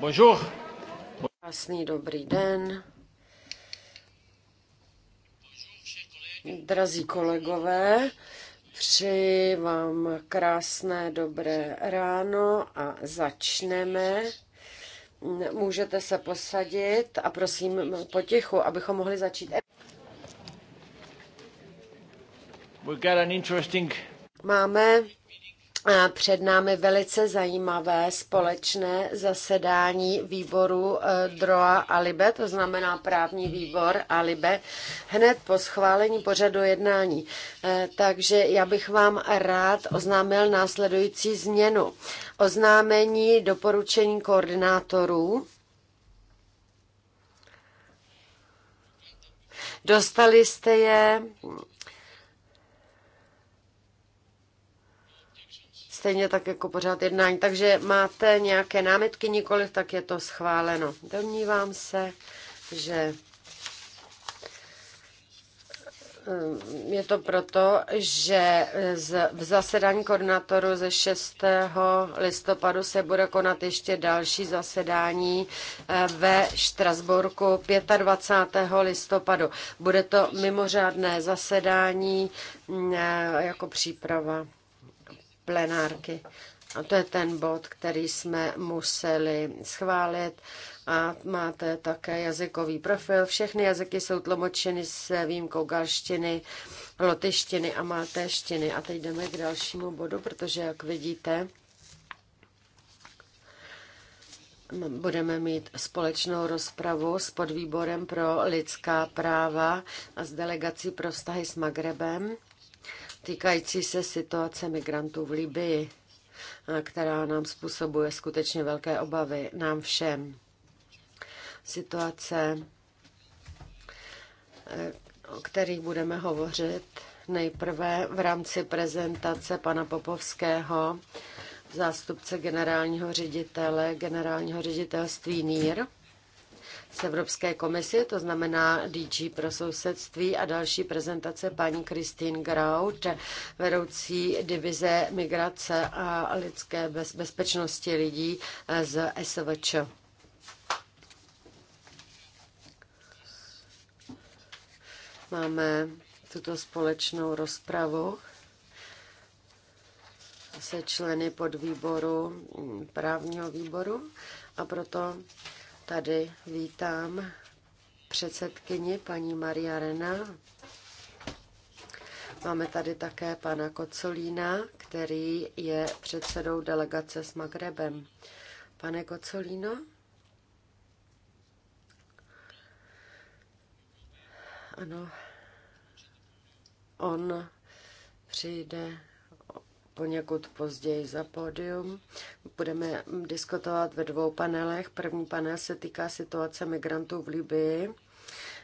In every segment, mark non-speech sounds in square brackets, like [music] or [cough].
Bonjour. Krásný dobrý den. Drazí kolegové, přeji vám krásné dobré ráno a začneme. Můžete se posadit a prosím potichu, abychom mohli začít. Máme před námi velice zajímavé společné zasedání výboru eh, DROA a LIBE, to znamená právní výbor a LIBE, hned po schválení pořadu jednání. Eh, takže já bych vám rád oznámil následující změnu. Oznámení doporučení koordinátorů. Dostali jste je stejně tak jako pořád jednání. Takže máte nějaké námitky, nikoliv tak je to schváleno. Domnívám se, že eh, je to proto, že v zasedání koordinátoru ze 6. listopadu se bude konat ještě další zasedání eh, ve Štrasburku 25. listopadu. Bude to mimořádné zasedání eh, jako příprava plenárky. A to je ten bod, který jsme museli schválit. A máte také jazykový profil. Všechny jazyky jsou tlumočeny s výjimkou galštiny, lotyštiny a maltéštiny. A teď jdeme k dalšímu bodu, protože, jak vidíte, Budeme mít společnou rozpravu s podvýborem pro lidská práva a s delegací pro vztahy s Magrebem týkající se situace migrantů v Libii, která nám způsobuje skutečně velké obavy, nám všem. Situace, eh, o kterých budeme hovořit nejprve v rámci prezentace pana Popovského, zástupce generálního ředitele, generálního ředitelství NIR z Evropské komise, to znamená DG pro sousedství a další prezentace paní Christine Graut, vedoucí divize migrace a lidské bez, bezpečnosti lidí eh, z SVČ. Máme tuto společnou rozpravu se členy podvýboru mm, právního výboru a proto Tady vítám předsedkyni paní Maria Rena. Máme tady také pana Kocolína, který je předsedou delegace s Magrebem. Pane Kocolíno? Ano, on přijde poněkud později za pódium. Budeme diskutovat ve dvou panelech. První panel se týká situace migrantů v Libii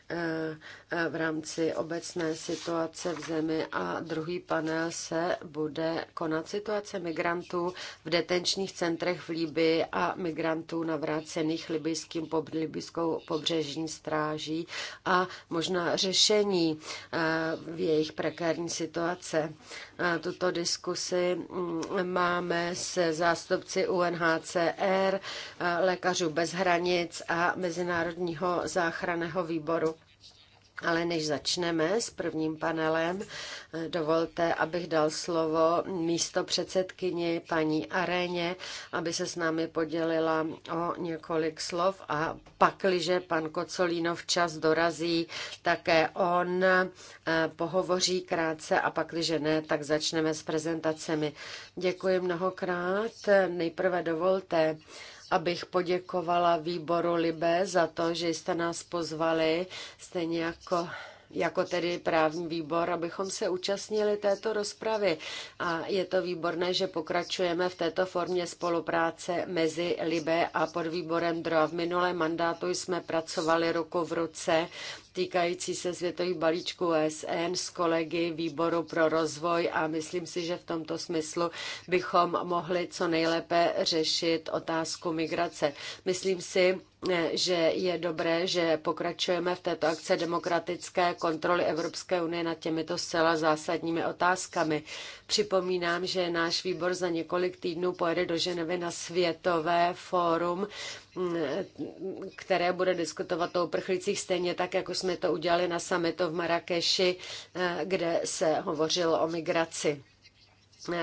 eh, eh, v rámci obecné situace v zemi a druhý panel se bude konat situace migrantů v detenčních centrech v Libii a migrantů navrácených libijským, libijskou pobřežní stráží a možná řešení eh, v jejich prekární situace. E, tuto diskusi. Mm, máme se zástupci UNHCR, e, Lékařů bez hranic a Mezinárodního záchranného výboru. Ale než začneme s prvním panelem, dovolte, abych dal slovo místo předsedkyni paní Aréně, aby se s námi podělila o několik slov a pakliže pan Kocolínov čas dorazí, také on eh, pohovoří krátce a pakliže ne, tak začneme s prezentacemi. Děkuji mnohokrát. Nejprve dovolte, abych poděkovala výboru Libe za to, že jste nás pozvali, stejně jako jako tedy právní výbor, abychom se účastnili této rozpravy. A je to výborné, že pokračujeme v této formě spolupráce mezi Libe a podvýborem DRO. V minulém mandátu jsme pracovali ruku v ruce týkající se světových balíčků OSN s kolegy Výboru pro rozvoj a myslím si, že v tomto smyslu bychom mohli co nejlépe řešit otázku migrace. Myslím si, že je dobré, že pokračujeme v této akce demokratické kontroly Evropské unie nad těmito zcela zásadními otázkami. Připomínám, že náš výbor za několik týdnů pojede do Ženevy na světové fórum, které bude diskutovat o uprchlících stejně tak, jako jsme to udělali na summitu v Marrakeši, kde se hovořilo o migraci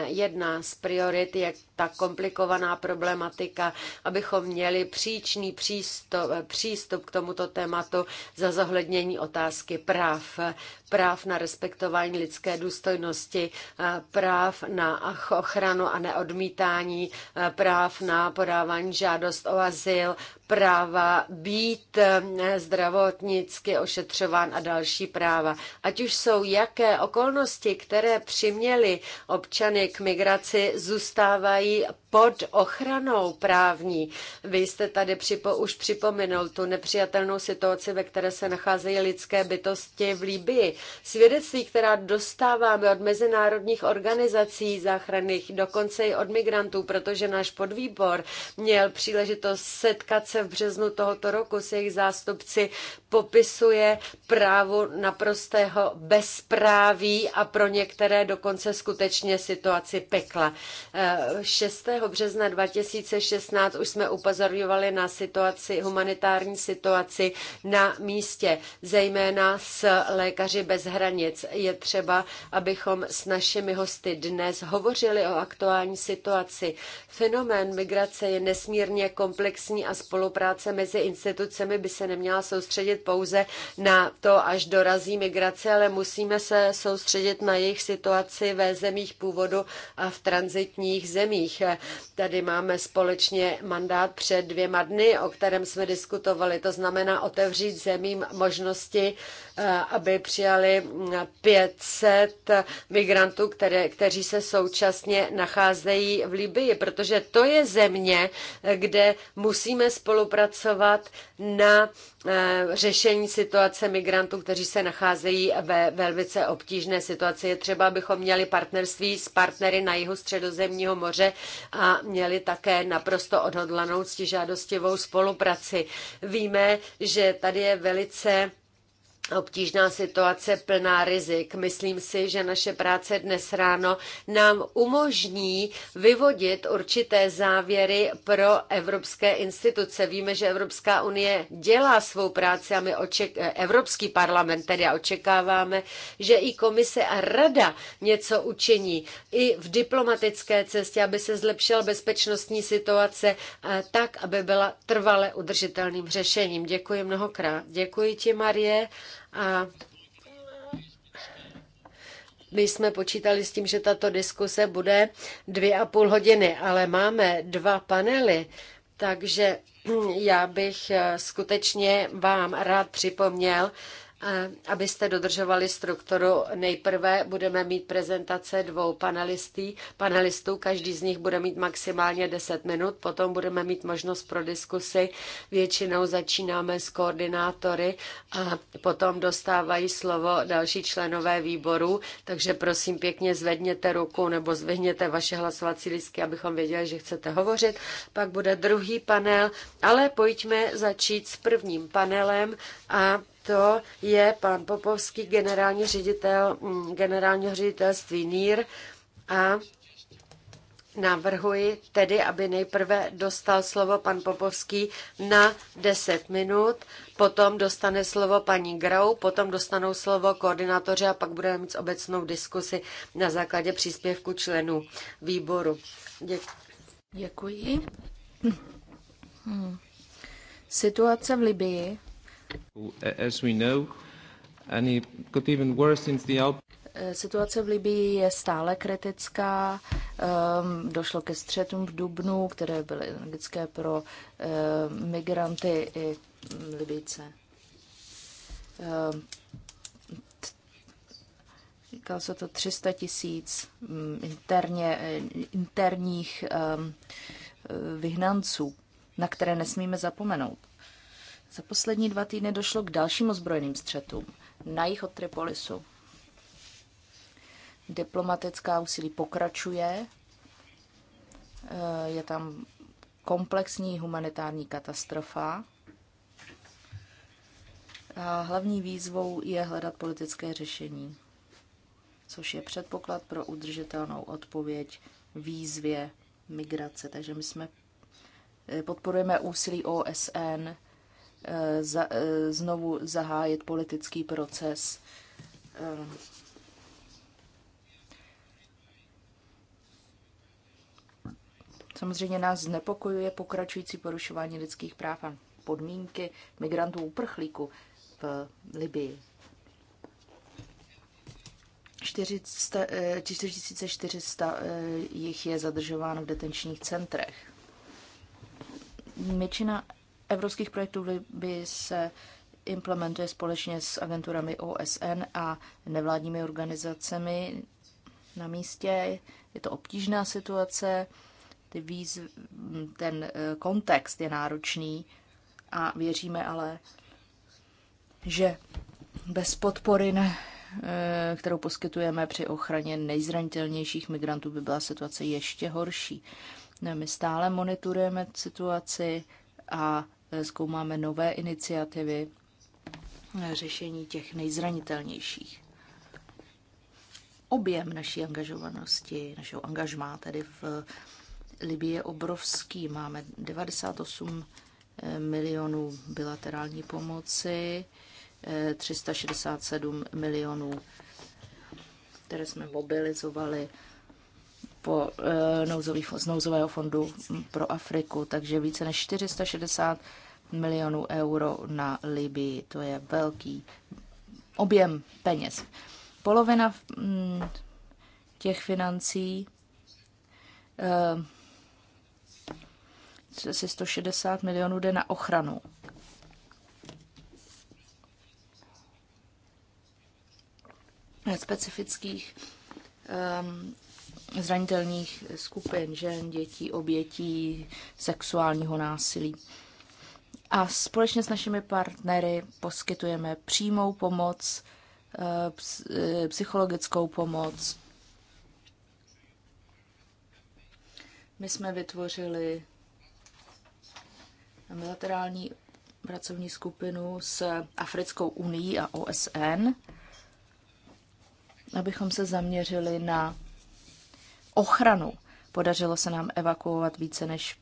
jedna z priorit je ta komplikovaná problematika, abychom měli příčný přístup, přístup k tomuto tématu za zohlednění otázky práv. Práv na respektování lidské důstojnosti, eh, práv na ochranu a neodmítání, eh, práv na podávání žádost o azyl, práva být eh, zdravotnicky ošetřován a další práva. Ať už jsou jaké okolnosti, které přiměly občany k migraci, zůstávají pod ochranou právní. Vy jste tady připo, už připomenul tu nepřijatelnou situaci, ve které se nacházejí lidské bytosti v Líbii. Svědectví, která dostáváme od mezinárodních organizací záchranných, dokonce i od migrantů, protože náš podvýbor měl příležitost setkat se v březnu tohoto roku s jejich zástupci, popisuje právo naprostého bezpráví a pro některé dokonce skutečně situaci pekla. 6 eh, března 2016 už jsme upozorňovali na situaci, humanitární situaci na místě, zejména s lékaři bez hranic. Je třeba, abychom s našimi hosty dnes hovořili o aktuální situaci. Fenomén migrace je nesmírně komplexní a spolupráce mezi institucemi by se neměla soustředit pouze na to, až dorazí migrace, ale musíme se soustředit na jejich situaci ve zemích původu a v transitních zemích. Tady máme společně mandát před dvěma dny, o kterém jsme diskutovali. To znamená otevřít zemím možnosti, eh, aby přijali 500 mm, migrantů, které, kteří se současně nacházejí v Libii, protože to je země, eh, kde musíme spolupracovat na Eh, řešení situace migrantů, kteří se nacházejí ve velice obtížné situaci. Je třeba, abychom měli partnerství s partnery na jihu středozemního moře a měli také naprosto odhodlanou ctižádostivou spolupráci. Víme, že tady je velice obtížná situace plná rizik. Myslím si, že naše práce dnes ráno nám umožní vyvodit určité závěry pro evropské instituce. Víme, že Evropská unie dělá svou práci a my oček- Evropský parlament tedy a očekáváme, že i komise a rada něco učiní i v diplomatické cestě, aby se zlepšila bezpečnostní situace tak, aby byla trvale udržitelným řešením. Děkuji mnohokrát. Děkuji ti, Marie. A my jsme počítali s tím, že tato diskuse bude dvě a půl hodiny, ale máme dva panely, takže já bych skutečně vám rád připomněl, Abyste dodržovali strukturu, nejprve budeme mít prezentace dvou panelistů. panelistů, každý z nich bude mít maximálně 10 minut, potom budeme mít možnost pro diskusy, většinou začínáme s koordinátory a potom dostávají slovo další členové výboru, takže prosím pěkně zvedněte ruku nebo zvedněte vaše hlasovací lístky, abychom věděli, že chcete hovořit. Pak bude druhý panel, ale pojďme začít s prvním panelem a to je pan Popovský, generální ředitel mm, generálního ředitelství NIR a Navrhuji tedy, aby nejprve dostal slovo pan Popovský na 10 minut, potom dostane slovo paní Grau, potom dostanou slovo koordinátoři a pak budeme mít obecnou diskusi na základě příspěvku členů výboru. Děkuji. Děkuji. Hmm. Situace v Libii Situace v Libii je stále kritická. Ehm, došlo ke střetům v Dubnu, které byly logické pro ehm, migranty i mm, Libice. Říkalo ehm, Říkal se to 300 tisíc mm, interně, eh, interních eh, vyhnanců, na které nesmíme zapomenout. Za poslední dva týdny došlo k dalším ozbrojeným střetům na jih od Tripolisu. Diplomatická úsilí pokračuje, eh, je tam komplexní humanitární katastrofa. A hlavní výzvou je hledat politické řešení, což je předpoklad pro udržitelnou odpověď výzvě migrace. Takže my jsme eh, podporujeme úsilí OSN Eh, za, eh, znovu zahájit politický proces. Eh, samozřejmě nás znepokojuje pokračující porušování lidských práv a podmínky migrantů uprchlíků v Libii. 4400 jich je zadržováno v detenčních centrech. Většina evropských projektů by se implementuje společně s agenturami OSN a nevládními organizacemi na místě. Je to obtížná situace, ty výz, ten eh, kontext je náročný a věříme ale, že bez podpory, ne, eh, kterou poskytujeme při ochraně nejzranitelnějších migrantů, by byla situace ještě horší. No, my stále monitorujeme situaci a zkoumáme nové iniciativy řešení těch nejzranitelnějších. Objem naší angažovanosti, našeho angažmá tedy v Libii je obrovský. Máme 98 eh, milionů bilaterální pomoci, 367 eh, milionů, které jsme mobilizovali po, eh, nouzový, z nouzového fondu pro Afriku, takže více než 460 milionů euro na Libii. To je velký objem peněz. Polovina mm, těch financí, asi eh, 160 milionů, jde na ochranu. Specifických ehm, zranitelných skupin žen, dětí, obětí sexuálního násilí. A společně s našimi partnery poskytujeme přímou pomoc, eh, psychologickou pomoc. My jsme vytvořili bilaterální pracovní skupinu s Africkou unii a OSN, abychom se zaměřili na ochranu. Podařilo se nám evakuovat více než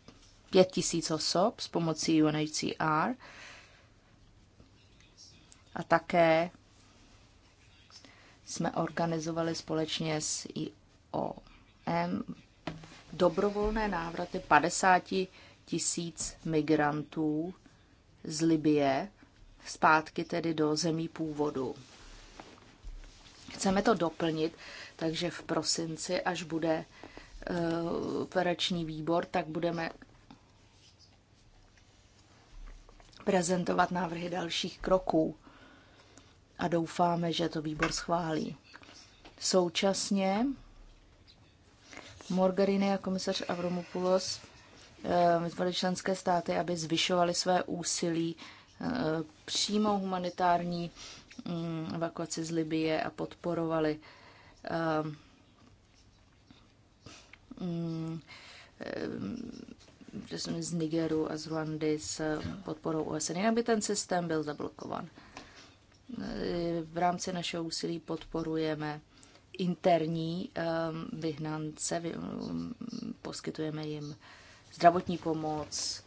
5 tisíc osob s pomocí UNHCR a také jsme organizovali společně s IOM dobrovolné návraty 50 tisíc migrantů z Libie zpátky tedy do zemí původu. Chceme to doplnit, takže v prosinci, až bude eh, operační výbor, tak budeme prezentovat návrhy dalších kroků a doufáme, že to výbor schválí. Současně Morgarine a komisař Avromopoulos eh, vyzvali členské státy, aby zvyšovali své úsilí eh, přímo humanitární Mm, evakuaci z Libie a podporovali ehm, mm, ehm, z Nigeru a z Rwandy s podporou OSN, jinak by ten systém byl zablokovan. E, v rámci našeho úsilí podporujeme interní ehm, vyhnance, mm, poskytujeme jim zdravotní pomoc,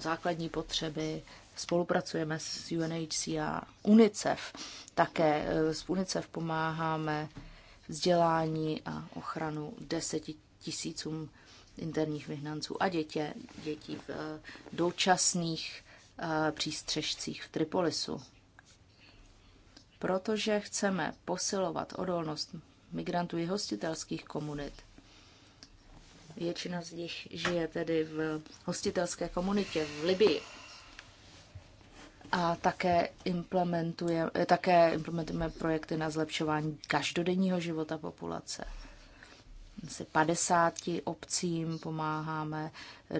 základní potřeby, Spolupracujeme s UNHCR, UNICEF, také eh, s UNICEF pomáháme vzdělání a ochranu deseti tisícům interních vyhnanců a dětě, dětí v eh, dočasných eh, přístřežcích v Tripolisu. Protože chceme posilovat odolnost migrantů i hostitelských komunit. Většina z nich žije tedy v hostitelské komunitě v Libii. A také implementujeme, také implementujeme projekty na zlepšování každodenního života populace. Asi 50 obcím pomáháme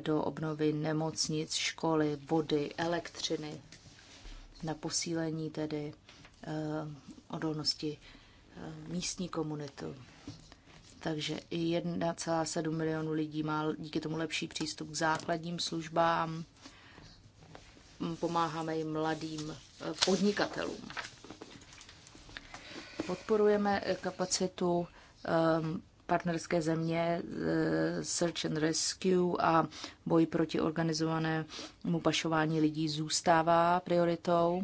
do obnovy nemocnic, školy, vody, elektřiny, na posílení tedy eh, odolnosti eh, místní komunity. Takže i 1,7 milionu lidí má díky tomu lepší přístup k základním službám, pomáháme i mladým eh, podnikatelům. Podporujeme eh, kapacitu ehm, partnerské země eh, Search and Rescue a boj proti organizovanému pašování lidí zůstává prioritou.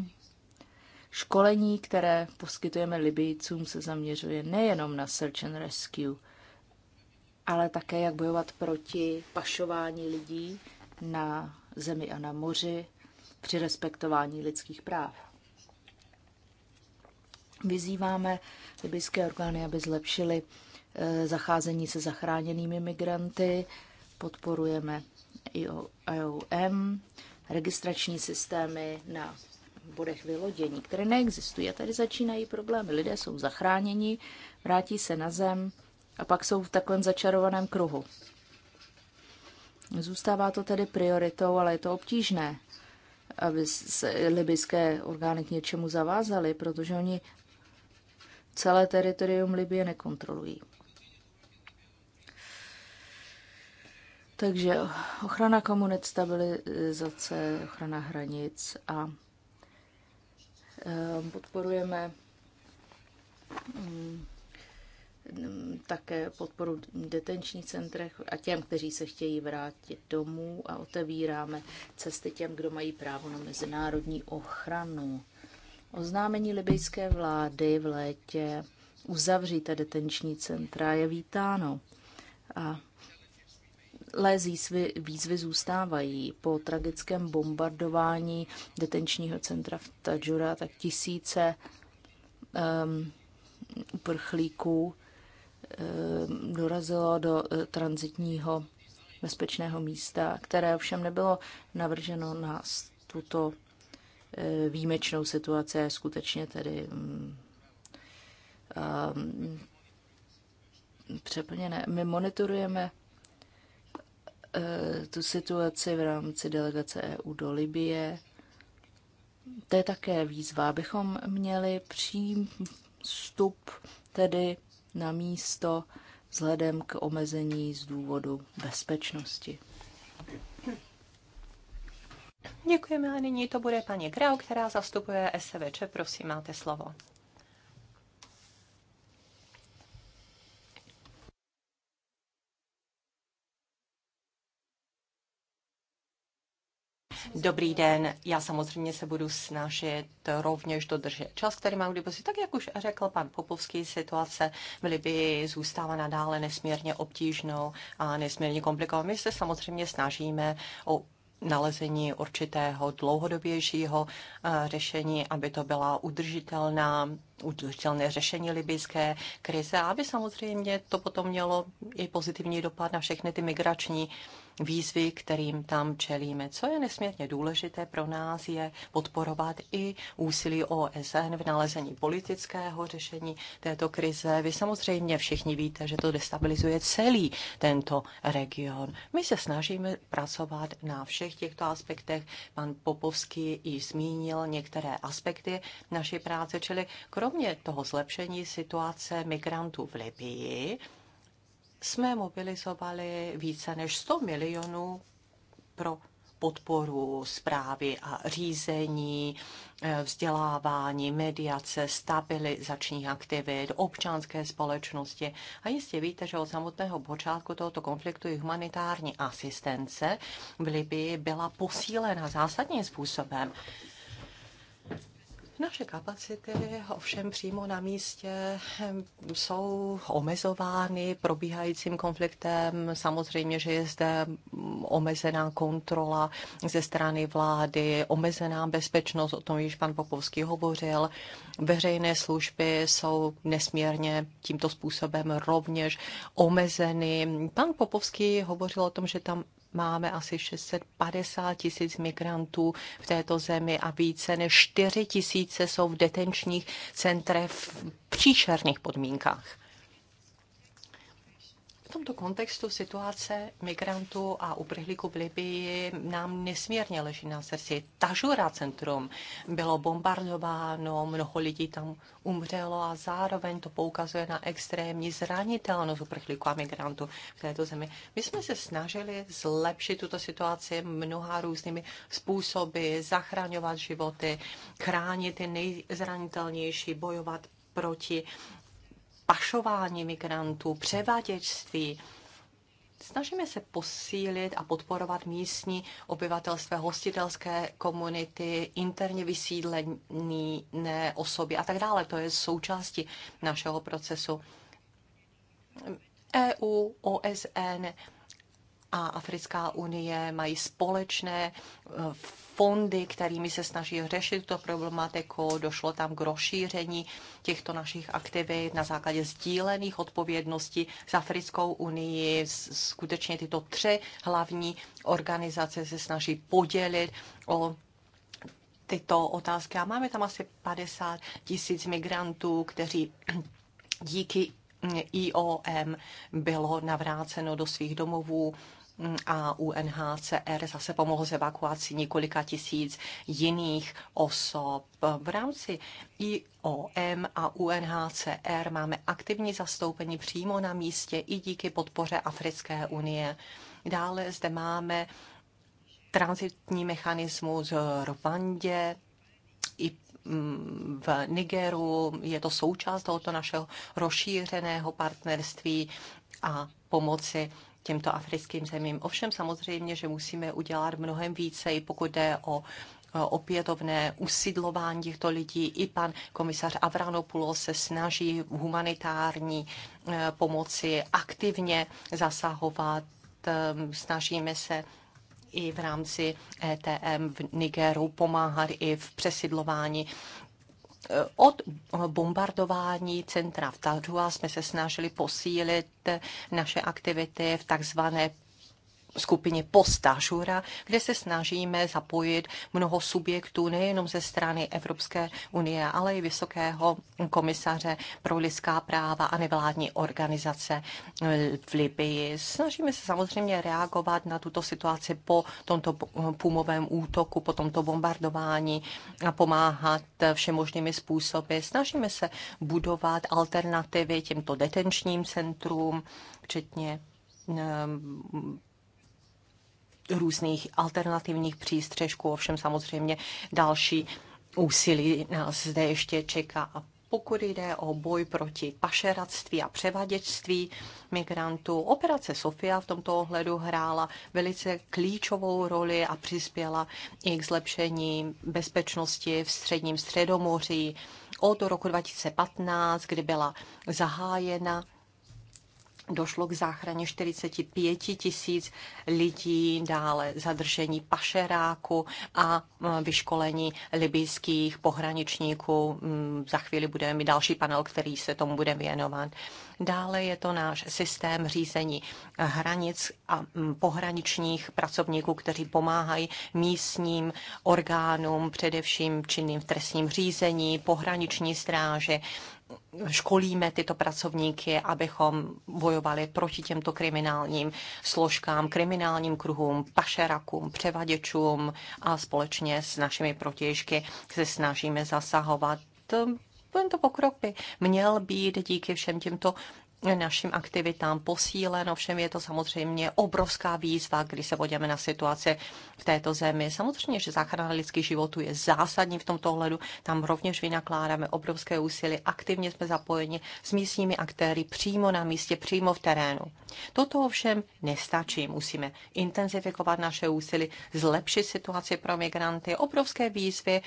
Školení, které poskytujeme Libijcům, se zaměřuje nejenom na Search and Rescue, ale také jak bojovat proti pašování lidí na zemi a na moři při respektování lidských práv. Vyzýváme libijské orgány, aby zlepšili eh, zacházení se zachráněnými migranty, podporujeme IOM, registrační systémy na bodech vylodění, které neexistují. A tady začínají problémy. Lidé jsou zachráněni, vrátí se na zem a pak jsou v takovém začarovaném kruhu. Zůstává to tedy prioritou, ale je to obtížné aby se libyské orgány k něčemu zavázaly, protože oni celé teritorium Libie nekontrolují. Takže ochrana komunit, stabilizace, ochrana hranic a eh, podporujeme mm, také podporu v detenčních centrech a těm, kteří se chtějí vrátit domů a otevíráme cesty těm, kdo mají právo na mezinárodní ochranu. Oznámení libyjské vlády v létě uzavřít ta detenční centra je vítáno. A lézí svy, výzvy zůstávají. Po tragickém bombardování detenčního centra v Tadžura tak tisíce um, uprchlíků Eh, dorazilo do eh, transitního bezpečného místa, které ovšem nebylo navrženo na tuto eh, výjimečnou situaci, je skutečně tedy mm, přeplněné. My monitorujeme tu situaci v rámci delegace EU do Libie. To je také výzva, abychom měli přístup tedy na místo vzhledem k omezení z důvodu bezpečnosti. Děkujeme a nyní to bude paní Grau, která zastupuje SVČ. Prosím, máte slovo. Dobrý den, já samozřejmě se budu snažit rovněž dodržet čas, který mám k dispozici. Tak jak už řekl pan Popovský, situace v Libii zůstává nadále nesmírně obtížnou a nesmírně komplikovanou. My se samozřejmě snažíme o nalezení určitého dlouhodobějšího eh, řešení, aby to byla udržitelná, udržitelné řešení libyské krize, aby samozřejmě to potom mělo i pozitivní dopad na všechny ty migrační výzvy, kterým tam čelíme. Co je nesmírně důležité pro nás, je podporovat i úsilí OSN v nalezení politického řešení této krize. Vy samozřejmě všichni víte, že to destabilizuje celý tento region. My se snažíme pracovat na všech těchto aspektech. Pan Popovský i zmínil některé aspekty naší práce, čili kromě toho zlepšení situace migrantů v Libii, jsme mobilizovali více než 100 milionů pro podporu zprávy a řízení, eh, vzdělávání, mediace, stabilizačních aktivit, občanské společnosti. A jistě víte, že od samotného počátku tohoto konfliktu i humanitární asistence v Libii byla posílena zásadním způsobem. Naše kapacity ovšem přímo na místě ehm, jsou omezovány probíhajícím konfliktem. Samozřejmě, že je zde mm, omezená kontrola ze strany vlády, omezená bezpečnost, o tom již pan Popovský hovořil. Veřejné služby jsou nesmírně tímto způsobem rovněž omezeny. Pan Popovský hovořil o tom, že tam máme asi 650 tisíc migrantů v této zemi a více než 4 tisíce jsou v detenčních centrech v příšerných podmínkách. V tomto kontextu situace migrantů a uprchlíků v Libii nám nesmírně leží na srdci. Tažura centrum bylo bombardováno, mnoho lidí tam umřelo a zároveň to poukazuje na extrémní zranitelnost uprchlíků a migrantů v této zemi. My jsme se snažili zlepšit tuto situaci mnoha různými způsoby, zachraňovat životy, chránit ty nejzranitelnější, bojovat proti pašování migrantů, převaděčství. Snažíme se posílit a podporovat místní obyvatelstvo, hostitelské komunity, interně vysídlené osoby a tak dále. To je součástí našeho procesu. EU, OSN, a Africká unie mají společné eh, fondy, kterými se snaží řešit tuto problematiku. Došlo tam k rozšíření těchto našich aktivit na základě sdílených odpovědností s Africkou unii. Skutečně tyto tři hlavní organizace se snaží podělit o tyto otázky. A máme tam asi 50 tisíc migrantů, kteří díky IOM bylo navráceno do svých domovů a UNHCR zase pomohl s evakuací několika tisíc jiných osob. V rámci IOM a UNHCR máme aktivní zastoupení přímo na místě i díky podpoře Africké unie. Dále zde máme transitní mechanismus v Rwandě, i mm, v Nigeru, je to součást tohoto našeho rozšířeného partnerství a pomoci těmto africkým zemím. Ovšem samozřejmě, že musíme udělat mnohem více, i pokud jde o opětovné usidlování těchto lidí. I pan komisař Avranopoulos se snaží humanitární e, pomoci aktivně zasahovat. E, snažíme se i v rámci ETM v Nigeru pomáhat i v přesidlování od bombardování centra v Tadžua jsme se snažili posílit naše aktivity v takzvané skupině Postažura, kde se snažíme zapojit mnoho subjektů nejenom ze strany Evropské unie, ale i Vysokého komisaře pro lidská práva a nevládní organizace eh, v Libii. Snažíme se samozřejmě reagovat na tuto situaci po tomto pumovém útoku, po tomto bombardování a pomáhat všemožnými způsoby. Snažíme se budovat alternativy těmto detenčním centrům, včetně eh, různých alternativních přístřežků, ovšem samozřejmě další úsilí nás zde ještě čeká. A pokud jde o boj proti pašeradství a převaděčství migrantů, operace Sofia v tomto ohledu hrála velice klíčovou roli a přispěla i k zlepšení bezpečnosti v středním středomoří od roku 2015, kdy byla zahájena došlo k záchraně 45 tisíc lidí, dále zadržení pašeráku a vyškolení libijských pohraničníků. Za chvíli budeme mít další panel, který se tomu bude věnovat. Dále je to náš systém řízení hranic a pohraničních pracovníků, kteří pomáhají místním orgánům, především činným v trestním řízení, pohraniční stráže, školíme tyto pracovníky, abychom bojovali proti těmto kriminálním složkám, kriminálním kruhům, pašerakům, převaděčům a společně s našimi protěžky se snažíme zasahovat tento pokrok by měl být díky všem těmto našim aktivitám posíleno, Všem je to samozřejmě obrovská výzva, když se podíváme na situaci v této zemi. Samozřejmě, že záchrana lidských životů je zásadní v tomto ohledu, tam rovněž vynakládáme obrovské úsilí, aktivně jsme zapojeni s místními aktéry přímo na místě, přímo v terénu. Toto ovšem nestačí, musíme intenzifikovat naše úsilí, zlepšit situaci pro migranty, obrovské výzvy,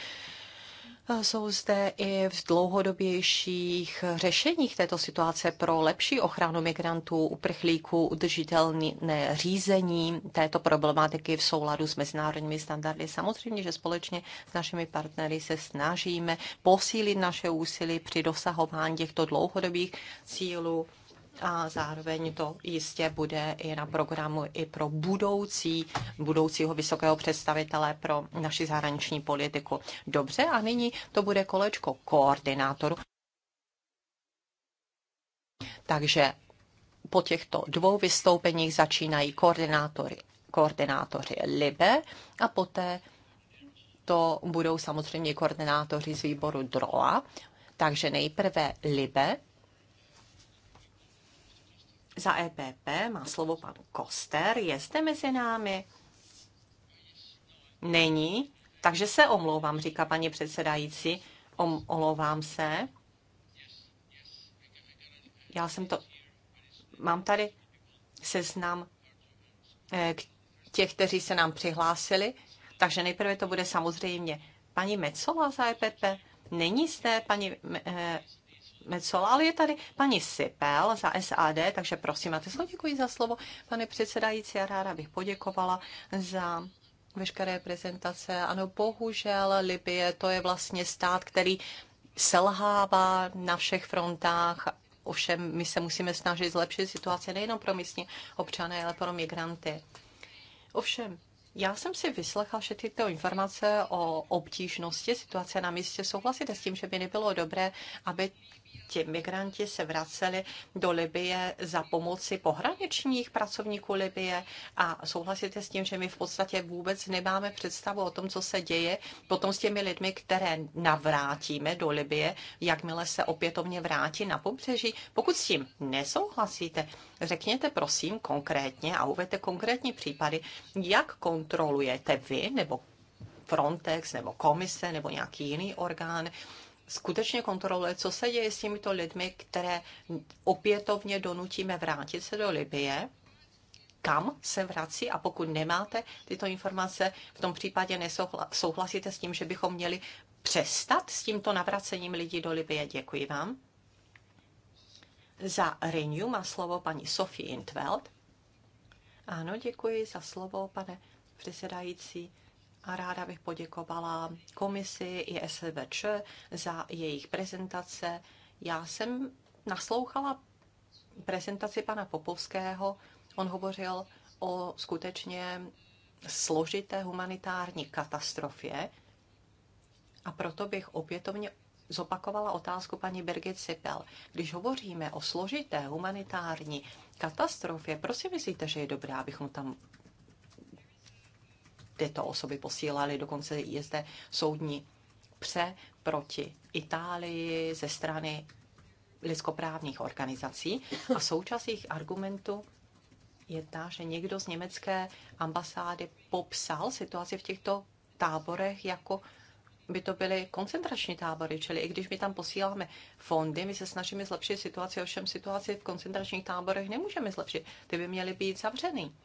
Eh, jsou zde i v dlouhodobějších řešeních této situace pro lepší ochranu migrantů, uprchlíků, udržitelné řízení této problematiky v souladu s mezinárodními standardy. Samozřejmě, že společně s našimi partnery se snažíme posílit naše úsilí při dosahování těchto dlouhodobých cílů a zároveň to jistě bude i na programu i pro budoucí, budoucího vysokého představitele pro naši zahraniční politiku. Dobře, a nyní to bude kolečko koordinátoru. Takže po těchto dvou vystoupeních začínají koordinátory, koordinátoři LIBE a poté to budou samozřejmě koordinátoři z výboru DROA. Takže nejprve LIBE, za EPP má slovo pan Koster. Je zde mezi námi? Není. Takže se omlouvám, říká paní předsedající. Om, omlouvám se. Já jsem to... Mám tady seznam eh, těch, kteří se nám přihlásili. Takže nejprve to bude samozřejmě paní Mecová za EPP. Není zde paní eh, Mecola, ale je tady paní Sipel za SAD, takže prosím, máte slovo. Děkuji za slovo, pane předsedající, a ráda bych poděkovala za veškeré prezentace. Ano, bohužel Libie, to je vlastně stát, který selhává na všech frontách Ovšem my se musíme snažit zlepšit situaci nejenom pro místní občany, ale pro migranty. Ovšem, já jsem si vyslechla že tyto informace o obtížnosti situace na místě. Souhlasíte s tím, že by nebylo dobré, aby ti migranti se vraceli do Libie za pomoci pohraničních pracovníků Libie a souhlasíte s tím, že my v podstatě vůbec nemáme představu o tom, co se děje potom s těmi lidmi, které navrátíme do Libie, jakmile se opětovně vrátí na pobřeží. Pokud s tím nesouhlasíte, řekněte prosím konkrétně a uvedte konkrétní případy, jak kontrolujete vy nebo Frontex nebo komise nebo nějaký jiný orgán skutečně kontroluje, co se děje s těmito lidmi, které opětovně donutíme vrátit se do Libie, kam se vrací a pokud nemáte tyto informace, v tom případě nesouhlasíte s tím, že bychom měli přestat s tímto navracením lidí do Libie. Děkuji vám. Za Renew má slovo paní Sophie Intveld. Ano, děkuji za slovo, pane předsedající a ráda bych poděkovala komisi i SVČ za jejich prezentace. Já jsem naslouchala prezentaci pana Popovského. On hovořil o skutečně složité humanitární katastrofě a proto bych opětovně zopakovala otázku paní Birgit Sipel. Když hovoříme o složité humanitární katastrofě, prosím myslíte, že je dobré, abychom tam tyto osoby posílali. Dokonce je zde soudní pře proti Itálii ze strany lidskoprávních organizací a součas jejich argumentu je ta, že někdo z německé ambasády popsal situaci v těchto táborech jako by to byly koncentrační tábory, čili i když my tam posíláme fondy, my se snažíme zlepšit situaci, ovšem situaci v koncentračních táborech nemůžeme zlepšit. Ty by měly být zavřený.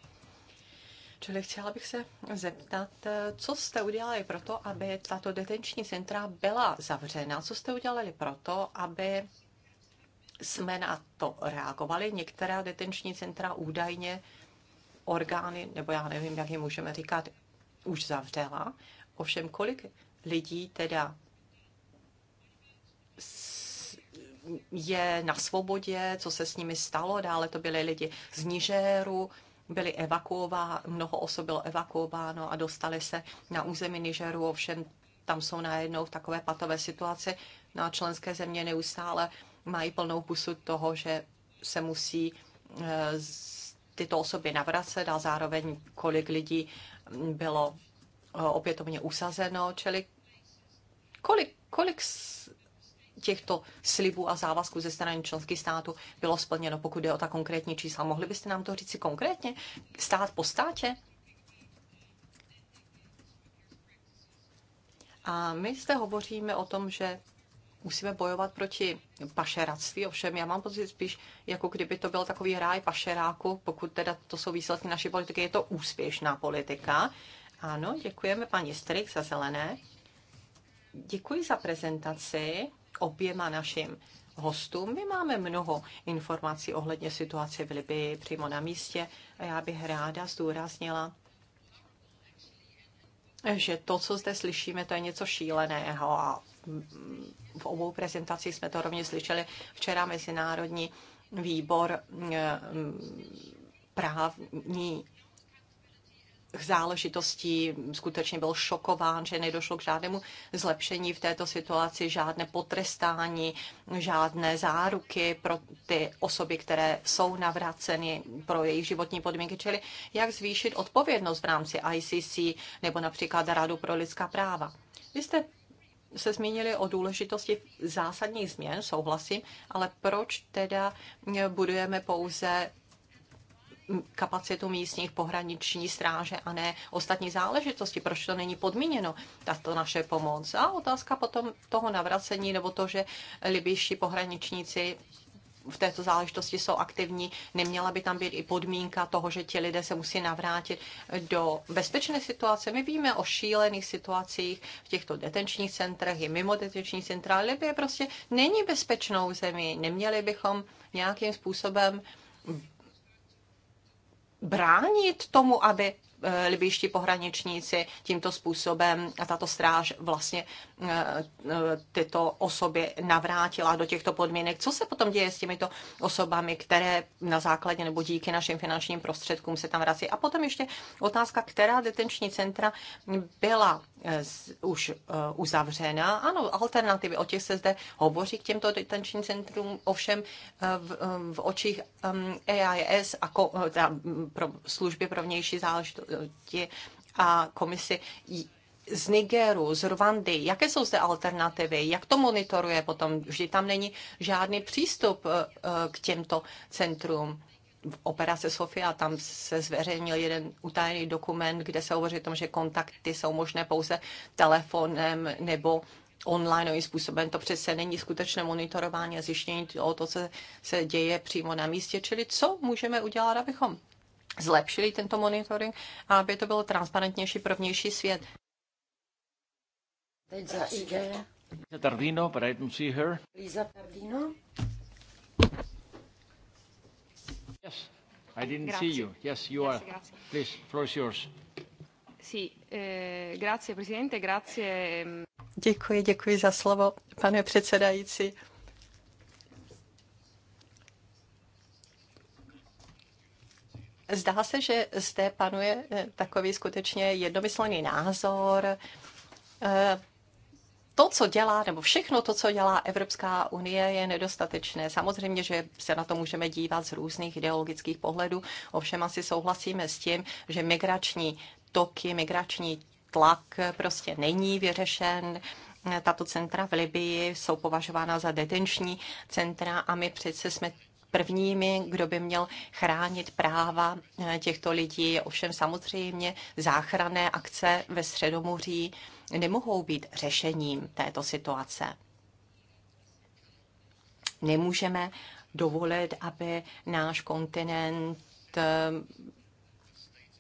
Čili chtěla bych se zeptat, eh, co jste udělali pro to, aby tato detenční centra byla zavřena? Co jste udělali pro to, aby jsme na to reagovali? Některá detenční centra údajně orgány, nebo já nevím, jak je můžeme říkat, už zavřela. Ovšem, kolik lidí teda je na svobodě, co se s nimi stalo, dále to byly lidi z Nižéru, byli evakuováni, mnoho osob bylo evakuováno a dostali se na území Nigeru, ovšem tam jsou najednou v takové patové situaci. No a členské země neustále mají plnou pusu toho, že se musí eh, tyto osoby navracet a zároveň kolik lidí bylo eh, opětovně usazeno, čili kolik, kolik těchto slibů a závazků ze strany členských států bylo splněno, pokud je o ta konkrétní čísla. Mohli byste nám to říct si konkrétně, stát po státě? A my zde hovoříme o tom, že musíme bojovat proti pašeráctví, ovšem já mám pocit spíš, jako kdyby to byl takový ráj pašeráku, pokud teda to jsou výsledky naší politiky, je to úspěšná politika. Ano, děkujeme paní Strik za zelené. Děkuji za prezentaci oběma našim hostům. My máme mnoho informací ohledně situace v Libii přímo na místě a já bych ráda zdůraznila, že to, co zde slyšíme, to je něco šíleného a v obou prezentacích jsme to rovně slyšeli. Včera Mezinárodní výbor eh, právní záležitostí skutečně byl šokován, že nedošlo k žádnému zlepšení v této situaci, žádné potrestání, žádné záruky pro ty osoby, které jsou navraceny pro jejich životní podmínky, čili jak zvýšit odpovědnost v rámci ICC nebo například Radu pro lidská práva. Vy jste se zmínili o důležitosti zásadních změn, souhlasím, ale proč teda budujeme pouze kapacitu místních pohraniční stráže a ne ostatní záležitosti. Proč to není podmíněno, tato naše pomoc? A otázka potom toho navracení nebo to, že libyští pohraničníci v této záležitosti jsou aktivní, neměla by tam být i podmínka toho, že ti lidé se musí navrátit do bezpečné situace. My víme o šílených situacích v těchto detenčních centrech i mimo detenční centra. Libie prostě není bezpečnou zemí. Neměli bychom nějakým způsobem bránit tomu, aby eh, libyští pohraničníci tímto způsobem a tato stráž vlastně eh, eh, tyto osoby navrátila do těchto podmínek. Co se potom děje s těmito osobami, které na základě nebo díky našim finančním prostředkům se tam vrací? A potom ještě otázka, která detenční centra byla Eh, už eh, uzavřena. Ano, alternativy, o těch se zde hovoří k těmto detenčním centrům, ovšem eh, v, v očích EIS a ko, ta, mm, pro služby pro vnější záležitosti a komisi z Nigeru, z Rwandy, jaké jsou zde alternativy, jak to monitoruje potom, vždy tam není žádný přístup k těmto centrům v operaci Sofia, tam se zveřejnil jeden utajený dokument, kde se hovoří o tom, že kontakty jsou možné pouze telefonem nebo online způsobem. To přece není skutečné monitorování a zjištění o to, co se děje přímo na místě. Čili co můžeme udělat, abychom zlepšili tento monitoring a aby to bylo transparentnější pro vnější svět. Teď za IG. Lisa Tardino, but I don't see her. Lisa Tardino. Yes, I didn't grazie. see you. Yes, you yes, are. Grazie. Please, floor is yours. Sì, eh, grazie, presidente, grazie. Mm. Děkuji, děkuji za slovo, pane předsedající. Zdá se, že zde panuje eh, takový skutečně jednomyslný názor eh, to, co dělá, nebo všechno to, co dělá Evropská unie, je nedostatečné. Samozřejmě, že se na to můžeme dívat z různých ideologických pohledů, ovšem asi souhlasíme s tím, že migrační toky, migrační tlak prostě není vyřešen. Tato centra v Libii jsou považována za detenční centra a my přece jsme prvními, kdo by měl chránit práva těchto lidí. Ovšem samozřejmě záchranné akce ve Středomoří nemohou být řešením této situace. Nemůžeme dovolit, aby náš kontinent eh,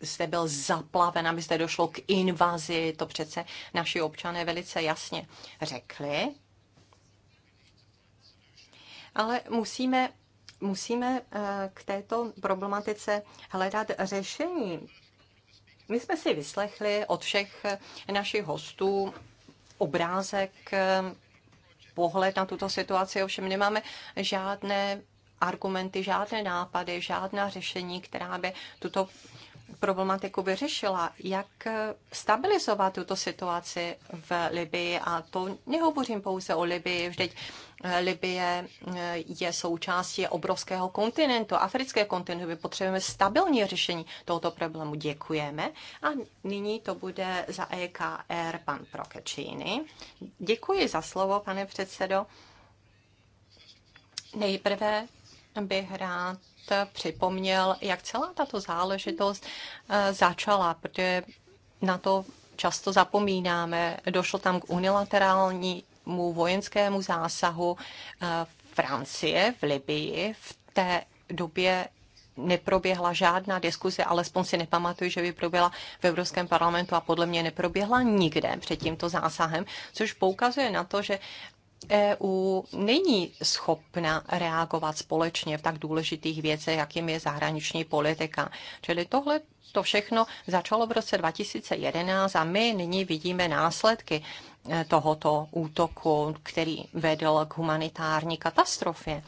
zde byl zaplaven, zde došlo k invazi, to přece naši občané velice jasně řekli. Ale musíme, musíme eh, k této problematice hledat řešení. My jsme si vyslechli od všech našich hostů obrázek, pohled na tuto situaci, ovšem nemáme žádné argumenty, žádné nápady, žádná řešení, která by tuto problematiku vyřešila, jak stabilizovat tuto situaci v Libii. A to nehovořím pouze o Libii, vždyť Libie eh, je součástí obrovského kontinentu, africké kontinentu. My potřebujeme stabilní řešení tohoto problému. Děkujeme. A nyní to bude za EKR pan Prokečíny. Děkuji za slovo, pane předsedo. Nejprve bych rád připomněl, jak celá tato záležitost eh, začala, protože na to často zapomínáme. Došlo tam k unilaterální vojenskému, vojenskému zásahu eh, Francie v Libii. V té době neproběhla žádná diskuse, alespoň si nepamatuju, že by proběhla v Evropském parlamentu a podle mě neproběhla nikde před tímto zásahem, což poukazuje na to, že EU není schopna reagovat společně v tak důležitých věcech, jakým je zahraniční politika. Čili tohle to všechno začalo v roce 2011 a my nyní vidíme následky e, tohoto útoku, který vedl k humanitární katastrofě.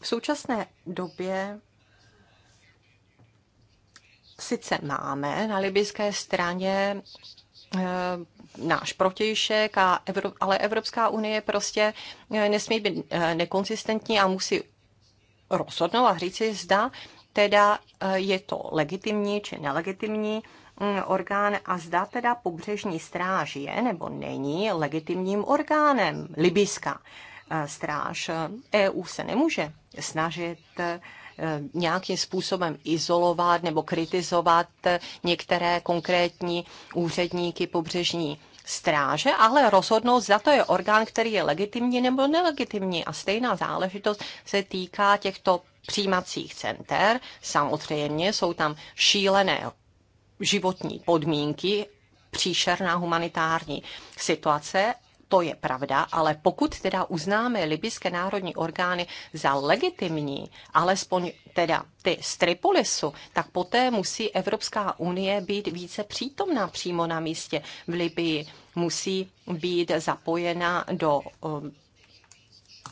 V současné době sice máme na libyské straně e, náš protějšek, a Evro, ale Evropská unie prostě eh, nesmí být eh, nekonsistentní a musí rozhodnout a si, zda teda eh, je to legitimní či nelegitimní mm, orgán a zda teda pobřežní stráž je nebo není legitimním orgánem libyská stráž. EU e se nemůže snažit Eh, nějakým způsobem izolovat nebo kritizovat eh, některé konkrétní úředníky pobřežní stráže, ale rozhodnout, za to je orgán, který je legitimní nebo nelegitimní. A stejná záležitost se týká těchto přijímacích center. Samozřejmě jsou tam šílené životní podmínky, příšerná humanitární situace to je pravda, ale pokud teda uznáme libyské národní orgány za legitimní, alespoň teda ty z Tripolisu, tak poté musí Evropská unie být více přítomná přímo na místě v Libii. Musí být zapojena do um,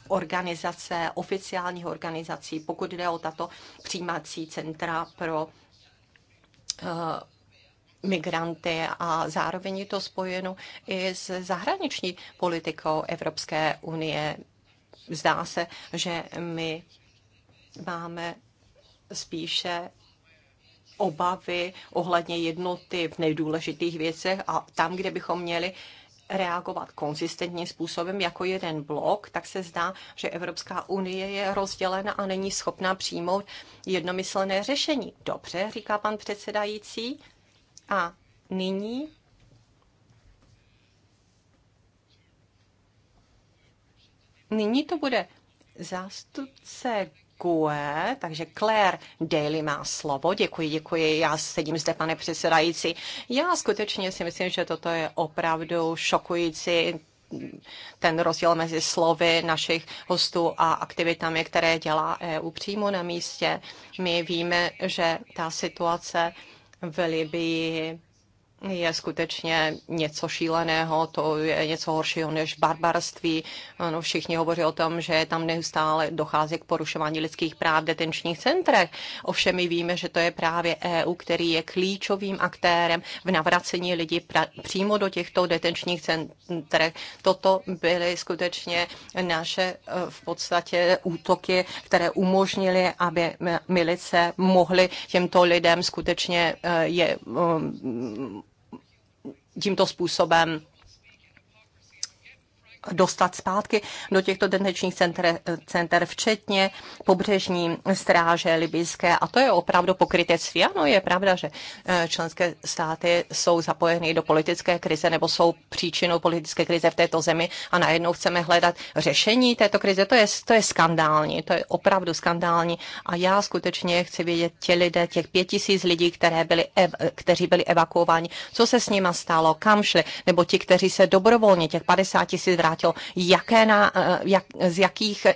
organizace, oficiálních organizací, pokud jde o tato přijímací centra pro uh, migranty a zároveň je to spojeno i s zahraniční politikou Evropské unie. Zdá se, že my máme spíše obavy ohledně jednoty v nejdůležitých věcech a tam, kde bychom měli reagovat konzistentním způsobem jako jeden blok, tak se zdá, že Evropská unie je rozdělena a není schopná přijmout jednomyslné řešení. Dobře, říká pan předsedající. A nyní Nyní to bude zástupce GUE, takže Claire Daly má slovo. Děkuji, děkuji. Já sedím zde, pane předsedající. Já skutečně si myslím, že toto je opravdu šokující ten rozdíl mezi slovy našich hostů a aktivitami, které dělá EU přímo na místě. My víme, že ta situace v Libii je skutečně něco šíleného, to je něco horšího než barbarství. Ano, všichni hovoří o tom, že tam neustále dochází k porušování lidských práv v detenčních centrech. Ovšem my víme, že to je právě EU, který je klíčovým aktérem v navracení lidí přímo do těchto detenčních centrech. Toto byly skutečně naše eh, v podstatě útoky, které umožnily, aby milice mohly těmto lidem skutečně eh, je eh, tímto způsobem dostat zpátky do těchto detenčních center, center včetně pobřežní stráže libyjské. A to je opravdu pokrytectví. Ano, je pravda, že eh, členské státy jsou zapojeny do politické krize nebo jsou příčinou politické krize v této zemi a najednou chceme hledat řešení této krize. To je, to je skandální, to je opravdu skandální. A já skutečně chci vědět, tě lidé, těch pět tisíc lidí, které byli ev- kteří byli evakuováni, co se s nima stalo, kam šli, nebo ti, kteří se dobrovolně těch 50 tisíc vrátili platil, jaké na, eh, jak, z jakých eh,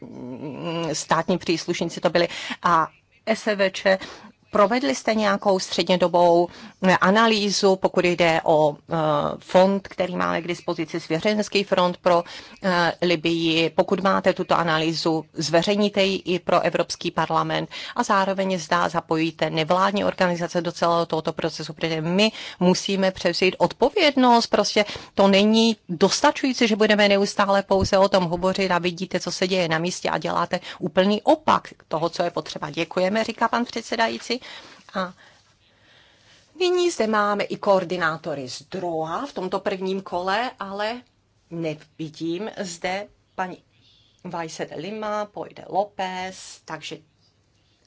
mm, státní příslušníci to byli a SVČ Provedli jste nějakou střednědobou eh, analýzu, pokud jde o eh, fond, který máme k dispozici Svěřenský front pro eh, Libii. Pokud máte tuto analýzu, zveřejníte ji i pro Evropský parlament a zároveň zdá zapojíte nevládní organizace do celého tohoto procesu, protože my musíme převzít odpovědnost. Prostě to není dostačující, že budeme neustále pouze o tom hovořit a vidíte, co se děje na místě a děláte úplný opak toho, co je potřeba. Děkujeme, říká pan předsedající. A nyní zde máme i koordinátory z DROA v tomto prvním kole, ale nevidím zde paní Vajse de Lima, pojde López, takže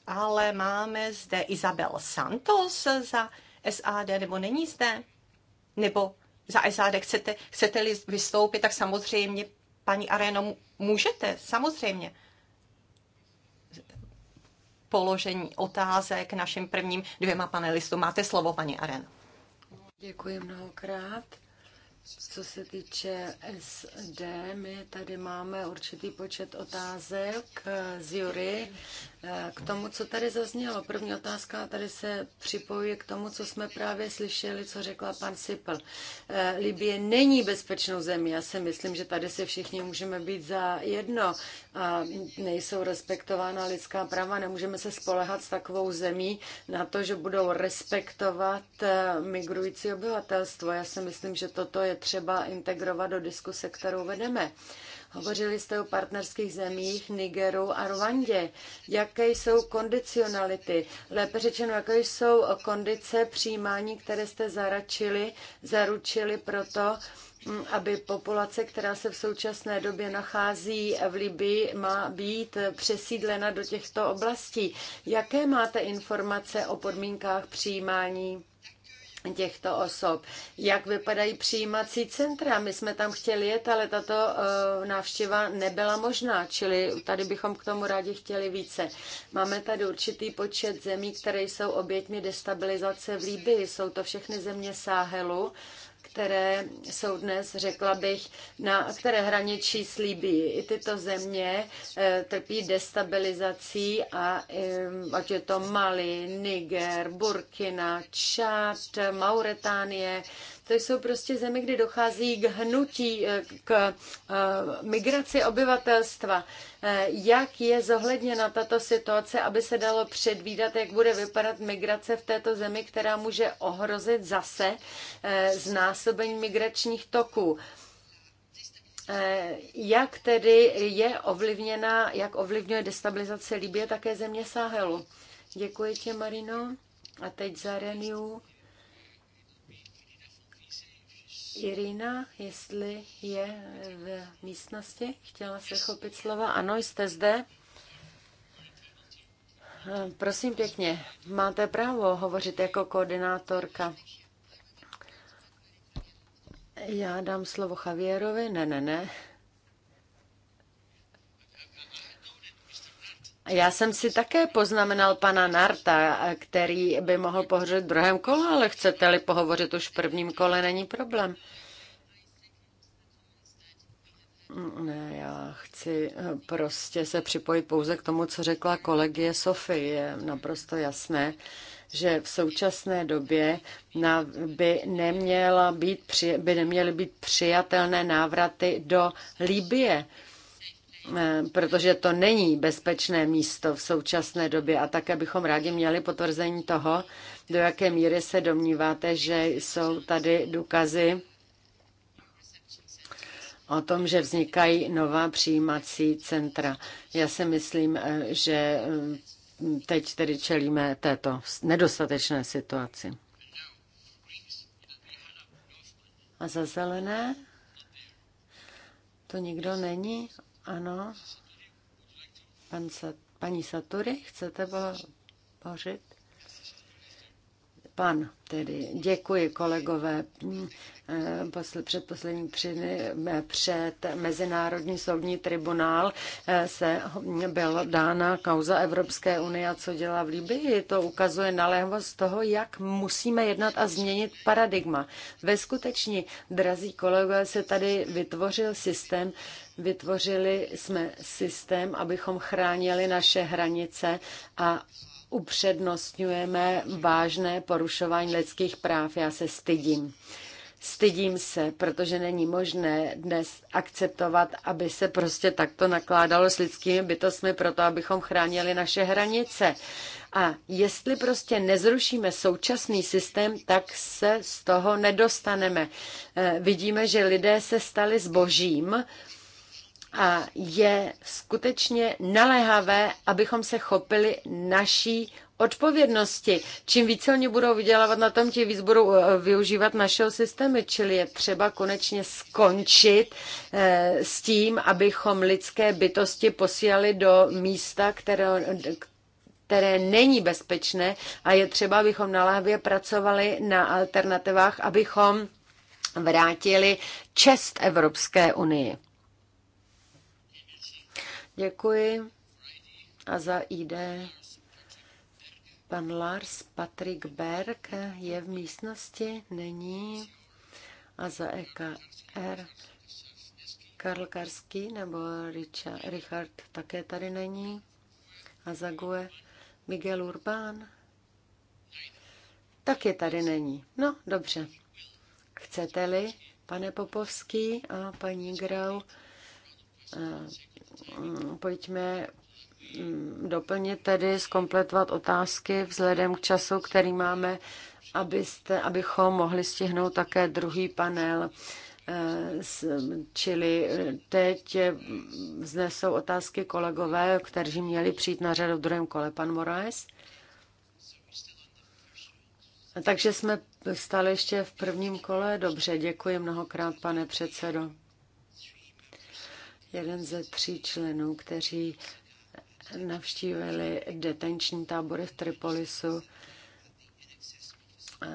ale máme zde Isabel Santos za SAD, nebo není zde? Nebo za SAD chcete, chcete-li vystoupit, tak samozřejmě, paní Areno, můžete, samozřejmě položení otázek našim prvním dvěma panelistům. Máte slovo, paní Aren Děkuji mnohokrát. Co se týče SD, my tady máme určitý počet otázek z jury k tomu, co tady zaznělo, první otázka, tady se připojuje k tomu, co jsme právě slyšeli, co řekla pan Sipl. Eh, Libie není bezpečnou zemí. Já si myslím, že tady se všichni můžeme být za jedno. A nejsou respektována lidská práva, nemůžeme se spolehat s takovou zemí na to, že budou respektovat eh, migrující obyvatelstvo. Já si myslím, že toto je třeba integrovat do diskuse, kterou vedeme. Hovořili jste o partnerských zemích Nigeru a Rwandě. Jaké jsou kondicionality? Lépe řečeno, jaké jsou kondice přijímání, které jste zaračili, zaručili proto, mm, aby populace, která se v současné době nachází v Libii, má být přesídlena do těchto oblastí. Jaké máte informace o podmínkách přijímání? těchto osob. Jak vypadají přijímací centra? My jsme tam chtěli jet, ale tato uh, návštěva nebyla možná, čili tady bychom k tomu rádi chtěli více. Máme tady určitý počet zemí, které jsou oběťmi destabilizace v Líbii. Jsou to všechny země Sáhelu. Uh, které jsou dnes, řekla bych, na které hraničí s I tyto země eh, trpí destabilizací a eh, ať je to Mali, Niger, Burkina, Čad, Mauretánie, to jsou prostě zemi, kde dochází k hnutí, eh, k eh, migraci obyvatelstva. Eh, jak je zohledněna tato situace, aby se dalo předvídat, jak bude vypadat migrace v této zemi, která může ohrozit zase znásobení migračních toků? Jak tedy je ovlivněna, jak ovlivňuje destabilizace Libie také země Sahelu? Děkuji tě, Marino. A teď za Reniu Irina, jestli je v místnosti, chtěla se chopit slova. Ano, jste zde. Prosím pěkně, máte právo hovořit jako koordinátorka. Já dám slovo Javierovi. Ne, ne, ne. Já jsem si také poznamenal pana Narta, který by mohl pohořit v druhém kole, ale chcete-li pohovořit už v prvním kole, není problém. Ne, já chci eh, prostě se připojit pouze k tomu, co řekla kolegie Sofie. Je naprosto jasné, že v současné době by, neměla být, by neměly být přijatelné návraty do Libie. Eh, protože to není bezpečné místo v současné době a také bychom rádi měli potvrzení toho, do jaké míry se domníváte, že jsou tady důkazy o tom, že vznikají nová přijímací centra. Já si myslím, eh, že eh, teď tedy čelíme této nedostatečné situaci. A za zelené? To nikdo není? Ano. Pan Sa- paní Satury, chcete pořit? Pan tedy. Děkuji, kolegové. Mm, eh, posl, předposlední přiny, eh, před Mezinárodní soudní tribunál eh, se byla dána kauza Evropské unie a co dělá v Libii. To ukazuje naléhavost toho, jak musíme jednat a změnit paradigma. Ve skuteční, drazí kolegové, se tady vytvořil systém, Vytvořili jsme systém, abychom chránili naše hranice a upřednostňujeme vážné porušování lidských práv. Já se stydím. Stydím se, protože není možné dnes akceptovat, aby se prostě takto nakládalo s lidskými bytostmi proto, abychom chránili naše hranice. A jestli prostě nezrušíme současný systém, tak se z toho nedostaneme. Eh, vidíme, že lidé se stali zbožím, božím a je skutečně naléhavé, abychom se chopili naší odpovědnosti. Čím více oni budou vydělávat na tom, tím víc budou eh, využívat našeho systému, čili je třeba konečně skončit eh, s tím, abychom lidské bytosti posílali do místa, které, které není bezpečné a je třeba, abychom naléhavě pracovali na alternativách, abychom vrátili čest Evropské unii. Děkuji. A za ID pan Lars Patrick Berg je v místnosti? Není. A za EKR Karl Karský nebo Richard, Richard také tady není. A za GUE Miguel Urbán taky tady není. No, dobře. Chcete-li, pane Popovský a paní Grau, Mm, pojďme mm, doplnit tedy, zkompletovat otázky vzhledem k času, který máme, abyste, abychom mohli stihnout také druhý panel. Eh, čili teď vznesou eh, otázky kolegové, kteří měli přijít na řadu v druhém kole. Pan Moraes? Takže jsme stali ještě v prvním kole. Dobře, děkuji mnohokrát, pane předsedo jeden ze tří členů, kteří navštívili detenční tábory v Tripolisu, eh,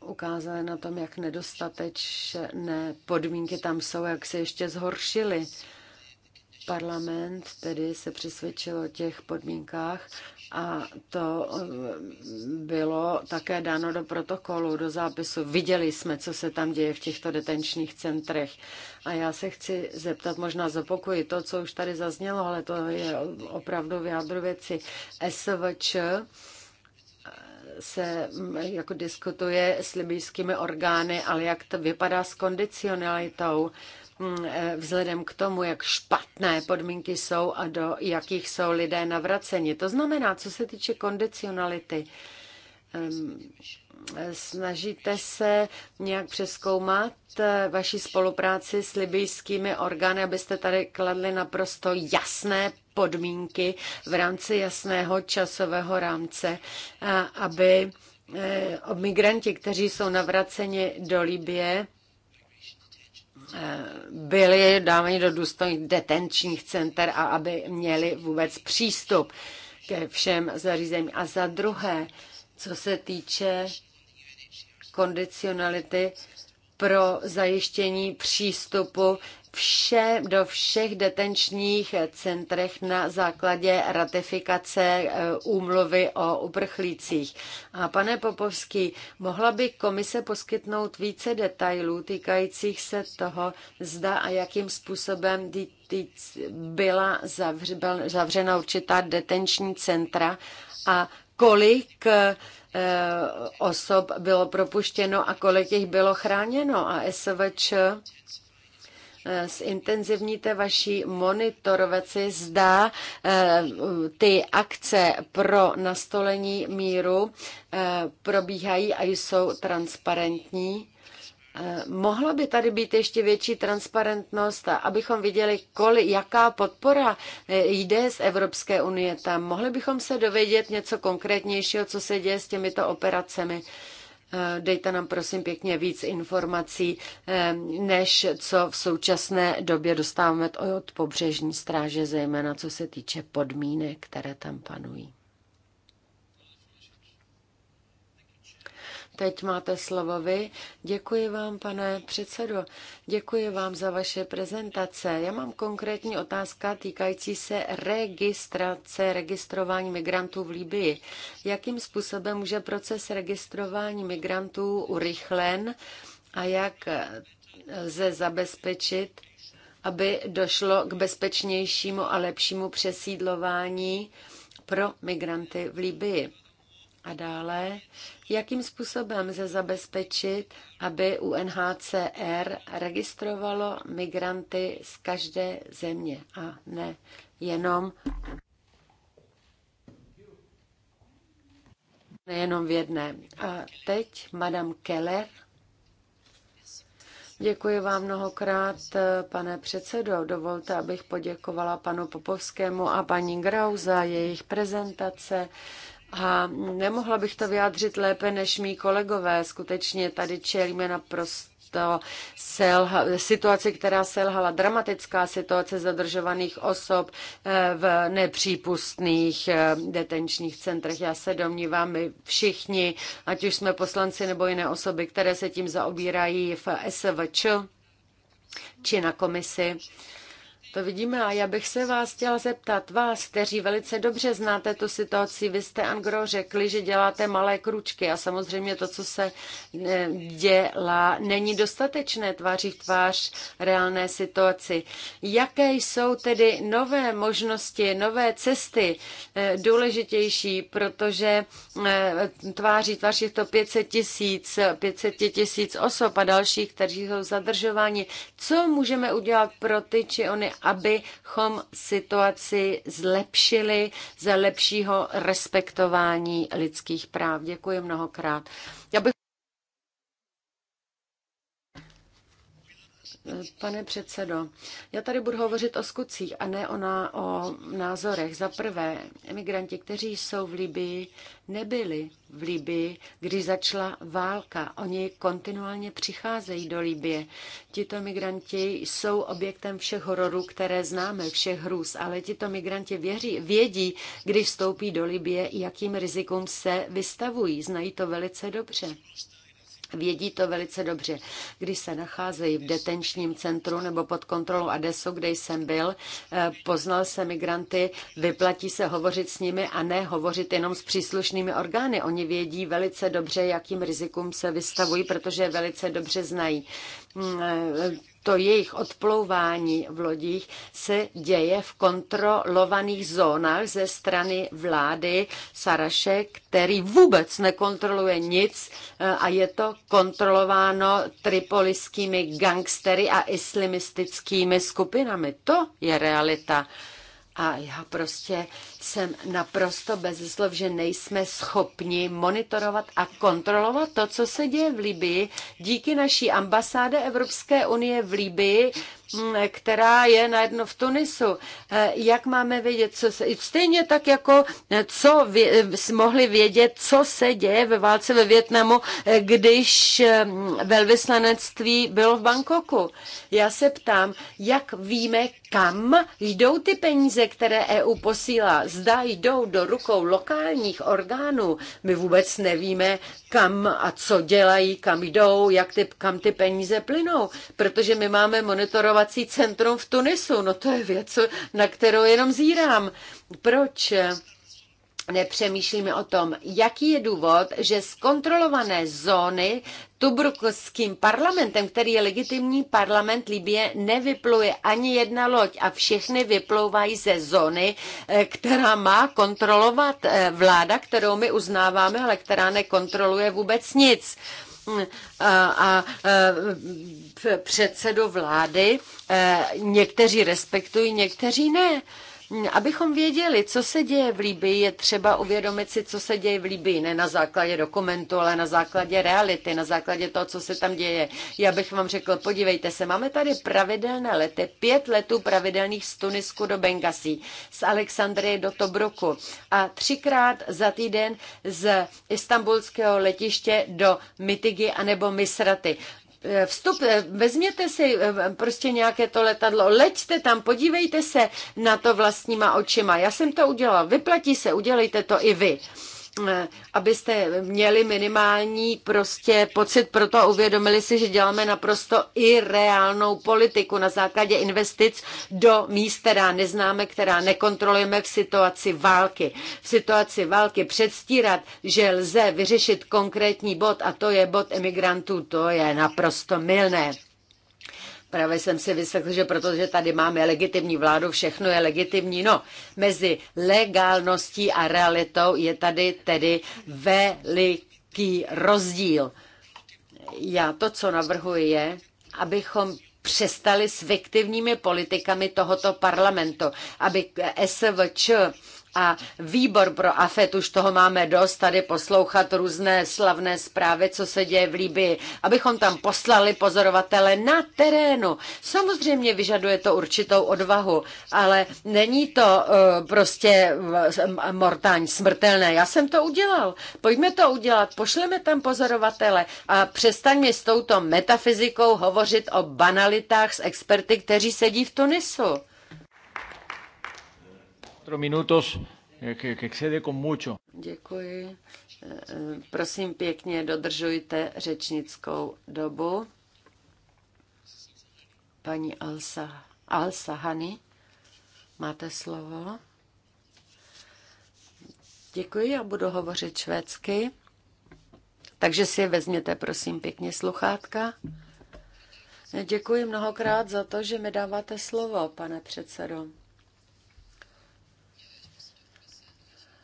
ukázali na tom, jak nedostatečné podmínky tam jsou, jak se ještě zhoršily. Parlament tedy se přesvědčil o těch podmínkách a to eh, bylo také dáno do protokolu, do zápisu. Viděli jsme, co se tam děje v těchto detenčních centrech. A já se chci zeptat, možná zopokuji to, co už tady zaznělo, ale to je opravdu v jádru věci. SVČ eh, se mm, jako diskutuje s libijskými orgány, ale jak to vypadá s kondicionalitou? Mm, eh, vzhledem k tomu, jak špatné podmínky jsou a do jakých jsou lidé navraceni. To znamená, co se týče kondicionality, snažíte se nějak přeskoumat eh, vaši spolupráci s libijskými orgány, abyste tady kladli naprosto jasné podmínky v rámci jasného časového rámce, eh, aby migranti, kteří jsou navraceni do Libie, byli dáváni do důstojných detenčních center a aby měli vůbec přístup ke všem zařízením. A za druhé, co se týče kondicionality pro zajištění přístupu vše, do všech detenčních centrech na základě ratifikace eh, úmluvy o uprchlících. A pane Popovský, mohla by komise poskytnout více detailů týkajících se toho, zda a jakým způsobem byla zavřena určitá detenční centra a kolik eh, osob bylo propuštěno a kolik jich bylo chráněno a SVČ Eh, zintenzivníte vaší monitorovaci, zda eh, ty akce pro nastolení míru eh, probíhají a jsou transparentní. Mohla by tady být ještě větší transparentnost, abychom viděli, kolik, jaká podpora jde z Evropské unie tam. Mohli bychom se dovědět něco konkrétnějšího, co se děje s těmito operacemi. Eh, dejte nám prosím pěkně víc informací, eh, než co v současné době dostáváme od pobřežní stráže, zejména co se týče podmínek, které tam panují. Teď máte slovo vy. Děkuji vám, pane předsedo. Děkuji vám za vaše prezentace. Já mám konkrétní otázka týkající se registrace, registrování migrantů v Libii. Jakým způsobem může proces registrování migrantů urychlen a jak lze zabezpečit, aby došlo k bezpečnějšímu a lepšímu přesídlování pro migranty v Libii? A dále, jakým způsobem se zabezpečit, aby UNHCR registrovalo migranty z každé země a ne jenom nejenom v jedné. A teď Madame Keller. Děkuji vám mnohokrát, pane předsedo. Dovolte, abych poděkovala panu Popovskému a paní Grau za jejich prezentace a nemohla bych to vyjádřit lépe než mý kolegové. Skutečně tady čelíme naprosto to selha, situace, která selhala, dramatická situace zadržovaných osob eh, v nepřípustných eh, detenčních centrech. Já se domnívám, my všichni, ať už jsme poslanci nebo jiné osoby, které se tím zaobírají v SVČ či na komisi, to vidíme a já bych se vás chtěla zeptat, vás, kteří velice dobře znáte tu situaci, vy jste, Angro, řekli, že děláte malé kručky a samozřejmě to, co se eh, dělá, není dostatečné tváří v tvář reálné situaci. Jaké jsou tedy nové možnosti, nové cesty eh, důležitější, protože eh, tváří tvář to 500 tisíc, 500 tisíc osob a dalších, kteří jsou zadržováni, co můžeme udělat pro ty či ony abychom situaci zlepšili za lepšího respektování lidských práv. Děkuji mnohokrát. Já bych Pane předsedo, já tady budu hovořit o skutcích a ne o, na, o názorech. Za prvé, emigranti, kteří jsou v Libii, nebyli v Libii, když začala válka. Oni kontinuálně přicházejí do Libie. Tito migranti jsou objektem všech hororů, které známe, všech hrůz, ale tito migranti věří, vědí, když vstoupí do Libie, jakým rizikům se vystavují. Znají to velice dobře. Vědí to velice dobře. Když se nacházejí v detenčním centru nebo pod kontrolou ADESu, kde jsem byl, eh, poznal se migranty, vyplatí se hovořit s nimi a ne hovořit jenom s příslušnými orgány. Oni vědí velice dobře, jakým rizikům se vystavují, protože je velice dobře znají mm, eh, to jejich odplouvání v lodích se děje v kontrolovaných zónách ze strany vlády Saraše, který vůbec nekontroluje nic eh, a je to kontrolováno tripoliskými gangstery a islamistickými skupinami. To je realita a já prostě jsem naprosto bez slov, že nejsme schopni monitorovat a kontrolovat to, co se děje v Libii. Díky naší ambasáde Evropské unie v Libii Mm, která je najednou v Tunisu. Eh, jak máme vědět, co se... Stejně tak, jako eh, co vě, mohli vědět, co se děje ve válce ve Větnamu, eh, když velvyslanectví bylo v Bangkoku. Já se ptám, jak víme, kam jdou ty peníze, které EU posílá. Zda jdou do rukou lokálních orgánů. My vůbec nevíme, kam a co dělají, kam jdou, jak ty, kam ty peníze plynou, protože my máme monitorovat vzdělávací centrum v Tunisu. No to je věc, na kterou jenom zírám. Proč? Nepřemýšlíme o tom, jaký je důvod, že z kontrolované zóny tubrukským parlamentem, který je legitimní parlament Libie, nevypluje ani jedna loď a všechny vyplouvají ze zóny, eh, která má kontrolovat eh, vláda, kterou my uznáváme, ale která nekontroluje vůbec nic a, a e, předsedu vlády e, někteří respektují, někteří ne. Abychom věděli, co se děje v Líbii, je třeba uvědomit si, co se děje v Líbii, ne na základě dokumentu, ale na základě reality, na základě toho, co se tam děje. Já bych vám řekl, podívejte se, máme tady pravidelné lety, pět letů pravidelných z Tunisku do Bengasí, z Alexandrie do Tobruku a třikrát za týden z istambulského letiště do Mitigy anebo Misraty. Eh, vstup, eh, vezměte si eh, prostě nějaké to letadlo, leďte tam, podívejte se na to vlastníma očima. Já jsem to udělal, vyplatí se, udělejte to i vy. Eh, abyste měli minimální prostě pocit pro to a uvědomili si, že děláme naprosto i reálnou politiku na základě investic do míst, která neznáme, která nekontrolujeme v situaci války. V situaci války předstírat, že lze vyřešit konkrétní bod a to je bod emigrantů, to je naprosto milné. Právě jsem si vyslechl, že protože tady máme legitimní vládu, všechno je legitimní. No, mezi legálností a realitou je tady tedy veliký rozdíl. Já to, co navrhuji, je, abychom přestali s fiktivními politikami tohoto parlamentu, aby SVČ a výbor pro AFET, už toho máme dost, tady poslouchat různé slavné zprávy, co se děje v Líbii, abychom tam poslali pozorovatele na terénu. Samozřejmě vyžaduje to určitou odvahu, ale není to uh, prostě uh, eh, mortáň smrtelné. Já jsem to udělal. Pojďme to udělat, pošleme tam pozorovatele a přestaňme s touto metafyzikou hovořit o banalitách s experty, kteří sedí v Tunisu cuatro minutos, eh, que, que excede con mucho. Děkuji. Eh, prosím pěkně, dodržujte řečnickou dobu. Paní Alsa, Alsa Hany, máte slovo. Děkuji, já budu hovořit švédsky. Takže si vezměte, prosím, pěkně sluchátka. Děkuji mnohokrát za to, že mi dáváte slovo, pane předsedo.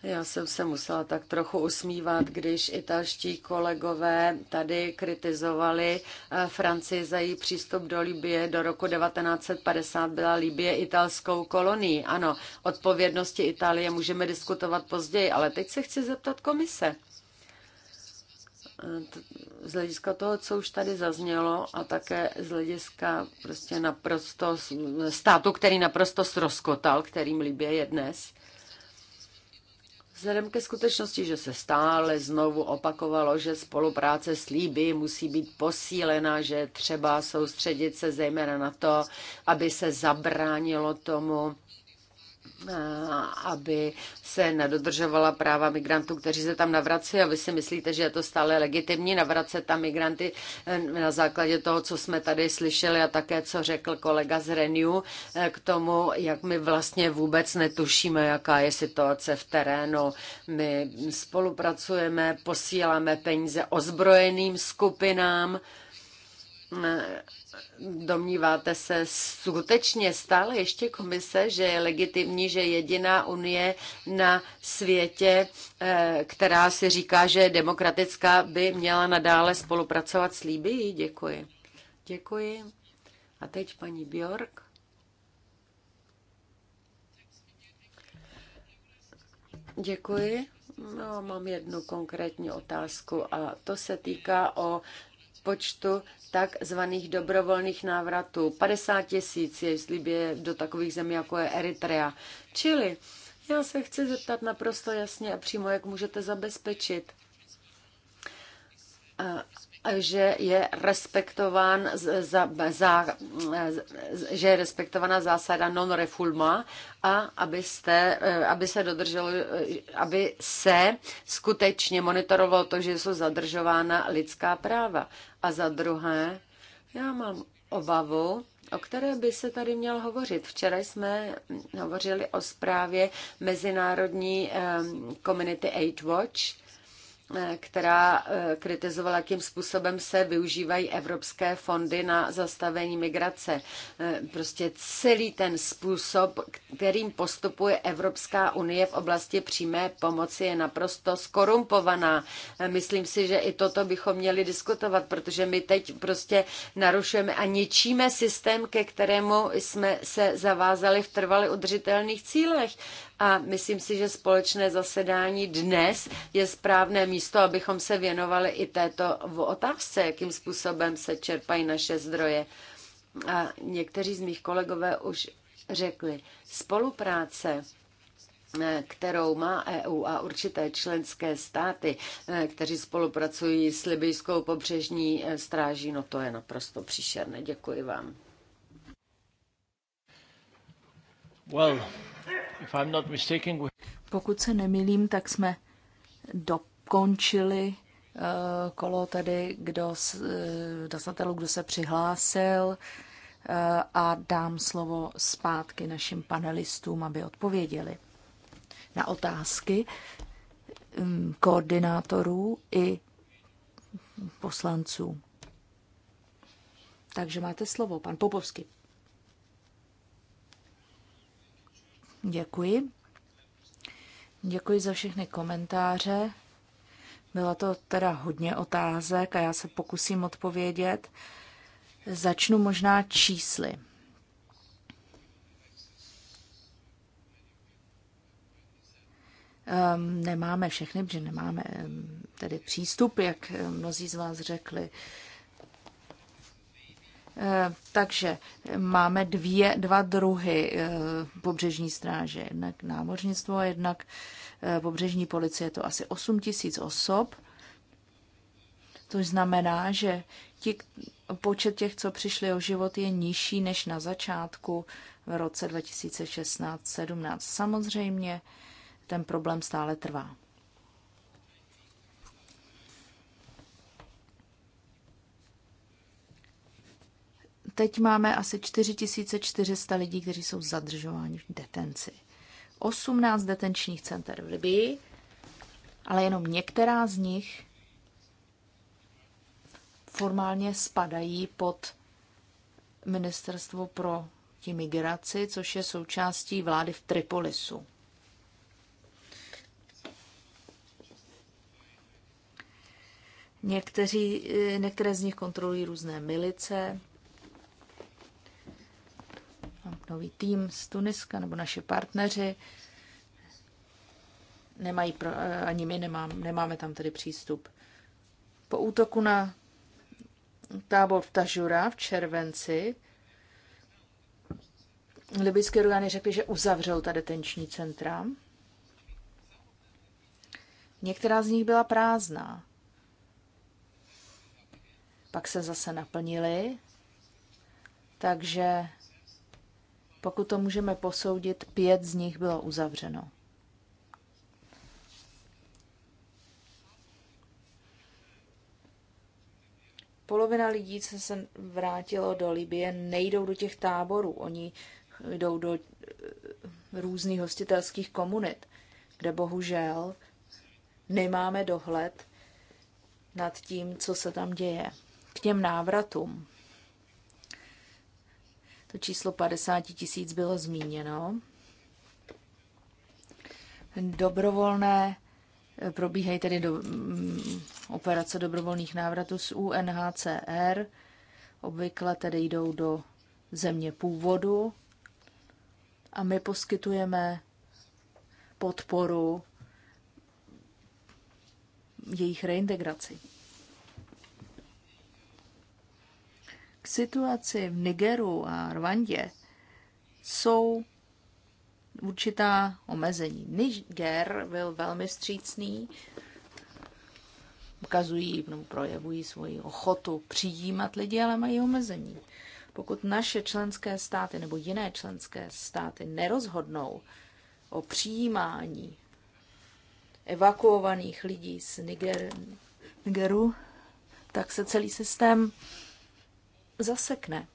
Já jsem se musela tak trochu usmívat, když italští kolegové tady kritizovali eh, Francii za její přístup do Libie. Do roku 1950 byla Libie italskou kolonií. Ano, odpovědnosti Itálie můžeme diskutovat později, ale teď se chci zeptat komise. Eh, z hlediska toho, co už tady zaznělo a také z hlediska prostě naprosto státu, který naprosto sroskotal, kterým Libie je dnes, Vzhledem ke skutečnosti, že se stále znovu opakovalo, že spolupráce s Líby musí být posílena, že třeba soustředit se zejména na to, aby se zabránilo tomu, Eh, aby se nedodržovala práva migrantů, kteří se tam navrací a vy si myslíte, že je to stále legitimní navracet tam migranty eh, na základě toho, co jsme tady slyšeli a také, co řekl kolega z Renew eh, k tomu, jak my vlastně vůbec netušíme, jaká je situace v terénu. My spolupracujeme, posíláme peníze ozbrojeným skupinám, Domníváte se skutečně stále ještě komise, že je legitimní, že jediná unie na světě, eh, která si říká, že je demokratická, by měla nadále spolupracovat s Líbií? Děkuji. Děkuji. A teď paní Bjork. Děkuji. No, mám jednu konkrétní otázku a to se týká o počtu takzvaných dobrovolných návratů. 50 tisíc je, jestli je do takových zemí, jako je Eritrea. Čili já se chci zeptat naprosto jasně a přímo, jak můžete zabezpečit, že je respektován za, za, že je respektovaná zásada non refulma a abyste, eh, aby se dodrželo, eh, aby se skutečně monitorovalo to, že jsou zadržována lidská práva. A za druhé, já mám obavu, o které by se tady měl hovořit. Včera jsme hovořili o zprávě Mezinárodní komunity eh, um, Aid Watch, Eh, která eh, kritizovala, jakým způsobem se využívají evropské fondy na zastavení migrace. Eh, prostě celý ten způsob, kterým postupuje Evropská unie v oblasti přímé pomoci, je naprosto skorumpovaná. Myslím si, že i toto bychom měli diskutovat, protože my teď prostě narušujeme a ničíme systém, ke kterému jsme se zavázali v trvale udržitelných cílech a myslím si, že společné zasedání dnes je správné místo, abychom se věnovali i této otázce, jakým způsobem se čerpají naše zdroje. A někteří z mých kolegové už řekli, spolupráce eh, kterou má EU a určité členské státy, eh, kteří spolupracují s libijskou pobřežní eh, stráží, no to je naprosto příšerné. Děkuji vám. Well, pokud se nemilím, tak jsme dokončili eh, kolo tady, kdo eh, dostatelů, kdo se přihlásil eh, a dám slovo zpátky našim panelistům, aby odpověděli na otázky hm, koordinátorů i poslanců. Takže máte slovo, pan Popovský. Děkuji. Děkuji za všechny komentáře. Byla to teda hodně otázek a já se pokusím odpovědět. Začnu možná čísly. Um, nemáme všechny, protože nemáme um, tedy přístup, jak mnozí z vás řekli. Uh, Eh, takže máme dvě, dva druhy eh, pobřežní stráže. Jednak námořnictvo a jednak eh, pobřežní policie. Je to asi 8 tisíc osob. To znamená, že ti, počet těch, co přišli o život, je nižší než na začátku v roce 2016-17. Samozřejmě ten problém stále trvá. teď máme asi 4400 lidí, kteří jsou zadržováni v detenci. 18 detenčních center v Libii, ale jenom některá z nich formálně spadají pod Ministerstvo pro migraci, což je součástí vlády v Tripolisu. Někteří, eh, některé z nich kontrolují různé milice, nový tým z Tuniska nebo naši partneři. Nemají pro, eh, ani my nemám, nemáme tam tedy přístup. Po útoku na tábor v Tažura v červenci libyské orgány řekly, že uzavřel ta detenční centra. Některá z nich byla prázdná. Pak se zase naplnili, takže pokud to můžeme posoudit, pět z nich bylo uzavřeno. Polovina lidí, co se vrátilo do Libie, nejdou do těch táborů. Oni jdou do eh, různých hostitelských komunit, kde bohužel nemáme dohled nad tím, co se tam děje. K těm návratům. To číslo 50 tisíc bylo zmíněno. Dobrovolné probíhají tedy do, mm, operace dobrovolných návratů z UNHCR. Obvykle tedy jdou do země původu a my poskytujeme podporu jejich reintegraci. situaci v Nigeru a Rwandě jsou určitá omezení. Niger byl velmi vstřícný, ukazují, no, projevují svoji ochotu přijímat lidi, ale mají omezení. Pokud naše členské státy nebo jiné členské státy nerozhodnou o přijímání evakuovaných lidí z Niger, Nigeru, tak se celý systém zasekne.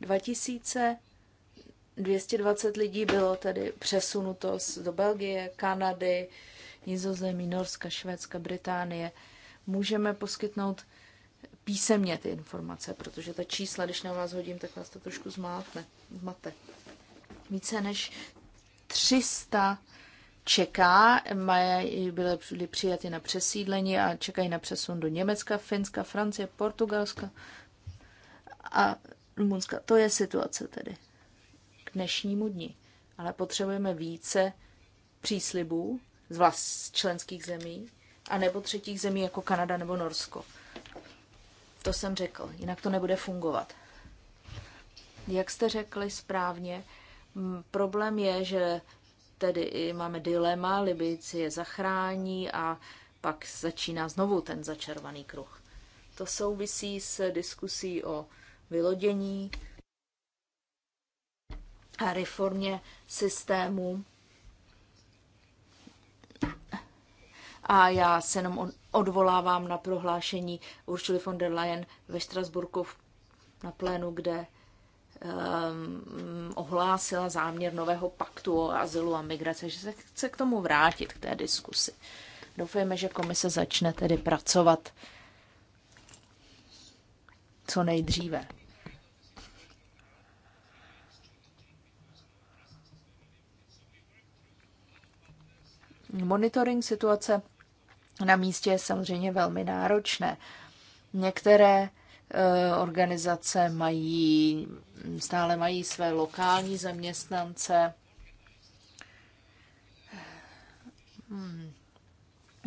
2220 lidí bylo tedy přesunuto do Belgie, Kanady, Nizozemí, Norska, Švédska, Británie. Můžeme poskytnout písemně ty informace, protože ta čísla, když na vás hodím, tak vás to trošku zmátne, zmate. Více než 300 čeká, mají, byly přijaty na přesídlení a čekají na přesun do Německa, Finska, Francie, Portugalska a Rumunska. To je situace tedy k dnešnímu dni. Ale potřebujeme více příslibů z vlast členských zemí a nebo třetích zemí jako Kanada nebo Norsko. To jsem řekl, jinak to nebude fungovat. Jak jste řekli správně, problém je, že tedy i máme dilema, Libyjci je zachrání a pak začíná znovu ten začarovaný kruh. To souvisí s diskusí o vylodění a reformě systému. A já se jenom odvolávám na prohlášení Uršuly von der Leyen ve Štrasburku na plénu, kde um, ohlásila záměr nového paktu o azylu a migrace, že se chce k tomu vrátit, k té diskusi. Doufujeme, že komise začne tedy pracovat co nejdříve. Monitoring situace na místě je samozřejmě velmi náročné. Některé Eh, organizace mají, stále mají své lokální zaměstnance. Hmm.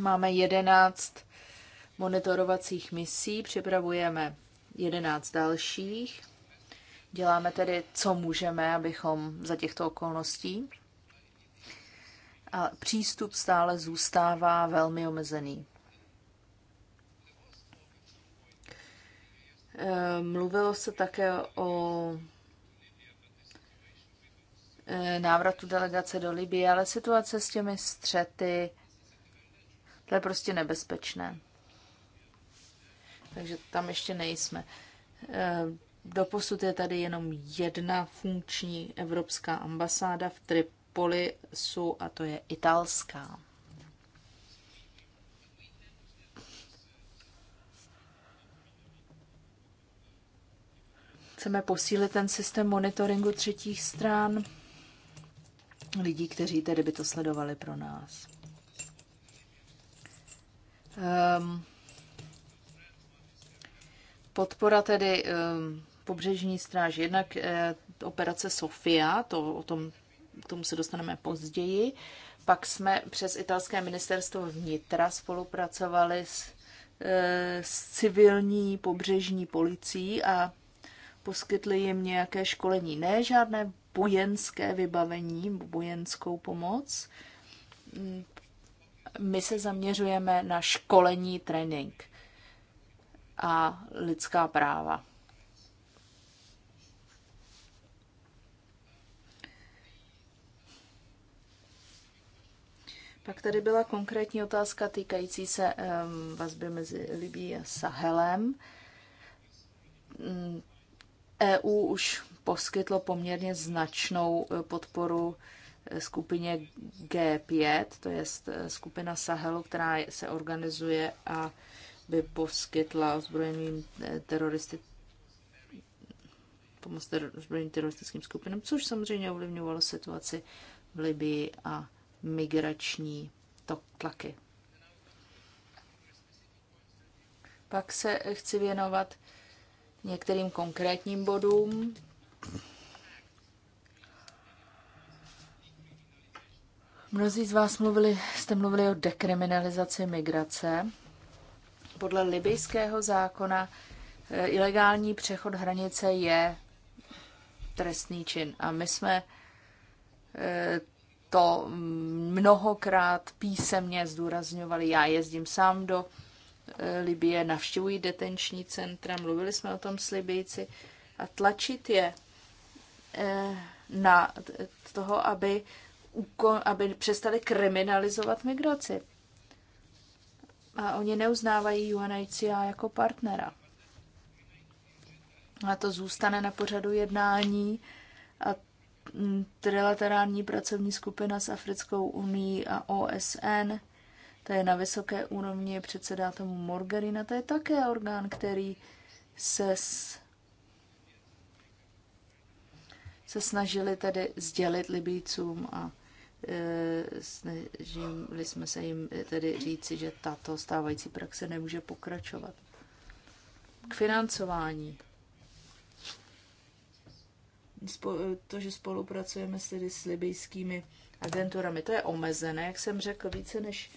Máme 11 monitorovacích misí, připravujeme 11 dalších. Děláme tedy, co můžeme, abychom za těchto okolností. A přístup stále zůstává velmi omezený. Eh, mluvilo se také o eh, návratu delegace do Libie, ale situace s těmi střety, to je prostě nebezpečné. Takže tam ještě nejsme. Eh, doposud je tady jenom jedna funkční evropská ambasáda v Tripolisu a to je italská. Chceme posílit ten systém monitoringu třetích stran lidí, kteří tedy by to sledovali pro nás. Um, podpora tedy um, pobřežní stráž, jednak eh, operace Sofia, to o tom, k tomu se dostaneme později. Pak jsme přes italské ministerstvo vnitra spolupracovali s, eh, s civilní pobřežní policií a poskytli jim nějaké školení, ne žádné bojenské vybavení, bojenskou pomoc. My se zaměřujeme na školení, trénink a lidská práva. Pak tady byla konkrétní otázka týkající se ehm, vazby mezi Libí a Sahelem mm, EU už poskytlo poměrně značnou e, podporu e, skupině G5, to je e, skupina Sahelu, která se organizuje a by poskytla ozbrojeným teroristy pomoc ozbrojeným teroristickým skupinám, což samozřejmě ovlivňovalo situaci v Libii a migrační tok tlaky. Pak se chci věnovat některým konkrétním bodům. Mnozí z vás mluvili, jste mluvili o dekriminalizaci migrace. Podle libijského zákona eh, ilegální přechod hranice je trestný čin. A my jsme eh, to mnohokrát písemně zdůrazňovali. Já jezdím sám do Eh, Libie navštěvují detenční centra, mluvili jsme o tom s Libijci, a tlačit je eh, na toho, aby, aby přestali kriminalizovat migraci. A oni neuznávají UNHCR jako partnera. A to zůstane na pořadu jednání a trilaterální pracovní skupina s Africkou unii a OSN – ta je na vysoké úrovni, předsedá tomu Morgarina, to je také orgán, který se s, se snažili tedy sdělit Libícům a e, snažili jsme se jim tedy říci, že tato stávající praxe nemůže pokračovat. K financování. To, že spolupracujeme s libijskými agenturami, to je omezené, jak jsem řekl, více než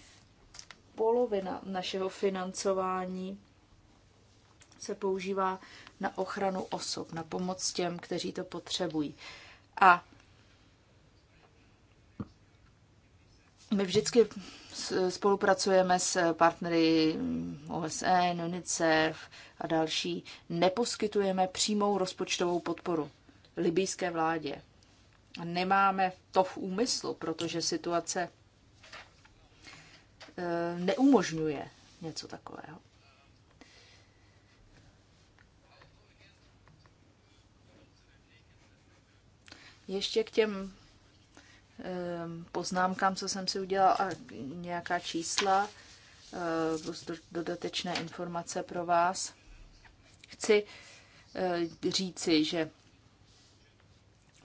polovina našeho financování se používá na ochranu osob, na pomoc těm, kteří to potřebují. A my vždycky spolupracujeme s partnery OSN, UNICEF a další. Neposkytujeme přímou rozpočtovou podporu libijské vládě. Nemáme to v úmyslu, protože situace Eh, neumožňuje něco takového. Ještě k těm poznámkám, co jsem si udělal, a nějaká čísla, eh, dodatečné informace pro vás. Chci eh, říci, že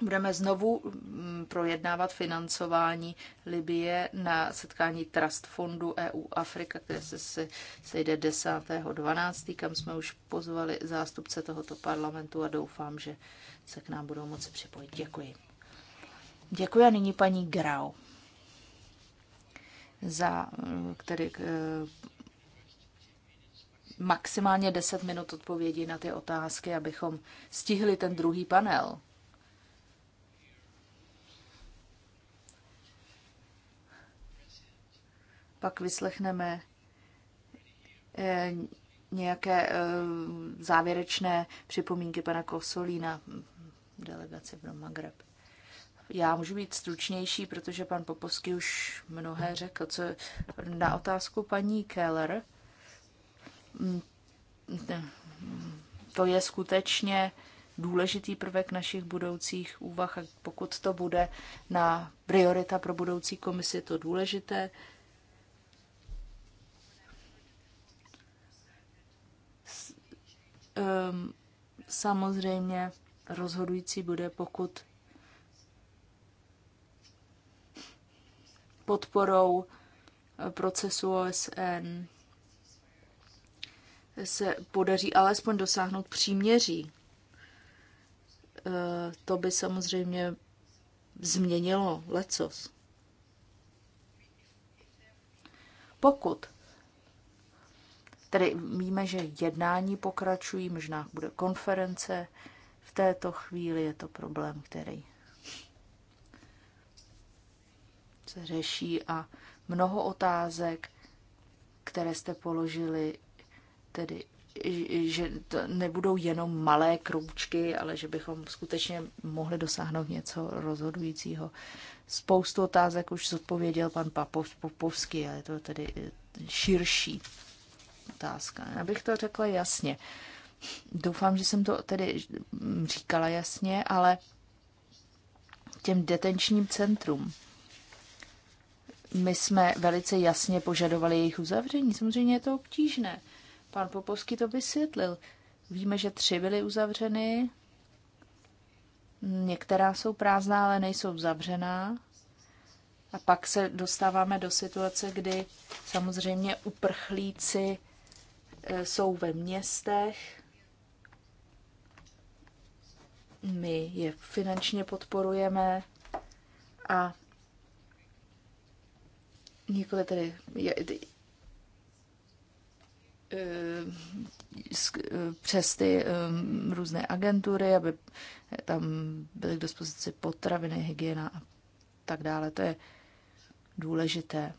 Budeme znovu mm, projednávat financování Libie na setkání Trust Fondu EU Afrika, které se sejde 10.12., kam jsme už pozvali zástupce tohoto parlamentu a doufám, že se k nám budou moci připojit. Děkuji. Děkuji a nyní paní Grau, za který mm, eh, maximálně 10 minut odpovědi na ty otázky, abychom stihli ten druhý panel. pak vyslechneme eh, nějaké eh, závěrečné připomínky pana Kosolína delegace pro Magreb. Já můžu být stručnější, protože pan Popovský už mnohé řekl. Co na otázku paní Keller, to je skutečně důležitý prvek našich budoucích úvah a pokud to bude na priorita pro budoucí komisi, to důležité. Um, samozřejmě rozhodující bude, pokud podporou eh, procesu OSN se podaří alespoň dosáhnout příměří. Eh, to by samozřejmě změnilo lecos. Pokud Tedy víme, že jednání pokračují, možná bude konference. V této chvíli je to problém, který se řeší a mnoho otázek, které jste položili, tedy že to nebudou jenom malé kroučky, ale že bychom skutečně mohli dosáhnout něco rozhodujícího. Spoustu otázek už zodpověděl pan Papov, Popovský, ale je to tedy eh, širší otázka. Abych to řekla jasně. Doufám, že jsem to tedy říkala jasně, ale těm detenčním centrum. My jsme velice jasně požadovali jejich uzavření. Samozřejmě je to obtížné. Pan Popovský to vysvětlil. Víme, že tři byly uzavřeny, některá jsou prázdná, ale nejsou zavřená. A pak se dostáváme do situace, kdy samozřejmě uprchlíci Eh, jsou ve městech. My je finančně podporujeme a nikoli tedy je, eh, eh, přes ty různé agentury, aby tam byly k dispozici potraviny, hygiena a tak dále. To je důležité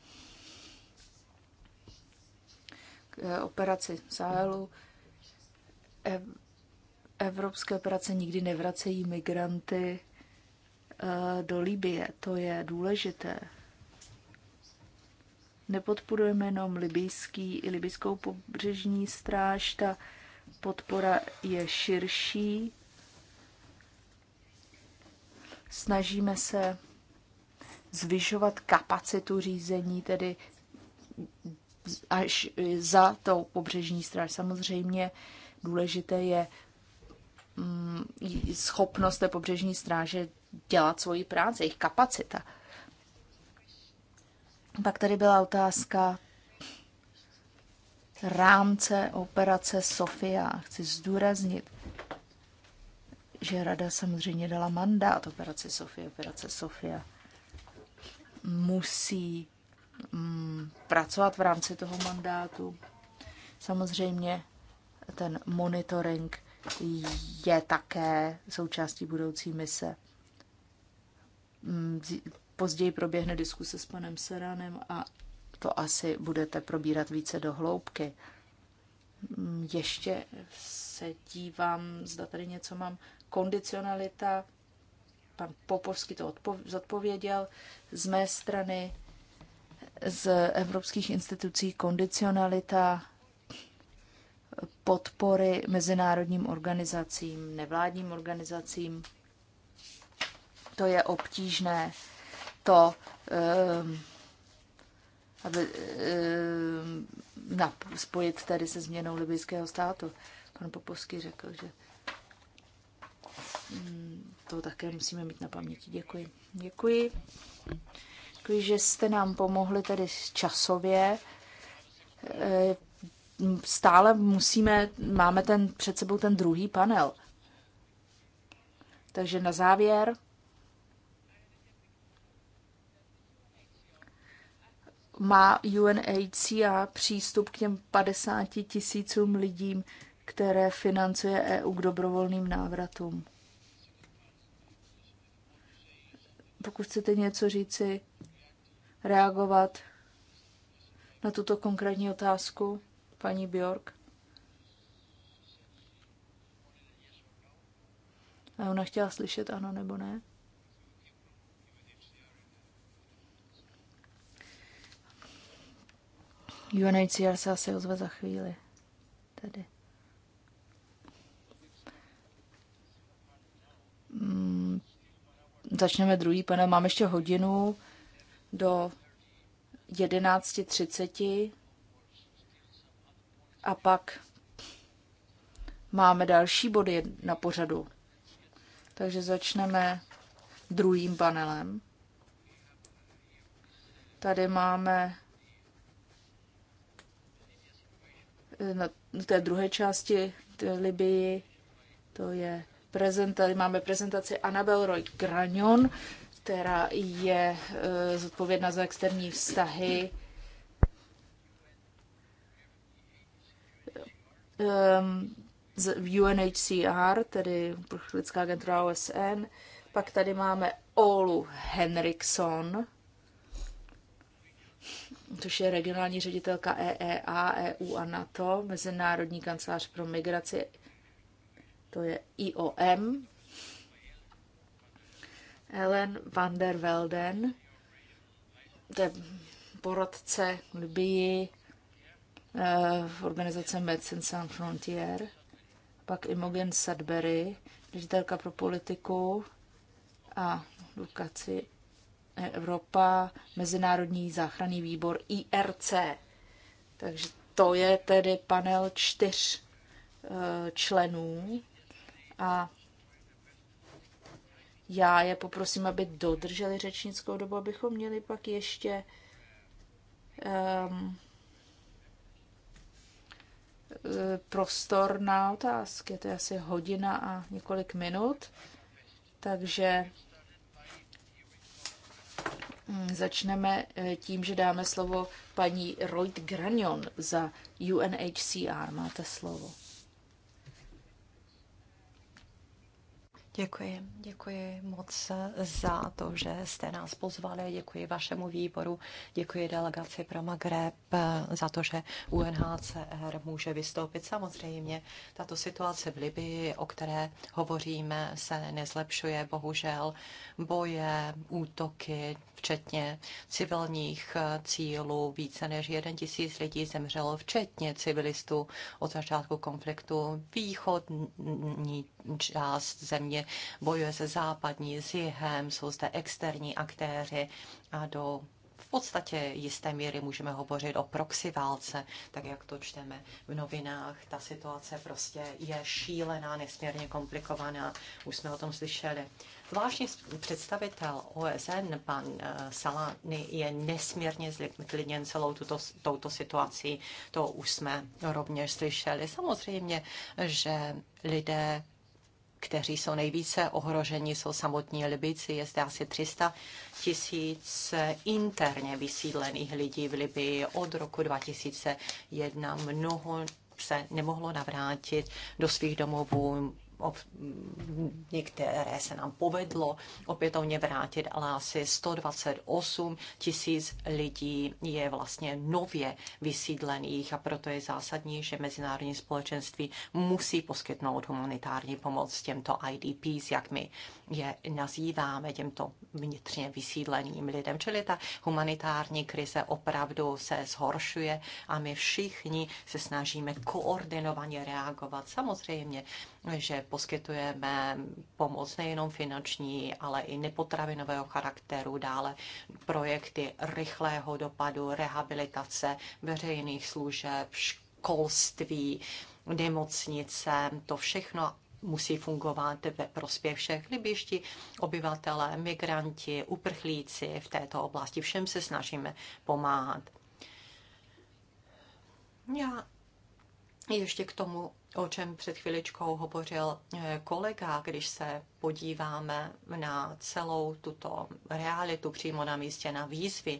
k eh, operaci Sahelu. Evropské operace nikdy nevracejí migranty eh, do Libie. To je důležité. Nepodporujeme jenom libijský, libijskou pobřežní stráž, ta podpora je širší. Snažíme se zvyšovat kapacitu řízení, tedy až za tou pobřežní stráž. Samozřejmě důležité je mm, schopnost té pobřežní stráže dělat svoji práci, jejich kapacita. Pak tady byla otázka rámce operace Sofia. Chci zdůraznit, že rada samozřejmě dala mandát operace Sofia. Operace Sofia musí Mm, pracovat v rámci toho mandátu. Samozřejmě ten monitoring je také součástí budoucí mise. Mm, později proběhne diskuse s panem Seranem a to asi budete probírat více do hloubky. Mm, ještě se dívám, zda tady něco mám. Kondicionalita, pan Popovský to odpověděl Z mé strany z evropských institucí kondicionalita podpory mezinárodním organizacím, nevládním organizacím. To je obtížné. To, ehm, aby ehm, na, spojit tedy se změnou libijského státu. Pan Popovský řekl, že mm, to také musíme mít na paměti. Děkuji. Děkuji. Děkuji, že jste nám pomohli tedy časově. E, stále musíme, máme ten, před sebou ten druhý panel. Takže na závěr. Má UNHCR přístup k těm 50 tisícům lidím, které financuje EU k dobrovolným návratům? pokud chcete něco říci reagovat na tuto konkrétní otázku, paní Bjork? A ona chtěla slyšet ano nebo ne. UNHCR se asi ozve za chvíli. Tady. Hmm, začneme druhý panel. Mám ještě hodinu do 11.30 a pak máme další body na pořadu. Takže začneme druhým panelem. Tady máme na té druhé části Libii, to je prezent, tady máme prezentaci Anabel Roy Granion, která je e, zodpovědná za externí vztahy. Z UNHCR, tedy lidská agentura OSN. Pak tady máme Olu Henriksson, což je regionální ředitelka EEA, EU a NATO, Mezinárodní kancelář pro migraci, to je IOM, Ellen van der Velden, to je poradce Libii eh, v organizace Medicine Sans Frontier, pak Imogen Sadbury, ředitelka pro politiku a edukaci Evropa, Mezinárodní záchranný výbor IRC. Takže to je tedy panel čtyř eh, členů a já je poprosím, aby dodrželi řečnickou dobu, abychom měli pak ještě um, prostor na otázky. To je asi hodina a několik minut. Takže mm, začneme e, tím, že dáme slovo paní Royd Granion za UNHCR. Máte slovo. Děkuji, děkuji moc za to, že jste nás pozvali, děkuji vašemu výboru, děkuji delegaci pro Magreb za to, že UNHCR může vystoupit. Samozřejmě tato situace v Libii, o které hovoříme, se nezlepšuje, bohužel boje, útoky, včetně civilních cílů, více než jeden tisíc lidí zemřelo, včetně civilistů od začátku konfliktu. Východní část země bojuje se západní, s jihem, jsou zde externí aktéři a do v podstatě jisté míry můžeme hovořit o proxy válce, tak jak to čteme v novinách. Ta situace prostě je šílená, nesmírně komplikovaná, už jsme o tom slyšeli. Zvláštní představitel OSN, pan eh, Salani, je nesmírně zlikvidněn celou tuto, touto situací. To už jsme rovněž slyšeli. Samozřejmě, že lidé kteří jsou nejvíce ohroženi, jsou samotní Libici. Je zde asi 300 tisíc interně vysídlených lidí v Libii od roku 2001. Mnoho se nemohlo navrátit do svých domovů, některé se nám povedlo opětovně vrátit, ale asi 128 tisíc lidí je vlastně nově vysídlených a proto je zásadní, že mezinárodní společenství musí poskytnout humanitární pomoc těmto IDPs, jak my je nazýváme, těmto vnitřně vysídleným lidem. Čili ta humanitární krize opravdu se zhoršuje a my všichni se snažíme koordinovaně reagovat. Samozřejmě že poskytujeme pomoc nejenom finanční, ale i nepotravinového charakteru, dále projekty rychlého dopadu, rehabilitace veřejných služeb, školství, nemocnice, to všechno musí fungovat ve prospěch všech libiští, obyvatelé, migranti, uprchlíci v této oblasti. Všem se snažíme pomáhat. Já ještě k tomu o čem před chviličkou hovořil eh, kolega, když se podíváme na celou tuto realitu přímo na místě, na výzvy.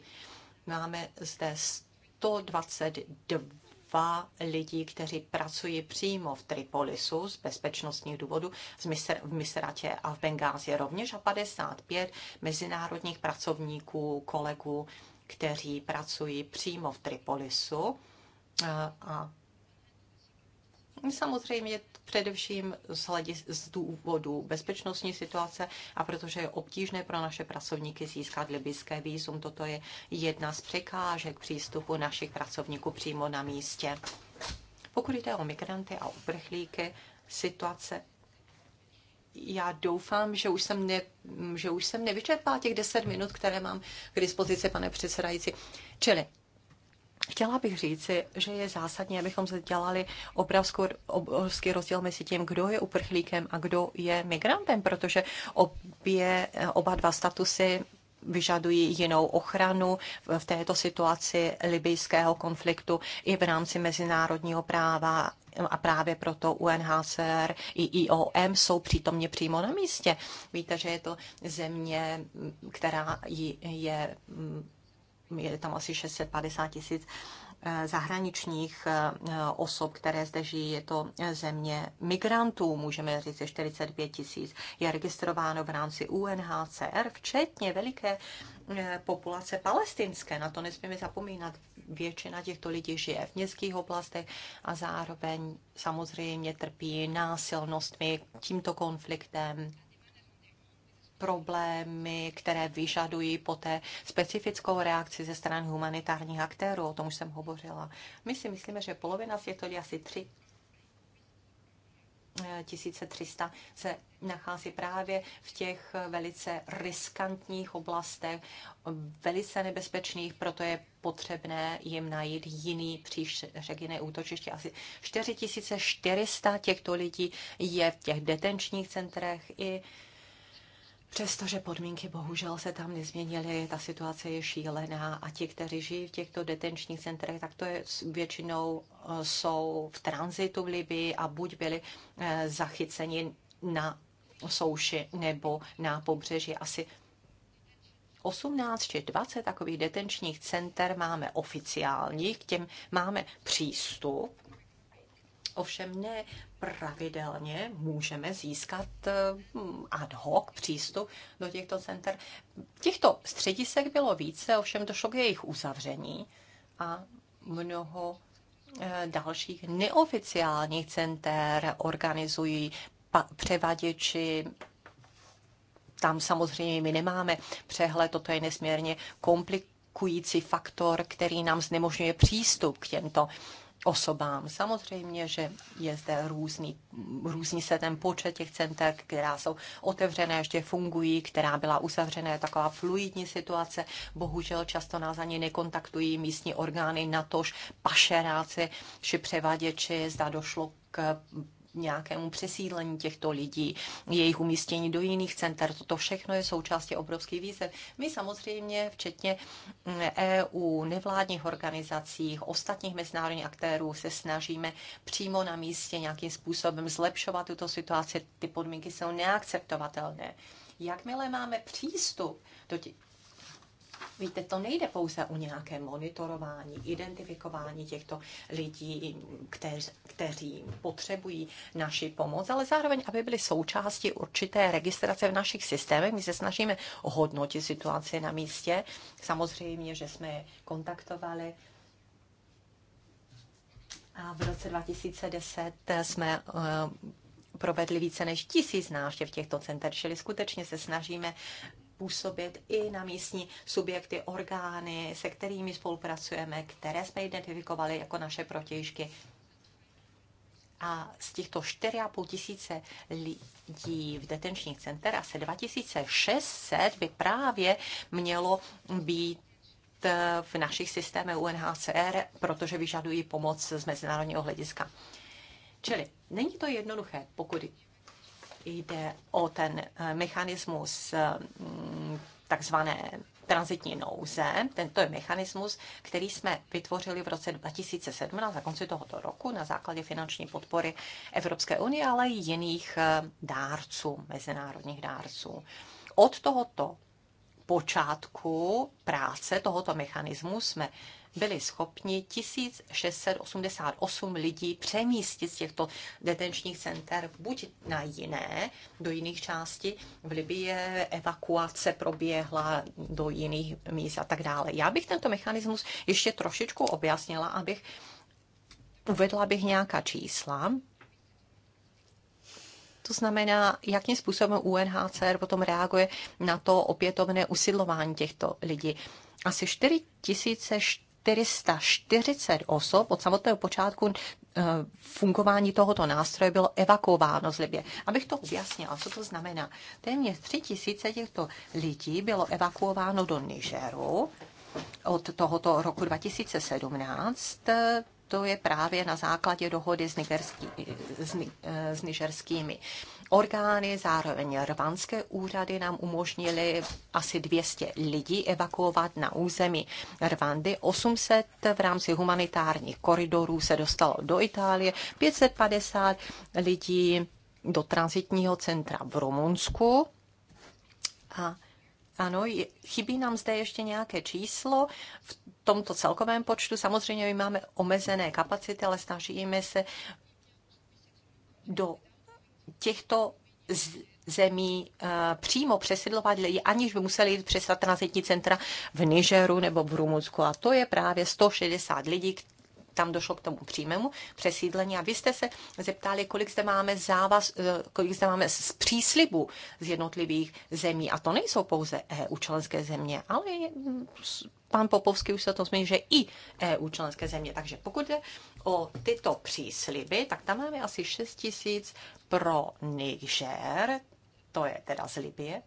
Máme zde 122 lidí, kteří pracují přímo v Tripolisu z bezpečnostních důvodů, v Misratě a v Bengázi rovněž a 55 mezinárodních pracovníků, kolegů, kteří pracují přímo v Tripolisu eh, a Samozřejmě především z, hledis, z důvodu bezpečnostní situace a protože je obtížné pro naše pracovníky získat libyské výzum. Toto je jedna z překážek přístupu našich pracovníků přímo na místě. Pokud jde o migranty a uprchlíky, situace já doufám, že už jsem, ne, že už jsem nevyčerpala těch 10 minut, které mám k dispozici, pane předsedající. Čili Chtěla bych říci, že je zásadní, abychom se dělali obrovskou, obrovský rozdíl mezi tím, kdo je uprchlíkem a kdo je migrantem, protože obě, oba dva statusy vyžadují jinou ochranu v této situaci libijského konfliktu i v rámci mezinárodního práva a právě proto UNHCR i IOM jsou přítomně přímo na místě. Víte, že je to země, která je je tam asi 650 tisíc eh, zahraničních eh, eh, osob, které zde žijí. Je to země migrantů, můžeme říct, 45 tisíc. Je registrováno v rámci UNHCR, včetně veliké populace palestinské. Na to nesmíme zapomínat. Většina těchto lidí žije v městských oblastech a zároveň samozřejmě trpí násilnostmi, tímto konfliktem, problémy, které vyžadují poté specifickou reakci ze strany humanitárních aktérů. O tom už jsem hovořila. My si myslíme, že polovina z těchto asi tři 1300 eh, se nachází právě v těch velice riskantních oblastech, velice nebezpečných, proto je potřebné jim najít jiný příšek, jiné útočiště. Asi 4400 těchto lidí je v těch detenčních centrech i Přestože podmínky bohužel se tam nezměnily, ta situace je šílená a ti, kteří žijí v těchto detenčních centrech, tak to je většinou eh, jsou v tranzitu v Libii a buď byli eh, zachyceni na souši nebo na pobřeží. Asi 18 či 20 takových detenčních center máme oficiálních, k těm máme přístup ovšem ne pravidelně můžeme získat hm, ad hoc přístup do těchto center. Těchto středisek bylo více, ovšem došlo k jejich uzavření a mnoho eh, dalších neoficiálních center organizují převaděči, tam samozřejmě my nemáme přehled, toto je nesmírně komplikující faktor, který nám znemožňuje přístup k těmto osobám. Samozřejmě, že je zde různý, různý se ten počet těch center, která jsou otevřené, ještě fungují, která byla uzavřená, je taková fluidní situace. Bohužel často nás ani nekontaktují místní orgány, natož pašeráci či převaděči, zda došlo k nějakému přesídlení těchto lidí, jejich umístění do jiných center. Toto všechno je součástí obrovský výzev. My samozřejmě, včetně mm, EU, nevládních organizací, ostatních mezinárodních aktérů, se snažíme přímo na místě nějakým způsobem zlepšovat tuto situaci. Ty podmínky jsou neakceptovatelné. Jakmile máme přístup do Víte, to nejde pouze o nějaké monitorování, identifikování těchto lidí, kteř, kteří potřebují naši pomoc, ale zároveň, aby byly součástí určité registrace v našich systémech. My se snažíme hodnotit situaci na místě. Samozřejmě, že jsme je kontaktovali a v roce 2010 jsme eh, provedli více než tisíc návštěv těchto center, čili skutečně se snažíme působit i na místní subjekty, orgány, se kterými spolupracujeme, které jsme identifikovali jako naše protějšky. A z těchto 4,5 tisíce lidí v detenčních center asi 2600 by právě mělo být eh, v našich systémech UNHCR, protože vyžadují pomoc z mezinárodního hlediska. Čili není to jednoduché, pokud jde o ten eh, mechanismus eh, takzvané transitní nouze. Tento je mechanismus, který jsme vytvořili v roce 2017 na konci tohoto roku na základě finanční podpory Evropské unie, ale i jiných eh, dárců, mezinárodních dárců. Od tohoto počátku práce tohoto mechanismu jsme byli schopni 1688 lidí přemístit z těchto detenčních center buď na jiné, do jiných částí. V Libii evakuace proběhla do jiných míst a tak dále. Já bych tento mechanismus ještě trošičku objasnila, abych uvedla bych nějaká čísla, to znamená, jakým způsobem UNHCR potom reaguje na to opětovné usidlování těchto lidí. Asi 4400 440 osob od samotného počátku eh, fungování tohoto nástroje bylo evakuováno z Libě. Abych to objasnila, co to znamená. Téměř 3000 těchto lidí bylo evakuováno do Nigeru od tohoto roku 2017 to je právě na základě dohody s, nigerský, s, eh, s nigerskými orgány, zároveň rvanské úřady nám umožnili asi 200 lidí evakuovat na území Rwandy. 800 v rámci humanitárních koridorů se dostalo do Itálie, 550 lidí do transitního centra v Rumunsku. A ano, chybí nám zde ještě nějaké číslo v tomto celkovém počtu. Samozřejmě my máme omezené kapacity, ale snažíme se do těchto zemí eh, přímo přesidlovat lidi, aniž by museli jít přes ta transitní centra v Nigeru nebo v Rumunsku. A to je právě 160 lidí, tam došlo k tomu přímému přesídlení. A vy jste se zeptali, kolik zde máme závaz, eh, kolik zde máme z příslibu z jednotlivých zemí. A to nejsou pouze EU členské země, ale je, pan Popovský už se to zmínil, že i EU členské země. Takže pokud jde o tyto přísliby, tak tam máme asi 6 tisíc pro Niger, to je teda z Libie,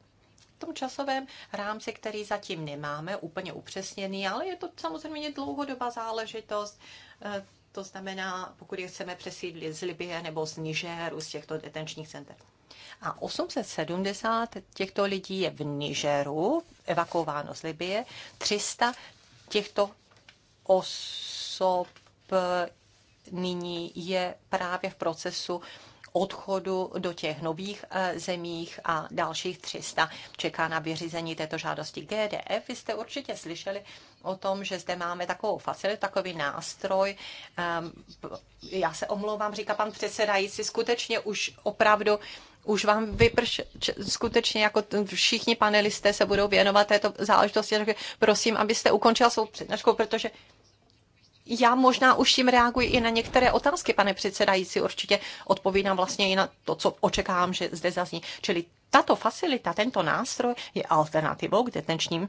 v tom časovém rámci, který zatím nemáme úplně upřesněný, ale je to samozřejmě dlouhodobá záležitost. Eh, to znamená, pokud je chceme přesídlit z Libie nebo z Nigeru, z těchto detenčních center. A 870 těchto lidí je v Nigeru, evakuováno z Libie, 300 těchto osob eh, nyní je právě v procesu odchodu do těch nových eh, zemích a dalších 300 čeká na vyřízení této žádosti GDF. Vy jste určitě slyšeli o tom, že zde máme takovou facilitu, takový nástroj. Ehm, já se omlouvám, říká pan předsedající, skutečně už opravdu už vám vyprš, skutečně jako všichni panelisté se budou věnovat této záležitosti, takže prosím, abyste ukončila svou přednášku, protože já možná už tím reaguji i na některé otázky, pane předsedající, určitě odpovídám vlastně i na to, co očekávám, že zde zazní. Čili tato facilita, tento nástroj je alternativou k detenčním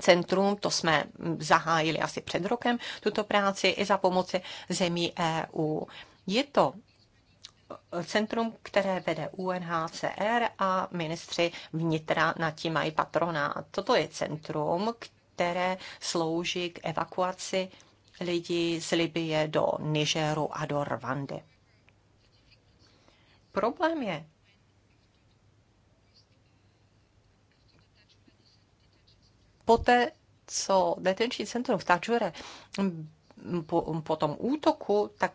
centrum, to jsme zahájili asi před rokem, tuto práci i za pomoci zemí EU. Je to centrum, které vede UNHCR a ministři vnitra nad tím mají patronát. Toto je centrum, které slouží k evakuaci lidi z Libie do Nigeru a do Rwandy. Problém je, poté, co detenční centrum v Tadžure po, po tom útoku, tak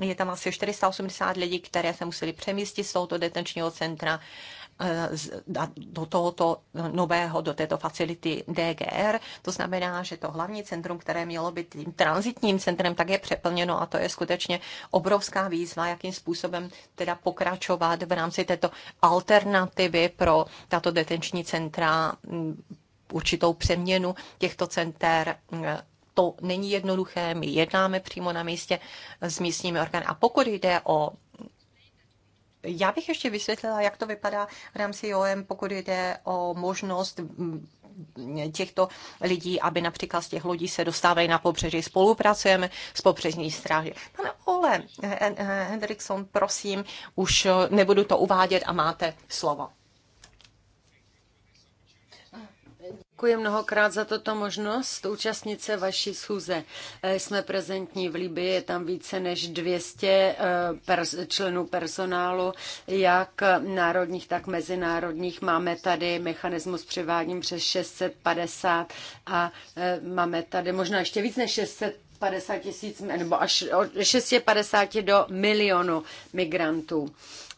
je tam asi 480 lidí, které se museli přemístit z tohoto detenčního centra do tohoto nového, do této facility DGR. To znamená, že to hlavní centrum, které mělo být tím transitním centrem, tak je přeplněno a to je skutečně obrovská výzva, jakým způsobem teda pokračovat v rámci této alternativy pro tato detenční centra mm, určitou přeměnu těchto center to není jednoduché, my jednáme přímo na místě s místními orgány. A pokud jde o já bych ještě vysvětlila, jak to vypadá v rámci OM, pokud jde o možnost mm, těchto lidí, aby například z těch lodí se dostávají na pobřeží. Spolupracujeme s pobřežní stráží. Pane Ole Hendrickson, prosím, už nebudu to uvádět a máte slovo. Děkuji mnohokrát za toto možnost účastnit se vaší schůze. Eh, jsme prezentní v Libii, je tam více než 200 eh, členů personálu, jak národních, tak mezinárodních. Máme tady mechanismus převádím přes 650 a eh, máme tady možná ještě víc než 600 50 tisíc, nebo až od 650 do milionu migrantů.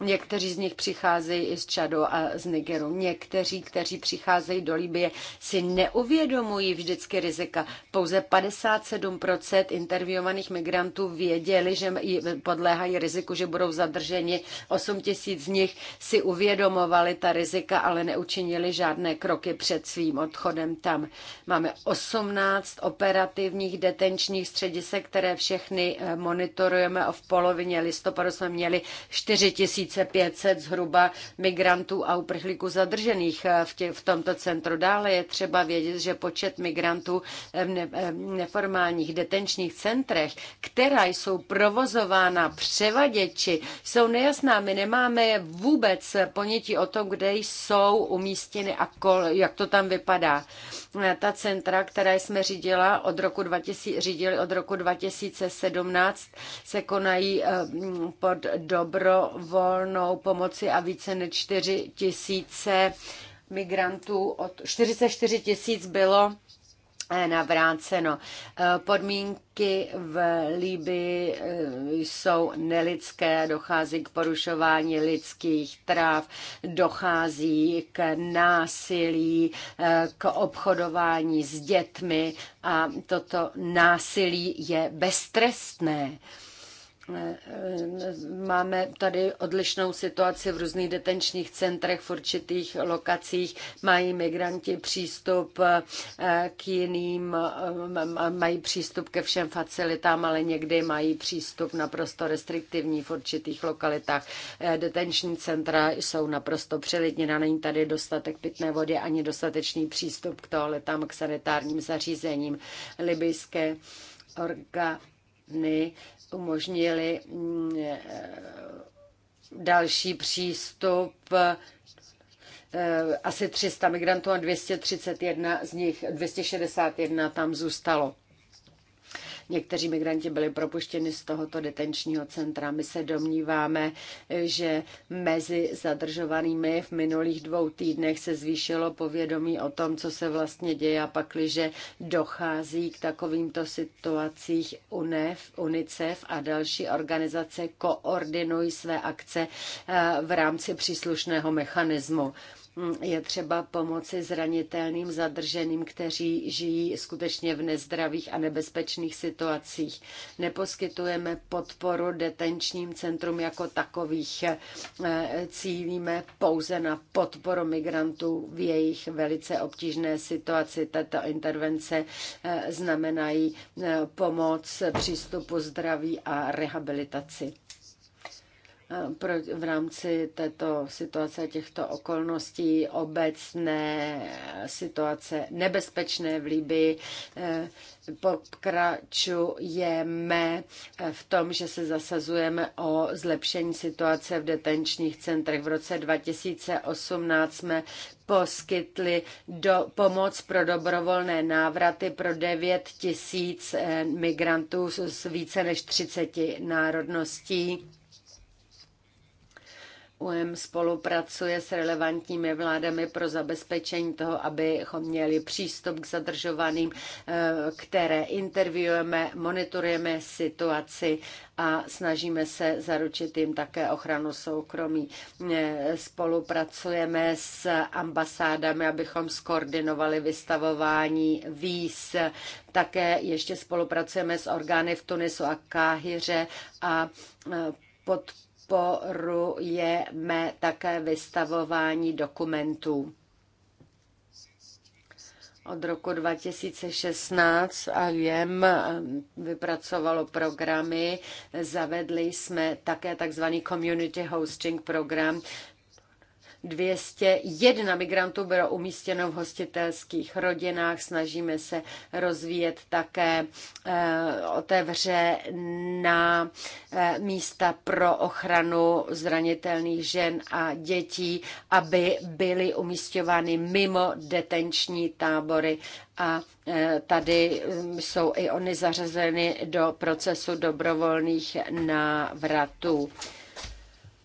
Někteří z nich přicházejí i z Čadu a z Nigeru. Někteří, kteří přicházejí do Libie, si neuvědomují vždycky rizika. Pouze 57% intervjuovaných migrantů věděli, že podléhají riziku, že budou zadrženi. 8 tisíc z nich si uvědomovali ta rizika, ale neučinili žádné kroky před svým odchodem tam. Máme 18 operativních detenčních středisek, které všechny eh, monitorujeme. V polovině listopadu jsme měli 4 tisíc 2500 zhruba migrantů a uprchlíků zadržených eh, v, tě, v tomto centru. Dále je třeba vědět, že počet migrantů v, eh, ne, eh, neformálních detenčních centrech, která jsou provozována převaděči, jsou nejasná. My nemáme vůbec ponětí o tom, kde jsou umístěny a kol, jak to tam vypadá. Ta centra, která jsme řídila od roku 2000, řídili od roku 2017, se konají pod dobrovol dobrovolnou pomoci a více než 4 tisíce migrantů, od 44 tisíc bylo eh, navráceno. Eh, podmínky v Líbii eh, jsou nelidské, dochází k porušování lidských práv, dochází k násilí, k obchodování s dětmi a toto násilí je beztrestné. Máme tady odlišnou situaci v různých detenčních centrech, v určitých lokacích. Mají migranti přístup eh, k jiným, eh, mají přístup ke všem facilitám, ale někdy mají přístup naprosto restriktivní v určitých lokalitách. Eh, detenční centra jsou naprosto přelidněna, není tady dostatek pitné vody ani dostatečný přístup k toaletám, k sanitárním zařízením. Libijské orga umožnili mm, e, další přístup e, asi 300 migrantů a 231 z nich, 261 tam zůstalo. Někteří migranti byli propuštěni z tohoto detenčního centra. My se domníváme, že mezi zadržovanými v minulých dvou týdnech se zvýšilo povědomí o tom, co se vlastně děje a pakliže dochází k takovýmto situacích UNEF, UNICEF a další organizace koordinují své akce eh, v rámci příslušného mechanismu je třeba pomoci zranitelným zadrženým, kteří žijí skutečně v nezdravých a nebezpečných situacích. Neposkytujeme podporu detenčním centrum jako takových. E, cílíme pouze na podporu migrantů v jejich velice obtížné situaci. Tato intervence e, znamenají e, pomoc přístupu zdraví a rehabilitaci v rámci této situace, těchto okolností, obecné situace nebezpečné v Libii, eh, pokračujeme v tom, že se zasazujeme o zlepšení situace v detenčních centrech. V roce 2018 jsme poskytli do, pomoc pro dobrovolné návraty pro 9 tisíc eh, migrantů z více než 30 národností UM spolupracuje s relevantními vládami pro zabezpečení toho, abychom měli přístup k zadržovaným, eh, které intervjujeme, monitorujeme situaci a snažíme se zaručit jim také ochranu soukromí. Eh, spolupracujeme s ambasádami, abychom skoordinovali vystavování víz. Také ještě spolupracujeme s orgány v Tunisu a Káhyře a eh, pod podporujeme také vystavování dokumentů. Od roku 2016 a vypracovalo programy, zavedli jsme také takzvaný community hosting program, 201 migrantů bylo umístěno v hostitelských rodinách. Snažíme se rozvíjet také eh, na eh, místa pro ochranu zranitelných žen a dětí, aby byly umístěvány mimo detenční tábory a eh, tady mm, jsou i oni zařazeny do procesu dobrovolných návratů.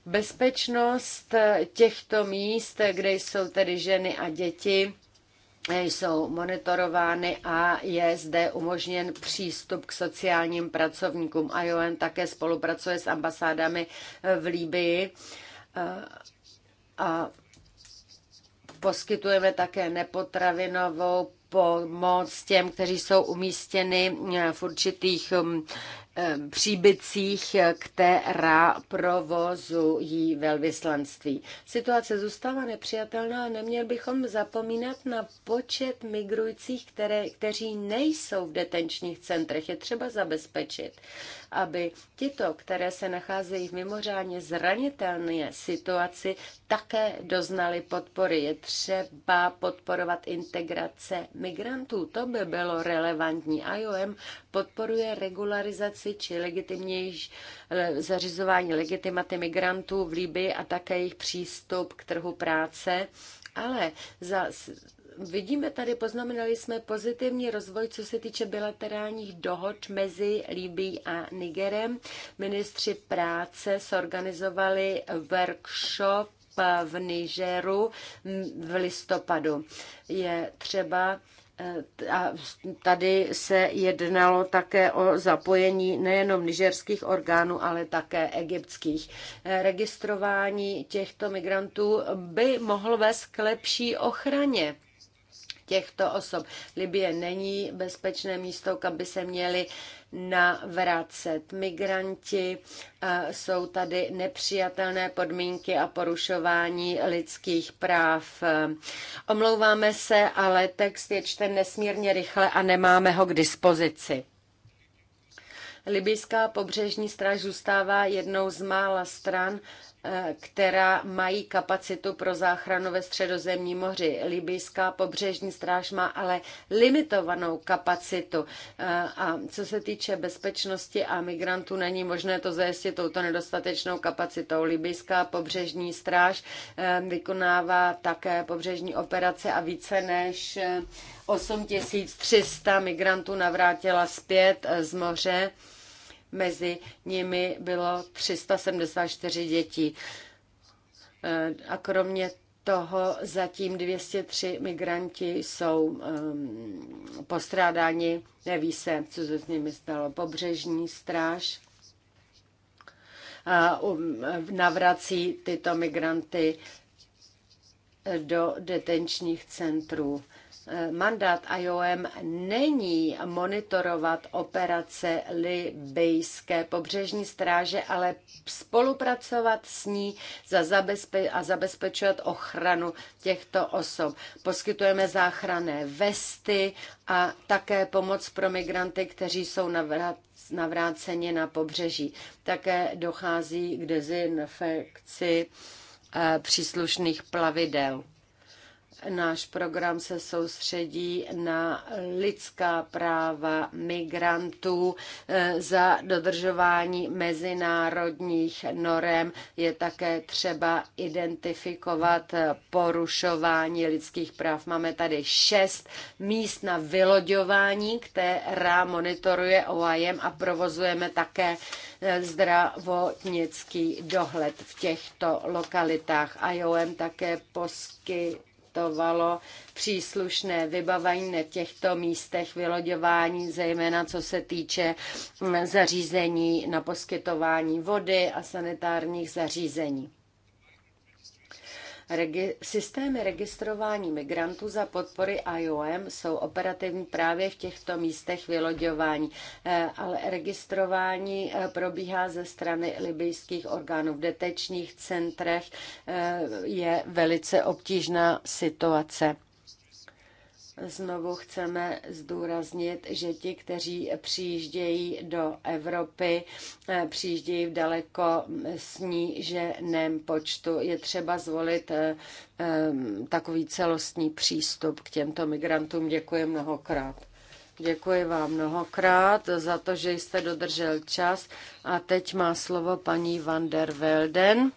Bezpečnost těchto míst, kde jsou tedy ženy a děti, jsou monitorovány a je zde umožněn přístup k sociálním pracovníkům. IOM také spolupracuje s ambasádami v Líbii a poskytujeme také nepotravinovou pomoc těm, kteří jsou umístěni v určitých příbycích, která provozují velvyslanství. Situace zůstává nepřijatelná a neměl bychom zapomínat na počet migrujících, které, kteří nejsou v detenčních centrech. Je třeba zabezpečit, aby tito, které se nacházejí v mimořádně zranitelné situaci, také doznali podpory. Je třeba podporovat integrace migrantů. To by bylo relevantní. IOM podporuje regularizaci migraci či legitimnější zařizování legitimaty migrantů v Libii a také jejich přístup k trhu práce. Ale za, vidíme tady, poznamenali jsme pozitivní rozvoj, co se týče bilaterálních dohod mezi Libií a Nigerem. Ministři práce sorganizovali workshop v Nigeru v listopadu. Je třeba Eh, a tady se jednalo také o zapojení nejenom nižerských orgánů, ale také egyptských. Eh, registrování těchto migrantů by mohlo vést k lepší ochraně těchto osob. Libie není bezpečné místo, kam by se měli navracet migranti. Jsou tady nepřijatelné podmínky a porušování lidských práv. Omlouváme se, ale text je čten nesmírně rychle a nemáme ho k dispozici. Libijská pobřežní stráž zůstává jednou z mála stran, která mají kapacitu pro záchranu ve středozemním moři. Libijská pobřežní stráž má ale limitovanou kapacitu. Eh, a co se týče bezpečnosti a migrantů, není možné to zajistit touto nedostatečnou kapacitou. Libijská pobřežní stráž eh, vykonává také pobřežní operace a více než 8300 eh, migrantů navrátila zpět z moře mezi nimi bylo 374 dětí. E, a kromě toho zatím 203 migranti jsou um, postrádáni, neví se, co se s nimi stalo. Pobřežní stráž a, um, navrací tyto migranty do detenčních centrů mandát IOM není monitorovat operace libyjské pobřežní stráže, ale spolupracovat s ní za zabezpe- a zabezpečovat ochranu těchto osob. Poskytujeme záchranné vesty a také pomoc pro migranty, kteří jsou navrat- navráceně na pobřeží. Také dochází k dezinfekci eh, příslušných plavidel. Náš program se soustředí na lidská práva migrantů eh, za dodržování mezinárodních norem. Je také třeba identifikovat eh, porušování lidských práv. Máme tady šest míst na vyloďování, která monitoruje OIM a provozujeme také eh, zdravotnický dohled v těchto lokalitách. IOM také poskytuje poskytovalo příslušné vybavení na těchto místech vyloďování, zejména co se týče mm, zařízení na poskytování vody a sanitárních zařízení. Regi- systémy registrování migrantů za podpory IOM jsou operativní právě v těchto místech vyloďování, eh, ale registrování eh, probíhá ze strany libijských orgánů. V detečních centrech eh, je velice obtížná situace. Znovu chceme zdůraznit, že ti, kteří přijíždějí do Evropy, eh, přijíždějí v daleko sníženém počtu. Je třeba zvolit eh, takový celostní přístup k těmto migrantům. Děkuji mnohokrát. Děkuji vám mnohokrát za to, že jste dodržel čas. A teď má slovo paní van der Velden.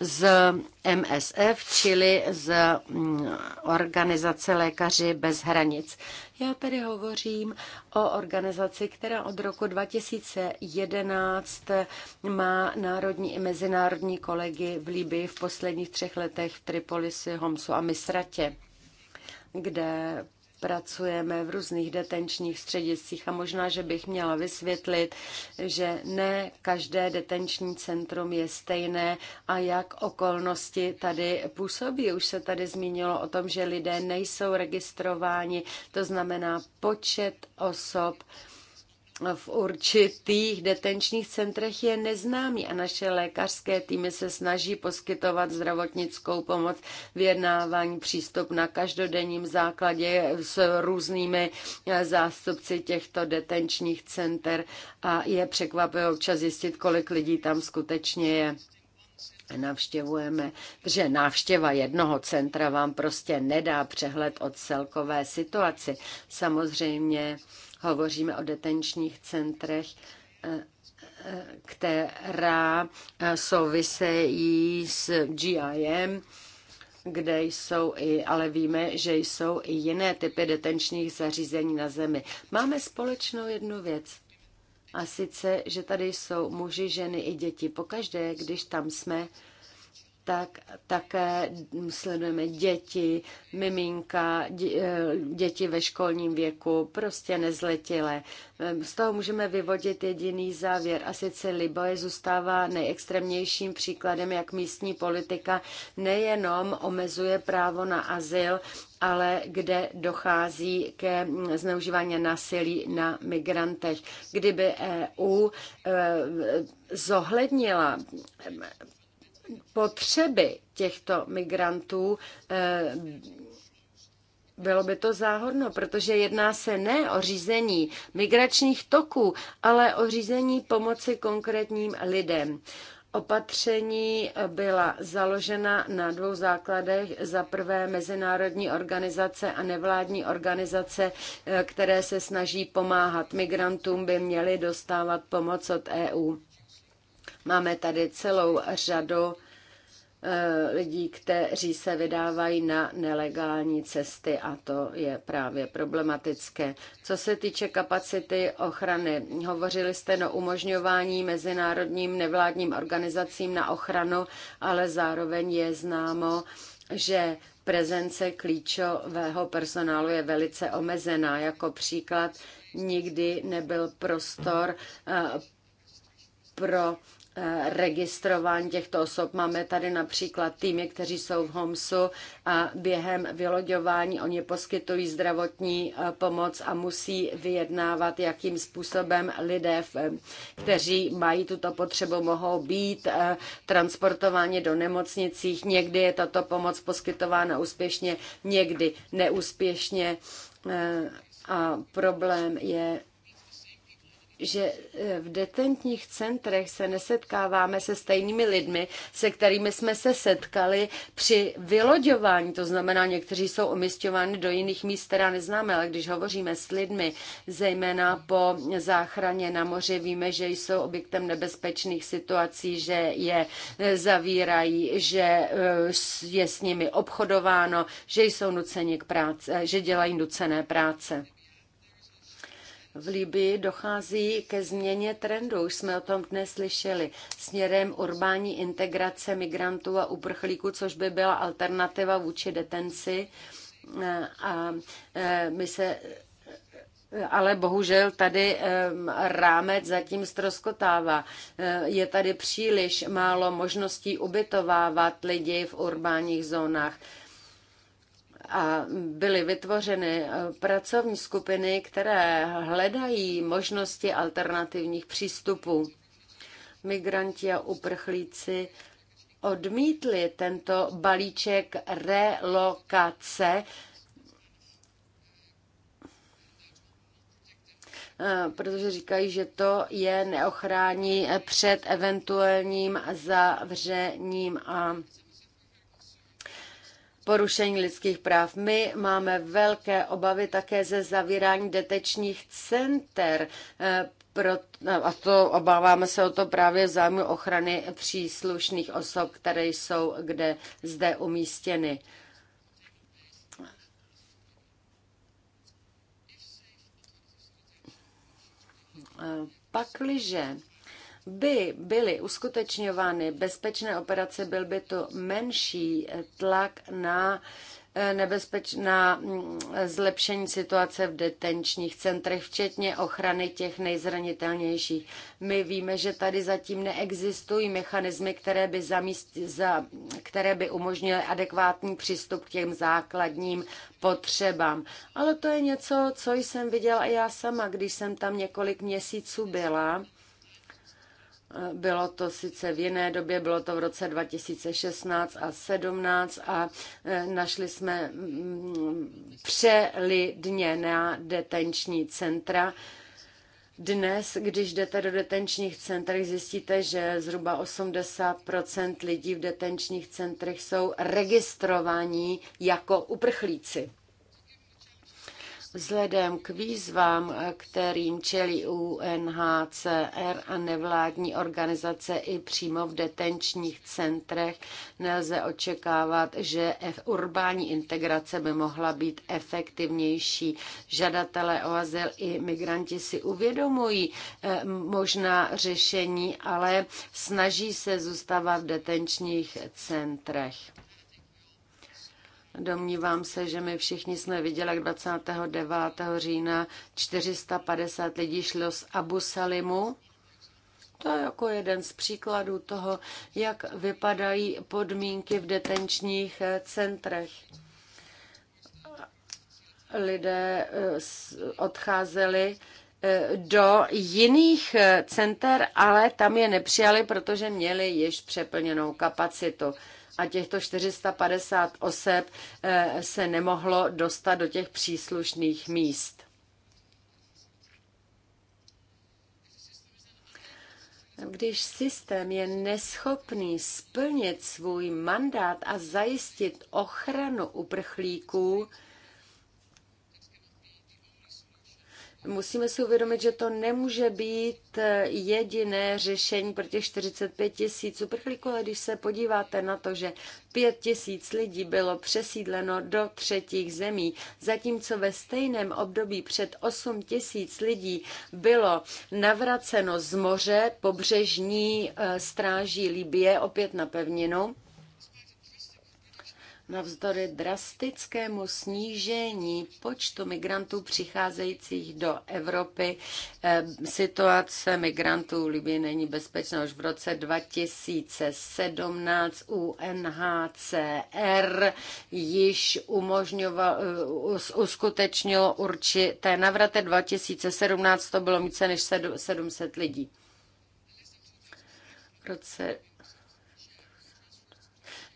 z MSF, čili z mm, organizace Lékaři bez hranic. Já tady hovořím o organizaci, která od roku 2011 má národní i mezinárodní kolegy v Libii v posledních třech letech v Tripolisi, Homsu a Misratě kde pracujeme v různých detenčních střediscích a možná, že bych měla vysvětlit, že ne každé detenční centrum je stejné a jak okolnosti tady působí. Už se tady zmínilo o tom, že lidé nejsou registrováni, to znamená počet osob, v určitých detenčních centrech je neznámý a naše lékařské týmy se snaží poskytovat zdravotnickou pomoc, vyjednávání, přístup na každodenním základě s různými eh, zástupci těchto detenčních center a je překvapivé občas zjistit, kolik lidí tam skutečně je navštěvujeme, protože návštěva jednoho centra vám prostě nedá přehled o celkové situaci. Samozřejmě Hovoříme o detenčních centrech, eh, eh, která eh, souvisejí s GIM, kde jsou i, ale víme, že jsou i jiné typy detenčních zařízení na zemi. Máme společnou jednu věc. A sice, že tady jsou muži, ženy i děti. Pokaždé, když tam jsme, tak také sledujeme děti, miminka, eh, děti ve školním věku, prostě nezletile. Ehm, z toho můžeme vyvodit jediný závěr a sice Liboje zůstává nejextrémnějším příkladem, jak místní politika nejenom omezuje právo na azyl, ale kde dochází ke zneužívání násilí na migrantech. Kdyby EU eh, zohlednila potřeby těchto migrantů eh, bylo by to záhodno, protože jedná se ne o řízení migračních toků, ale o řízení pomoci konkrétním lidem. Opatření byla založena na dvou základech. Za prvé mezinárodní organizace a nevládní organizace, eh, které se snaží pomáhat migrantům, by měly dostávat pomoc od EU. Máme tady celou řadu eh, lidí, kteří se vydávají na nelegální cesty a to je právě problematické. Co se týče kapacity ochrany, hovořili jste o no, umožňování mezinárodním nevládním organizacím na ochranu, ale zároveň je známo, že prezence klíčového personálu je velice omezená. Jako příklad nikdy nebyl prostor eh, pro registrování těchto osob. Máme tady například týmy, kteří jsou v Homsu a během vyloďování oni poskytují zdravotní eh, pomoc a musí vyjednávat, jakým způsobem lidé, kteří mají tuto potřebu, mohou být eh, transportováni do nemocnicích. Někdy je tato pomoc poskytována úspěšně, někdy neúspěšně. Eh, a problém je že eh, v detentních centrech se nesetkáváme se stejnými lidmi, se kterými jsme se setkali při vyloďování. To znamená, někteří jsou umistěváni do jiných míst, která neznáme, ale když hovoříme s lidmi, zejména po záchraně na moři, víme, že jsou objektem nebezpečných situací, že je eh, zavírají, že eh, je s nimi obchodováno, že jsou nuceni k práci, že dělají nucené práce v Libii dochází ke změně trendu, už jsme o tom dnes slyšeli, směrem urbání integrace migrantů a uprchlíků, což by byla alternativa vůči detenci. A e, my se ale bohužel tady e, rámec zatím ztroskotává. E, je tady příliš málo možností ubytovávat lidi v urbánních zónách a byly vytvořeny eh, pracovní skupiny, které hledají možnosti alternativních přístupů. Migranti a uprchlíci odmítli tento balíček relokace, eh, protože říkají, že to je neochrání před eventuálním zavřením a porušení lidských práv. My máme velké obavy také ze zavírání detečních center, eh, eh, a to obáváme se o to právě v zájmu ochrany příslušných osob, které jsou kde zde umístěny. Eh, pakliže by byly uskutečňovány bezpečné operace, byl by to menší tlak na eh, nebezpečná mm, zlepšení situace v detenčních centrech, včetně ochrany těch nejzranitelnějších. My víme, že tady zatím neexistují mechanismy, které by, zamíst, za, které by umožnily adekvátní přístup k těm základním potřebám. Ale to je něco, co jsem viděla i já sama, když jsem tam několik měsíců byla bylo to sice v jiné době, bylo to v roce 2016 a 17 a e, našli jsme mm, přelidněná detenční centra. Dnes, když jdete do detenčních centrech, zjistíte, že zhruba 80 lidí v detenčních centrech jsou registrovaní jako uprchlíci. Vzhledem k výzvám, kterým čelí UNHCR a nevládní organizace i přímo v detenčních centrech, nelze očekávat, že urbání integrace by mohla být efektivnější. Žadatelé o azyl i migranti si uvědomují eh, možná řešení, ale snaží se zůstávat v detenčních centrech. Domnívám se, že my všichni jsme viděli, jak 29. října 450 lidí šlo z Abu Salimu. To je jako jeden z příkladů toho, jak vypadají podmínky v detenčních eh, centrech. Lidé eh, odcházeli eh, do jiných center, ale tam je nepřijali, protože měli již přeplněnou kapacitu a těchto 450 osob eh, se nemohlo dostat do těch příslušných míst. Když systém je neschopný splnit svůj mandát a zajistit ochranu uprchlíků, musíme si uvědomit, že to nemůže být jediné řešení pro těch 45 tisíc uprchlíků, ale když se podíváte na to, že 5 tisíc lidí bylo přesídleno do třetích zemí, zatímco ve stejném období před 8 tisíc lidí bylo navraceno z moře pobřežní eh, stráží Libie opět na pevninu, Navzdory drastickému snížení počtu migrantů přicházejících do Evropy, eh, situace migrantů v Libii není bezpečná. Už v roce 2017 UNHCR již umožňoval, eh, uskutečnilo určité navraty. 2017 to bylo více než 700 lidí. V roce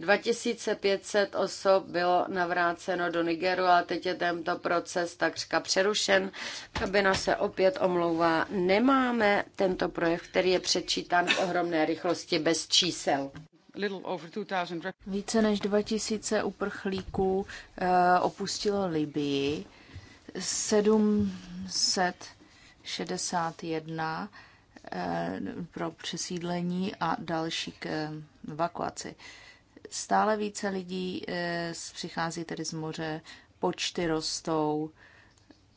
2500 osob bylo navráceno do Nigeru, a teď je tento proces takřka přerušen. Kabina se opět omlouvá. Nemáme tento projekt, který je přečítán v ohromné rychlosti bez čísel. Více než 2000 uprchlíků eh, opustilo Libii, 761 eh, pro přesídlení a další k evakuaci. Stále více lidí eh, přichází tedy z moře, počty rostou,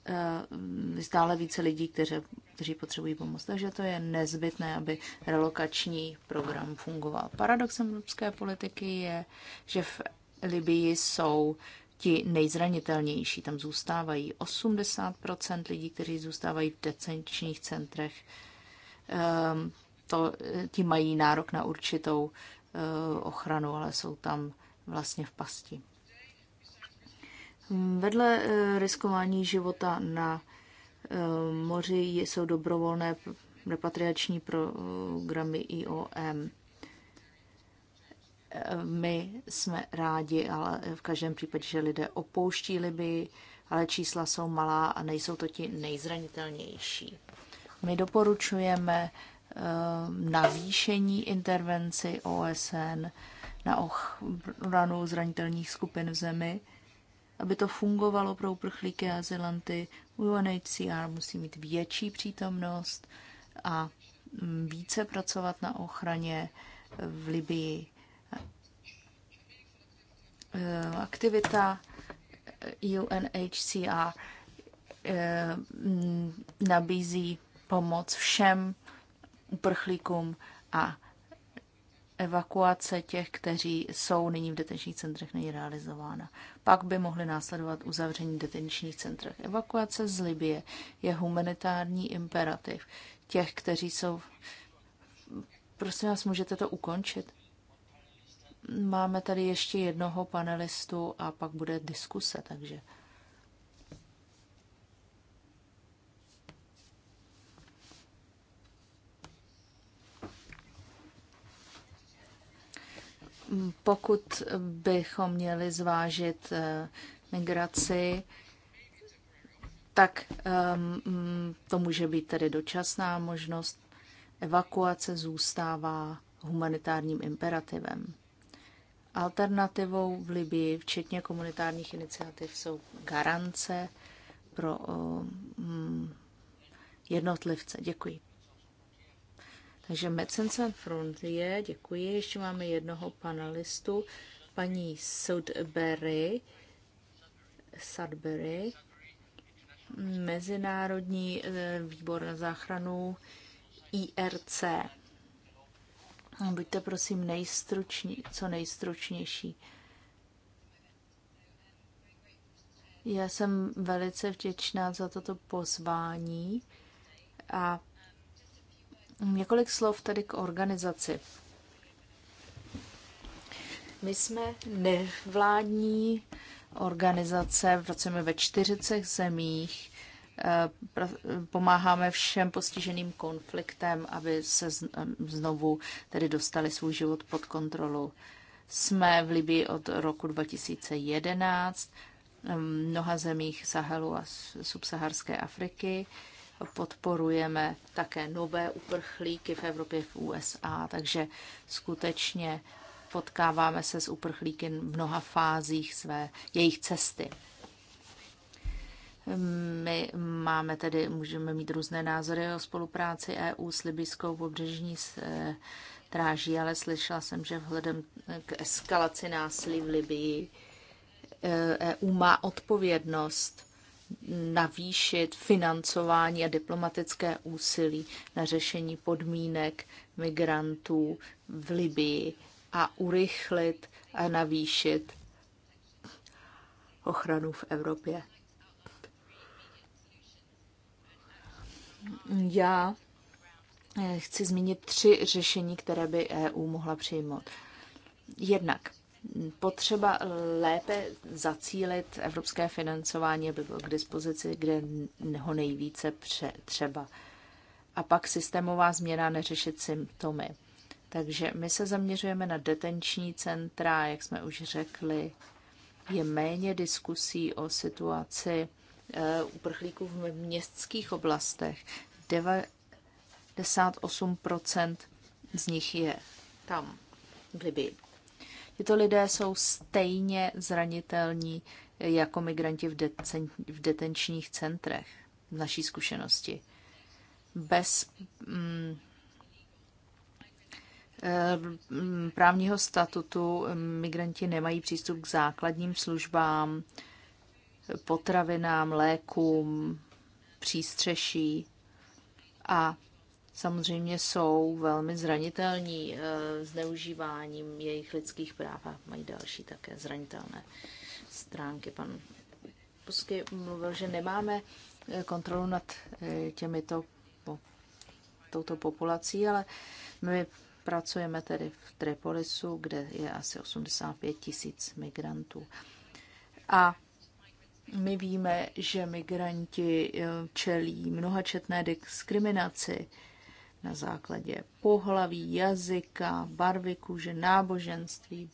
eh, stále více lidí, kteří, kteří potřebují pomoc. Takže to je nezbytné, aby relokační program fungoval. Paradoxem evropské politiky je, že v Libii jsou ti nejzranitelnější. Tam zůstávají 80 lidí, kteří zůstávají v decenčních centrech. Ehm, to, eh, ti mají nárok na určitou Eh, ochranu, ale jsou tam vlastně v pasti. Vedle eh, riskování života na eh, moři jsou dobrovolné repatriační programy IOM. My jsme rádi, ale v každém případě, že lidé opouští Libii, ale čísla jsou malá a nejsou to ti nejzranitelnější. My doporučujeme Eh, navýšení intervenci OSN na ochranu zranitelných skupin v zemi. Aby to fungovalo pro uprchlíky a azylanty, UNHCR musí mít větší přítomnost a mm, více pracovat na ochraně v Libii. Eh, aktivita UNHCR eh, mm, nabízí pomoc všem uprchlíkům a evakuace těch, kteří jsou nyní v detenčních centrech, není realizována. Pak by mohly následovat uzavření detenčních centrech. Evakuace z Libie je humanitární imperativ těch, kteří jsou. Prosím vás, můžete to ukončit? Máme tady ještě jednoho panelistu a pak bude diskuse, takže. pokud bychom měli zvážit eh, migraci, tak ehm, mm, to může být tedy dočasná možnost. Evakuace zůstává humanitárním imperativem. Alternativou v Libii, včetně komunitárních iniciativ, jsou garance pro ehm, mm, jednotlivce. Děkuji. Takže Medicine and Frontier, děkuji. Ještě máme jednoho panelistu, paní Sudbury, Sudbury, Mezinárodní eh, výbor na záchranu IRC. Buďte prosím nejstruční, co nejstručnější. Já jsem velice vděčná za toto pozvání a Několik slov tedy k organizaci. My jsme nevládní organizace, pracujeme ve 40 zemích, eh, pomáháme všem postiženým konfliktem, aby se znovu tedy dostali svůj život pod kontrolu. Jsme v Libii od roku 2011, v mnoha zemích Sahelu a subsaharské Afriky podporujeme také nové uprchlíky v Evropě, v USA, takže skutečně potkáváme se s uprchlíky v mnoha fázích své, jejich cesty. My máme tedy, můžeme mít různé názory o spolupráci EU s libyskou pobřežní stráží, eh, ale slyšela jsem, že vzhledem k eskalaci násilí v Libii EU eh, e má odpovědnost navýšit financování a diplomatické úsilí na řešení podmínek migrantů v Libii a urychlit a navýšit ochranu v Evropě. Já eh, chci zmínit tři řešení, které by EU mohla přijmout. Jednak potřeba lépe zacílit evropské financování, aby bylo k dispozici, kde ho nejvíce pře- třeba. A pak systémová změna neřešit symptomy. Takže my se zaměřujeme na detenční centra, jak jsme už řekli, je méně diskusí o situaci eh, uprchlíků v městských oblastech. 98% z nich je tam v Libii. Tito lidé jsou stejně zranitelní jako migranti v, decen, v detenčních centrech, v naší zkušenosti. Bez mm, eh, mm právního statutu migranti nemají přístup k základním službám, potravinám, lékům, přístřeší a samozřejmě jsou velmi zranitelní eh, zneužíváním jejich lidských práv a mají další také zranitelné stránky. Pan Pusky mluvil, že nemáme eh, kontrolu nad eh, těmito touto populací, ale my pracujeme tedy v Tripolisu, kde je asi 85 tisíc migrantů. A my víme, že migranti čelí mnohačetné diskriminaci, na základě pohlaví, jazyka, barvy kůže, náboženství.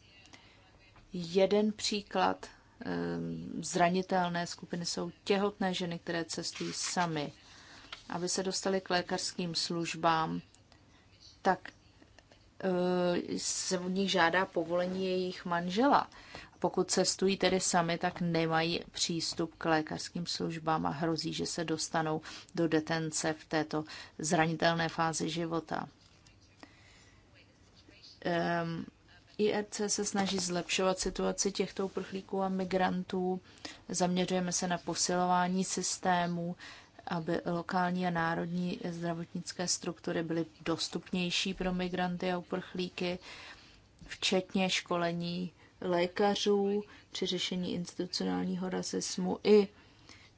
Jeden příklad ehm, zranitelné skupiny jsou těhotné ženy, které cestují sami, aby se dostaly k lékařským službám, tak eh, se od nich žádá povolení jejich manžela pokud cestují tedy sami, tak nemají přístup k lékařským službám a hrozí, že se dostanou do detence v této zranitelné fázi života. Um, ehm, IRC se snaží zlepšovat situaci těchto uprchlíků a migrantů. Zaměřujeme se na posilování systému, aby lokální a národní zdravotnické struktury byly dostupnější pro migranty a uprchlíky, včetně školení lékařů při řešení institucionálního rasismu i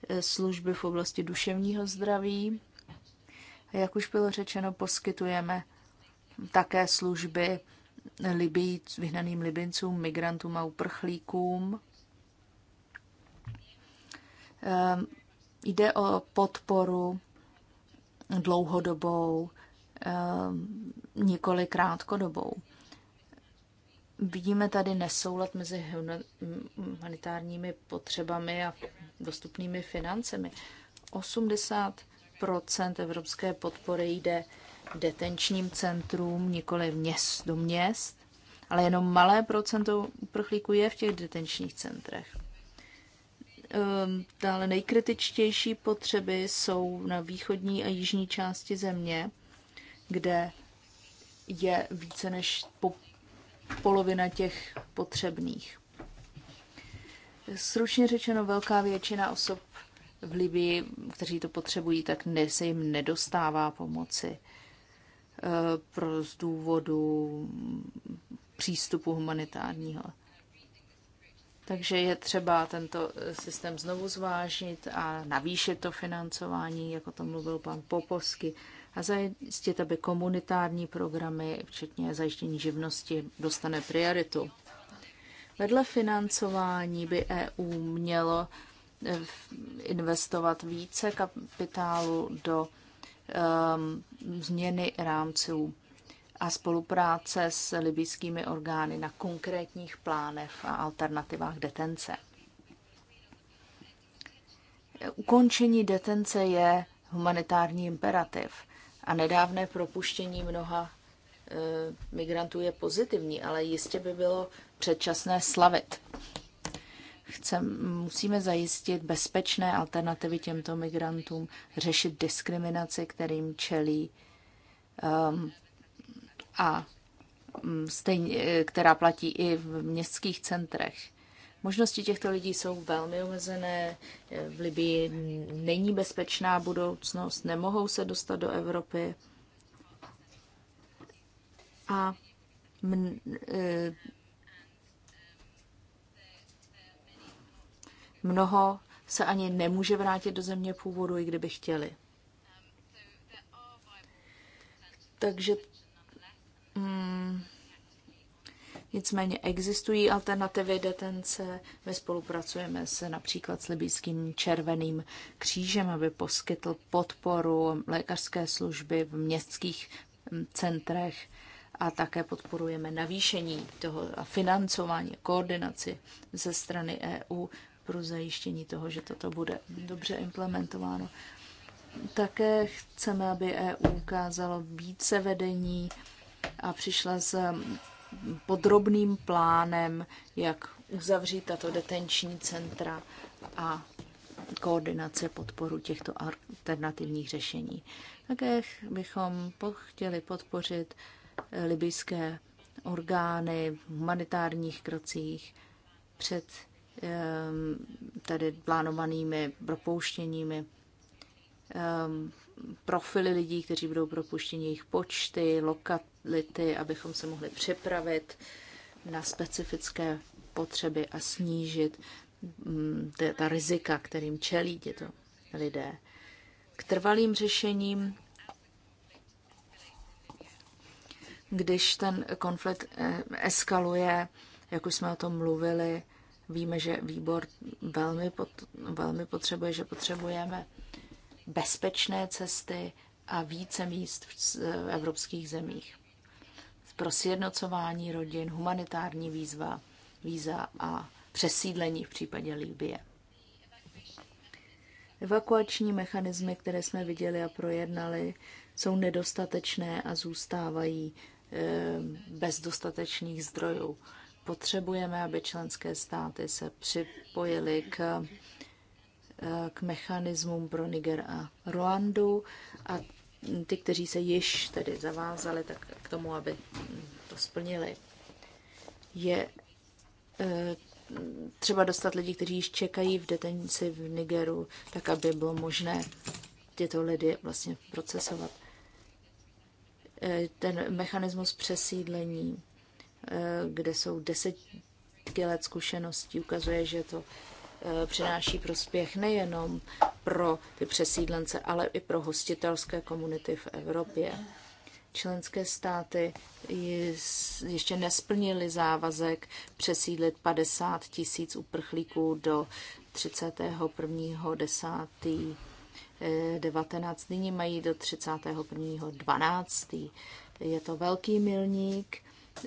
e, služby v oblasti duševního zdraví. Jak už bylo řečeno, poskytujeme také služby Libíc, vyhnaným Libincům, migrantům a uprchlíkům. Ehm, jde o podporu dlouhodobou, ehm, nikoli krátkodobou. Vidíme tady nesoulad mezi humanitárními potřebami a dostupnými financemi. 80 evropské podpory jde detenčním centrům, nikoli měst, do měst, ale jenom malé procento uprchlíků je v těch detenčních centrech. Ehm, dále nejkritičtější potřeby jsou na východní a jižní části země, kde je více než po polovina těch potřebných. Sručně řečeno, velká většina osob v Libii, kteří to potřebují, tak ne, se jim nedostává pomoci eh, pro z důvodu přístupu humanitárního. Takže je třeba tento eh, systém znovu zvážit a navýšit to financování, jako to mluvil pan E, a zajistit, aby komunitární programy, včetně zajištění živnosti, dostane prioritu. Vedle financování by EU mělo eh, investovat více kapitálu do um, změny rámců a spolupráce s libijskými orgány na konkrétních plánech a alternativách detence. Ukončení detence je humanitární imperativ a nedávné propuštění mnoha e, migrantů je pozitivní, ale jistě by bylo předčasné slavit. Chcem, musíme zajistit bezpečné alternativy těmto migrantům, řešit diskriminaci, kterým čelí um, a um, stejně, e, která platí i v městských centrech. Možnosti těchto lidí jsou velmi omezené. V Libii není bezpečná budoucnost, nemohou se dostat do Evropy. A mn, e, mnoho se ani nemůže vrátit do země původu, i kdyby chtěli. Takže mm, Nicméně existují alternativy detence. My spolupracujeme se například s libijským Červeným křížem, aby poskytl podporu lékařské služby v městských hm, centrech a také podporujeme navýšení toho a financování, koordinaci ze strany EU pro zajištění toho, že toto bude dobře implementováno. Také chceme, aby EU ukázalo více vedení a přišla s hm, podrobným plánem, jak uzavřít tato detenční centra a koordinace podporu těchto alternativních řešení. Také bychom chtěli podpořit eh, libijské orgány v humanitárních krocích před ehm, tedy plánovanými propouštěními ehm, profily lidí, kteří budou propuštěni, jejich počty, lokat, lity, abychom se mohli připravit na specifické potřeby a snížit mm, ta rizika, kterým čelí tyto lidé. K trvalým řešením, když ten konflikt eh, eskaluje, jak už jsme o tom mluvili, víme, že výbor velmi, pot, velmi potřebuje, že potřebujeme bezpečné cesty a více míst v eh, evropských zemích pro sjednocování rodin, humanitární výzva, víza a přesídlení v případě Líbie. Evakuační mechanismy, které jsme viděli a projednali, jsou nedostatečné a zůstávají eh, bez dostatečných zdrojů. Potřebujeme, aby členské státy se připojily k, eh, k mechanismům pro Niger a Ruandu a ty, kteří se již tedy zavázali tak k tomu, aby to splnili. Je eh, třeba dostat lidi, kteří již čekají v detenci v Nigeru, tak aby bylo možné tyto lidi vlastně procesovat. Eh, ten mechanismus přesídlení, eh, kde jsou desetky let zkušeností, ukazuje, že to Eh, přináší prospěch nejenom pro ty přesídlence, ale i pro hostitelské komunity v Evropě. Členské státy ještě nesplnily závazek přesídlit 50 tisíc uprchlíků do 31. 10. 19. Nyní mají do 31. 12. Je to velký milník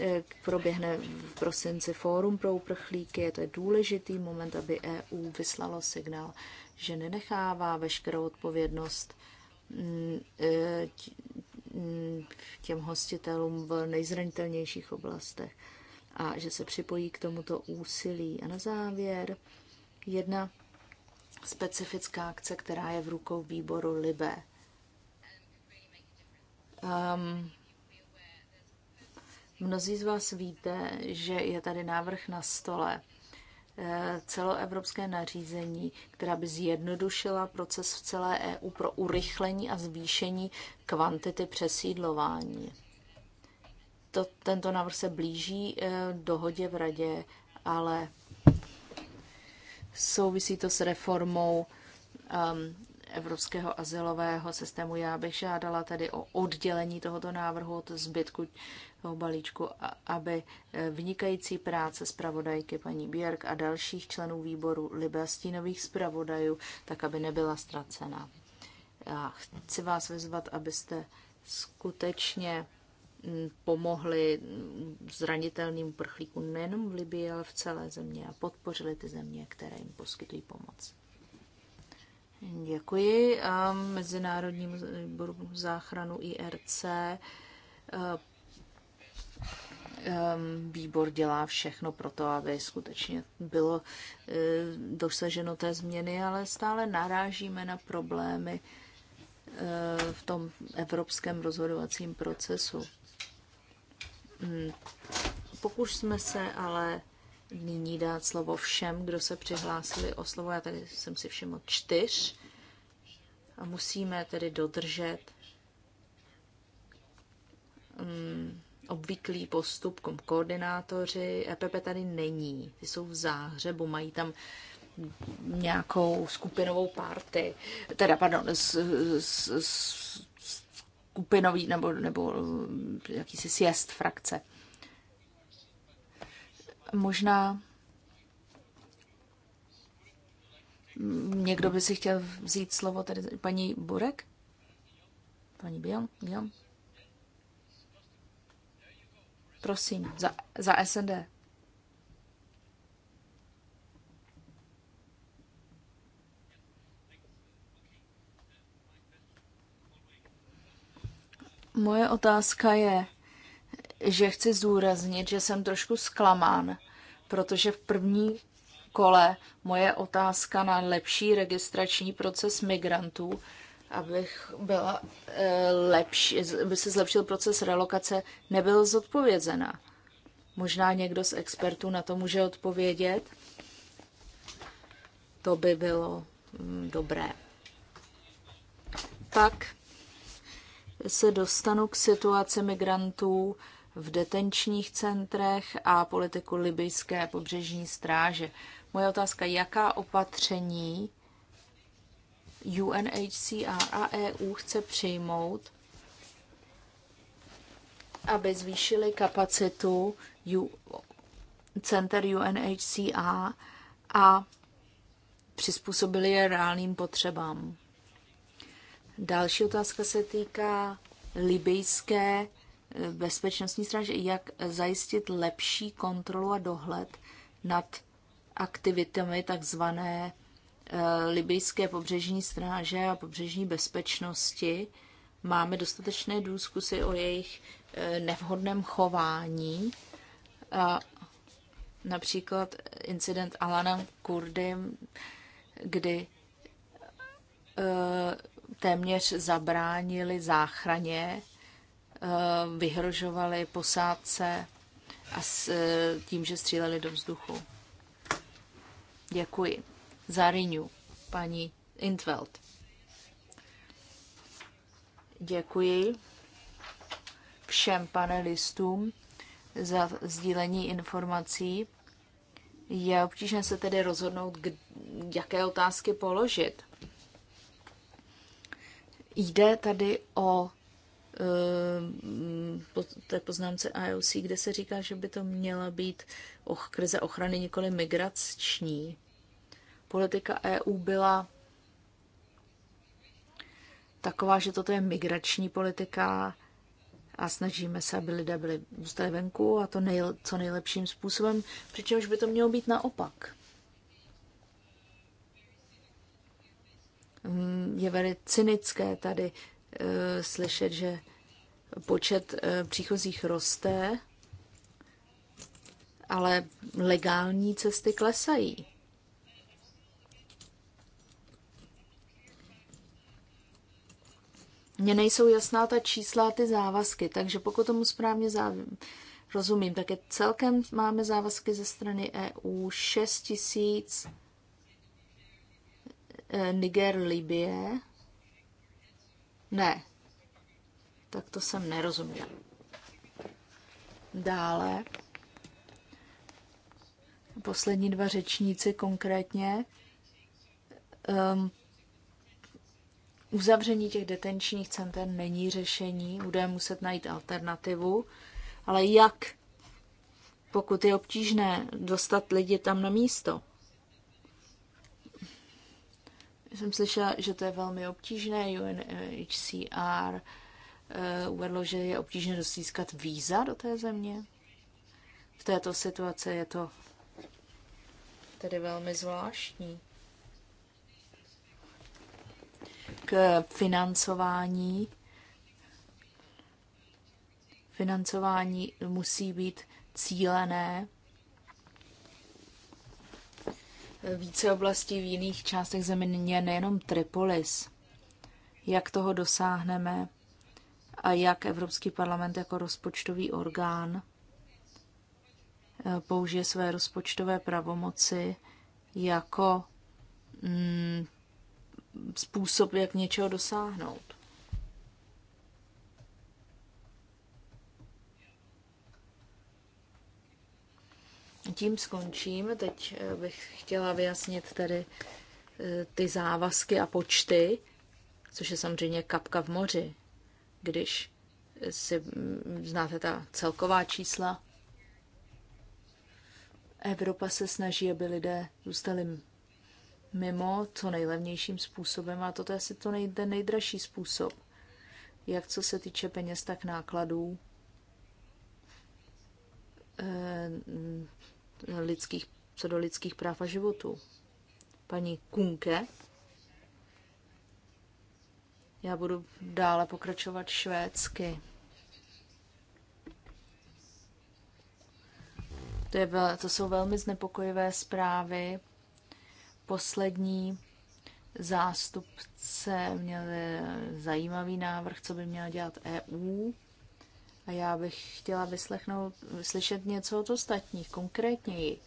Eh, proběhne v prosinci fórum pro uprchlíky. Je to důležitý moment, aby EU vyslalo signál, že nenechává veškerou odpovědnost mm, eh, mm, těm hostitelům v nejzranitelnějších oblastech a že se připojí k tomuto úsilí. A na závěr jedna specifická akce, která je v rukou výboru Libé. Um, ehm, Mnozí z vás víte, že je tady návrh na stole eh, celoevropské nařízení, která by zjednodušila proces v celé EU pro urychlení a zvýšení kvantity přesídlování. To, tento návrh se blíží eh, dohodě v radě, ale souvisí to s reformou ehm, evropského azylového systému. Já bych žádala tedy o oddělení tohoto návrhu od zbytku toho balíčku, aby eh, vynikající práce zpravodajky paní Björk a dalších členů výboru libastínových zpravodajů, tak aby nebyla ztracena. Já chci vás vyzvat, abyste skutečně hm, pomohli hm, zranitelným prchlíkům nejenom v Libii, ale v celé země a podpořili ty země, které jim poskytují pomoc. Děkuji. A Mezinárodnímu výboru záchranu IRC e, e, výbor dělá všechno pro to, aby skutečně bylo e, dosaženo té změny, ale stále narážíme na problémy v tom evropském rozhodovacím procesu. Hmm. Pokušme se ale nyní dát slovo všem, kdo se přihlásili o slovo. Já tady jsem si všiml čtyř a musíme tedy dodržet um, obvyklý postup Kom koordinátoři. EPP tady není, ty jsou v záhřebu, mají tam nějakou skupinovou party, teda pardon, s, s, s, skupinový nebo, nebo mm, jakýsi sjezd frakce. Možná někdo by si chtěl vzít slovo, tedy paní Burek? Paní Bion? Bion? Prosím, za, za SND. Moje otázka je, že chci zúraznit, že jsem trošku zklamán, protože v první kole moje otázka na lepší registrační proces migrantů, abych byla eh, lepší, aby se zlepšil proces relokace, nebyl zodpovězena. Možná někdo z expertů na to může odpovědět. To by bylo mm, dobré. Pak se dostanu k situaci migrantů v detenčních centrech a politiku libyjské pobřežní stráže. Moje otázka, jaká opatření UNHCR a EU chce přijmout, aby zvýšili kapacitu U, center UNHCR a přizpůsobili je reálným potřebám. Další otázka se týká libyjské bezpečnostní stráže, jak zajistit lepší kontrolu a dohled nad aktivitami takzvané eh, libijské pobřežní stráže a pobřežní bezpečnosti. Máme dostatečné důzkusy o jejich eh, nevhodném chování. Například incident Alana Kurdy, kdy eh, téměř zabránili záchraně Eh, vyhrožovali posádce a s eh, tím, že stříleli do vzduchu. Děkuji. Zariňu, paní Intveld. Děkuji všem panelistům za sdílení informací. Je obtížné se tedy rozhodnout, jaké otázky položit. Jde tady o Eh, po té poznámce IOC, kde se říká, že by to měla být och, krize ochrany nikoli migrační. Politika EU byla taková, že toto je migrační politika a snažíme se, aby lidé byli zůstali venku a to nej, co nejlepším způsobem, přičemž by to mělo být naopak. Mm, je velice cynické tady Eh, slyšet, že počet eh, příchozích roste, ale legální cesty klesají. Mně nejsou jasná ta čísla a ty závazky, takže pokud tomu správně závím, rozumím, tak je celkem máme závazky ze strany EU 6 eh, Niger, Libie, ne. Tak to jsem nerozuměl. Dále. Poslední dva řečníci konkrétně. Um, uzavření těch detenčních center není řešení, bude muset najít alternativu, ale jak, pokud je obtížné dostat lidi tam na místo? jsem slyšela, že to je velmi obtížné. UNHCR eh, uvedlo, že je obtížné dostískat víza do té země. V této situaci je to tedy velmi zvláštní. K financování. Financování musí být cílené více oblastí v jiných částech země, nejenom Tripolis. Jak toho dosáhneme a jak Evropský parlament jako rozpočtový orgán eh, použije své rozpočtové pravomoci jako mm, způsob, jak něčeho dosáhnout. Tím skončím. Teď eh, bych chtěla vyjasnit tady eh, ty závazky a počty, což je samozřejmě kapka v moři, když si mm, znáte ta celková čísla. Evropa se snaží, aby lidé zůstali mimo co nejlevnějším způsobem a toto je asi to nej, ten nejdražší způsob. Jak co se týče peněz, tak nákladů. Eh, lidských, co do lidských práv a životů. Paní Kunke. Já budu dále pokračovat švédsky. To, je, to jsou velmi znepokojivé zprávy. Poslední zástupce měl eh, zajímavý návrh, co by měla dělat EU. A já bych chtěla vyslechnout, slyšet něco od ostatních, konkrétněji.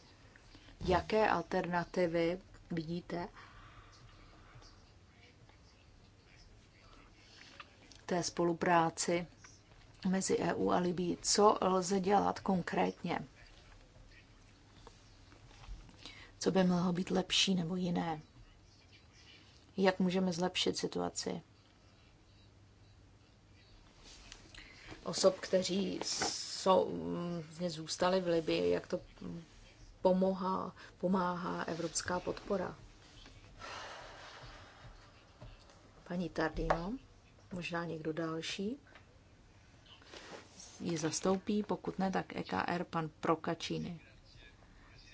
Jaké alternativy vidíte té spolupráci mezi EU a Libí? Co lze dělat konkrétně? Co by mohlo být lepší nebo jiné? Jak můžeme zlepšit situaci? osob, kteří jsou, vlastně zůstali v Libii, jak to pomohá, pomáhá evropská podpora. Paní Tardino, možná někdo další ji zastoupí, pokud ne, tak EKR pan Prokačíny.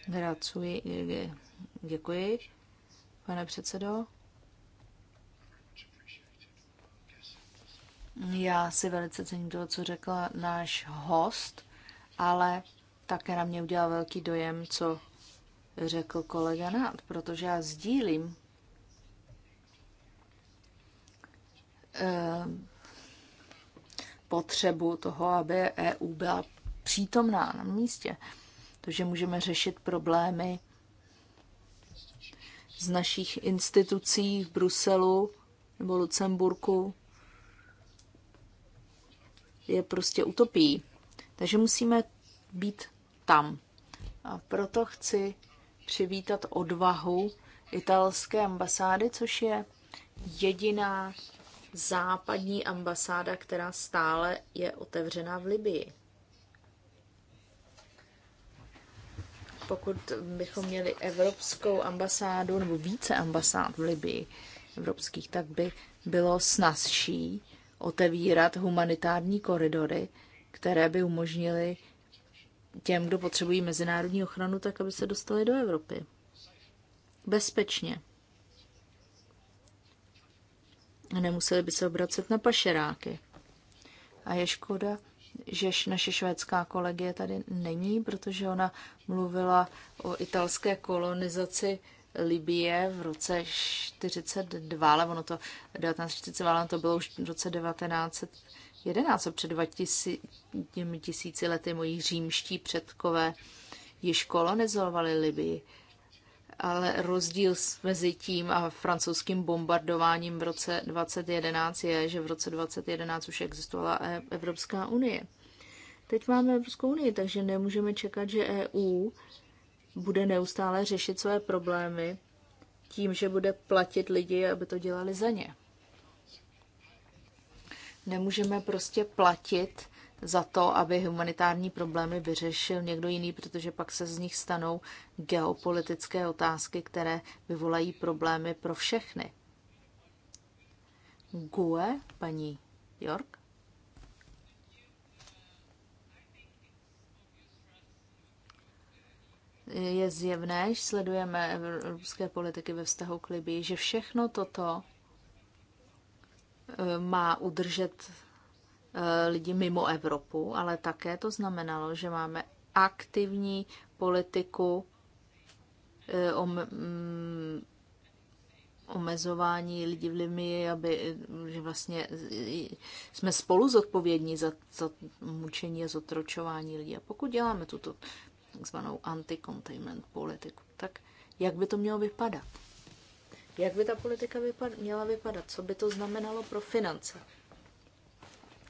Gracuji, děkuji, pane předsedo. Já si velice cením to, co řekl náš host, ale také na mě udělal velký dojem, co řekl kolega Nát, protože já sdílím eh, potřebu toho, aby EU byla přítomná na místě. To, že můžeme řešit problémy z našich institucí v Bruselu nebo Lucemburku, je prostě utopií. Takže musíme být tam. A proto chci přivítat odvahu italské ambasády, což je jediná západní ambasáda, která stále je otevřená v Libii. Pokud bychom měli evropskou ambasádu nebo více ambasád v Libii evropských, tak by bylo snazší otevírat humanitární koridory, které by umožnily těm, kdo potřebují mezinárodní ochranu, tak aby se dostali do Evropy. Bezpečně. A nemuseli by se obracet na pašeráky. A je škoda, že naše švédská kolegie tady není, protože ona mluvila o italské kolonizaci Libie v roce 42, ale ono to 1942, ale to bylo už v roce 1911, před 2000 tisíci lety moji římští předkové již kolonizovali Libii. Ale rozdíl mezi tím a francouzským bombardováním v roce 2011 je, že v roce 2011 už existovala e- Evropská unie. Teď máme Evropskou unii, takže nemůžeme čekat, že EU bude neustále řešit své problémy tím, že bude platit lidi, aby to dělali za ně. Nemůžeme prostě platit za to, aby humanitární problémy vyřešil někdo jiný, protože pak se z nich stanou geopolitické otázky, které vyvolají problémy pro všechny. GUE, paní York? je zjevné, když sledujeme evropské politiky ve vztahu k Libii, že všechno toto eh, má udržet eh, lidi mimo Evropu, ale také to znamenalo, že máme aktivní politiku eh, mm, omezování lidí v Limi, aby, že vlastně jsme spolu zodpovědní za, za mučení a zotročování lidí. A pokud děláme tuto takzvanou anti-containment politiku. Tak jak by to mělo vypadat? Jak by ta politika vypad- měla vypadat? Co by to znamenalo pro finance?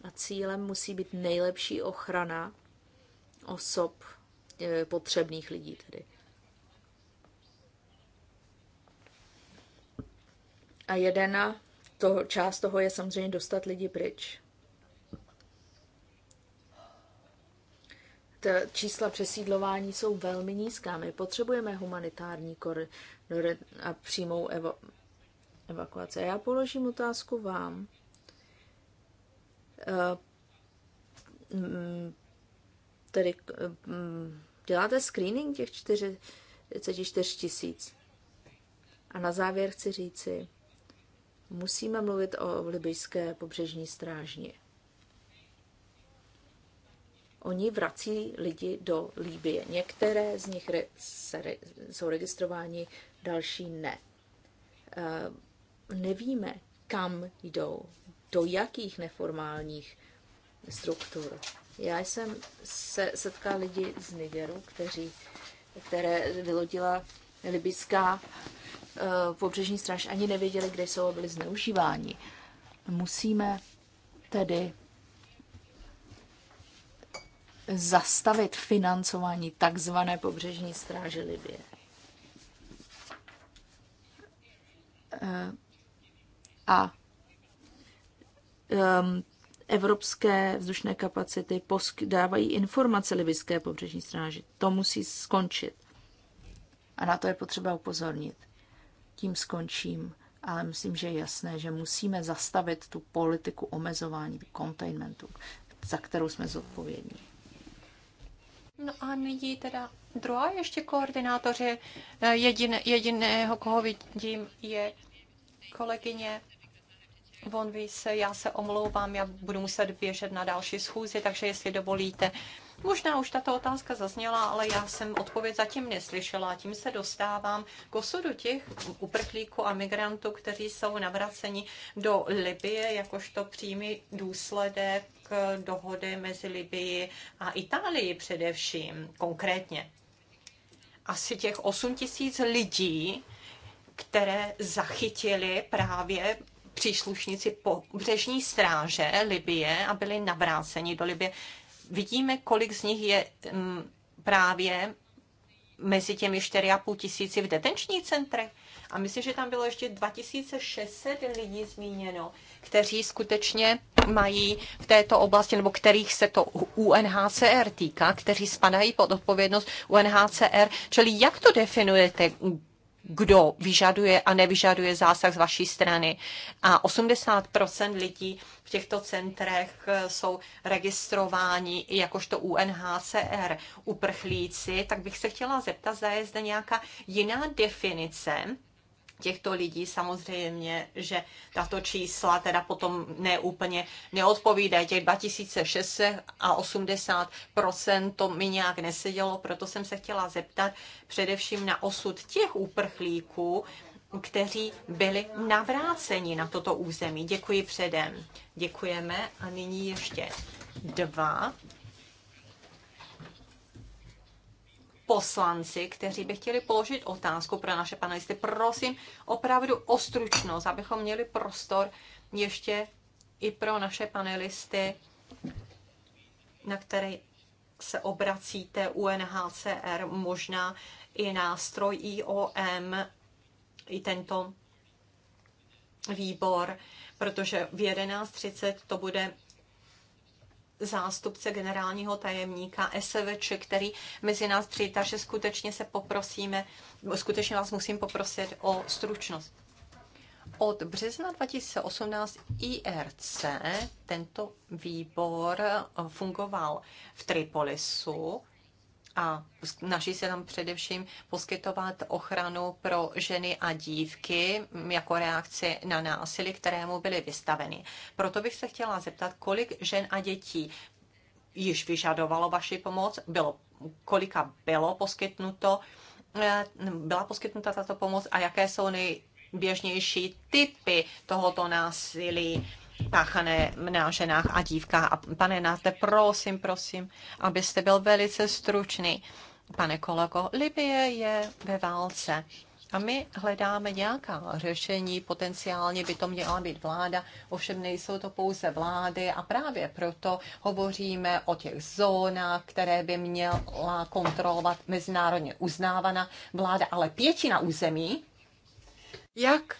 A cílem musí být nejlepší ochrana osob, e, potřebných lidí tedy. A jedna toho, část toho je samozřejmě dostat lidi pryč. ta čísla přesídlování jsou velmi nízká. My potřebujeme humanitární koridory a přímou evo- evakuaci. já položím otázku vám. Eh, mm, tedy mm, děláte screening těch 44 tisíc. A na závěr chci říci, musíme mluvit o libyjské pobřežní strážně. Oni vrací lidi do Líbie. Některé z nich re- se re- jsou registrováni, další ne. E, nevíme, kam jdou, do jakých neformálních struktur. Já jsem se setkala lidi z Nigeru, kteří, které vylodila libická e, eh, pobřežní straž, ani nevěděli, kde jsou a byli zneužíváni. Musíme tedy zastavit financování takzvané pobřežní stráže Libie. Eh, a ehm, evropské vzdušné kapacity dávají informace libyské pobřežní stráži. To musí skončit. A na to je potřeba upozornit. Tím skončím, ale myslím, že je jasné, že musíme zastavit tu politiku omezování, containmentu, za kterou jsme zodpovědní. No a nyní teda druhá ještě koordinátoři. Eh, Jedin, jediného, koho vidím, je kolegyně Von Wiese. Já se omlouvám, já budu muset běžet na další schůzi, takže jestli dovolíte. Možná už tato otázka zazněla, ale já jsem odpověď zatím neslyšela. Tím se dostávám k osudu těch uprchlíků a migrantů, kteří jsou navraceni do Libie jakožto přímý důsledek dohody mezi Libii a Itálii především konkrétně. Asi těch 8 tisíc lidí, které zachytili právě příslušníci pobřežní stráže Libie a byli navráceni do Libie. Vidíme, kolik z nich je mm, právě mezi těmi 4,5 tisíci v detenčních centrech. A myslím, že tam bylo ještě 2600 lidí zmíněno, kteří skutečně mají v této oblasti, nebo kterých se to UNHCR týká, kteří spadají pod odpovědnost UNHCR. Čili jak to definujete, kdo vyžaduje a nevyžaduje zásah z vaší strany. A 80% lidí v těchto centrech eh, jsou registrováni jakožto UNHCR uprchlíci, tak bych se chtěla zeptat, zda je zde nějaká jiná definice těchto lidí samozřejmě, že tato čísla teda potom neúplně neodpovídají. Těch 2680 to mi nějak nesedělo, proto jsem se chtěla zeptat především na osud těch úprchlíků, kteří byli navráceni na toto území. Děkuji předem. Děkujeme a nyní ještě dva poslanci, kteří by chtěli položit otázku pro naše panelisty. Prosím opravdu o stručnost, abychom měli prostor ještě i pro naše panelisty, na které se obracíte UNHCR, možná i nástroj IOM, i tento výbor, protože v 11.30 to bude zástupce generálního tajemníka SVČ, který mezi nás přijde, takže skutečně se poprosíme, skutečně vás musím poprosit o stručnost. Od března 2018 IRC tento výbor fungoval v Tripolisu a snaží se tam především poskytovat ochranu pro ženy a dívky jako reakci na násilí, kterému byly vystaveny. Proto bych se chtěla zeptat, kolik žen a dětí již vyžadovalo vaši pomoc, bylo, kolika bylo poskytnuto, eh, byla poskytnuta tato pomoc a jaké jsou nejběžnější typy tohoto násilí páchané na ženách a dívkách. A pane Náte, prosím, prosím, abyste byl velice stručný. Pane Koloko, Libie je ve válce. A my hledáme nějaká řešení, potenciálně by to měla být vláda, ovšem nejsou to pouze vlády a právě proto hovoříme o těch zónách, které by měla kontrolovat mezinárodně uznávaná vláda, ale pětina území, jak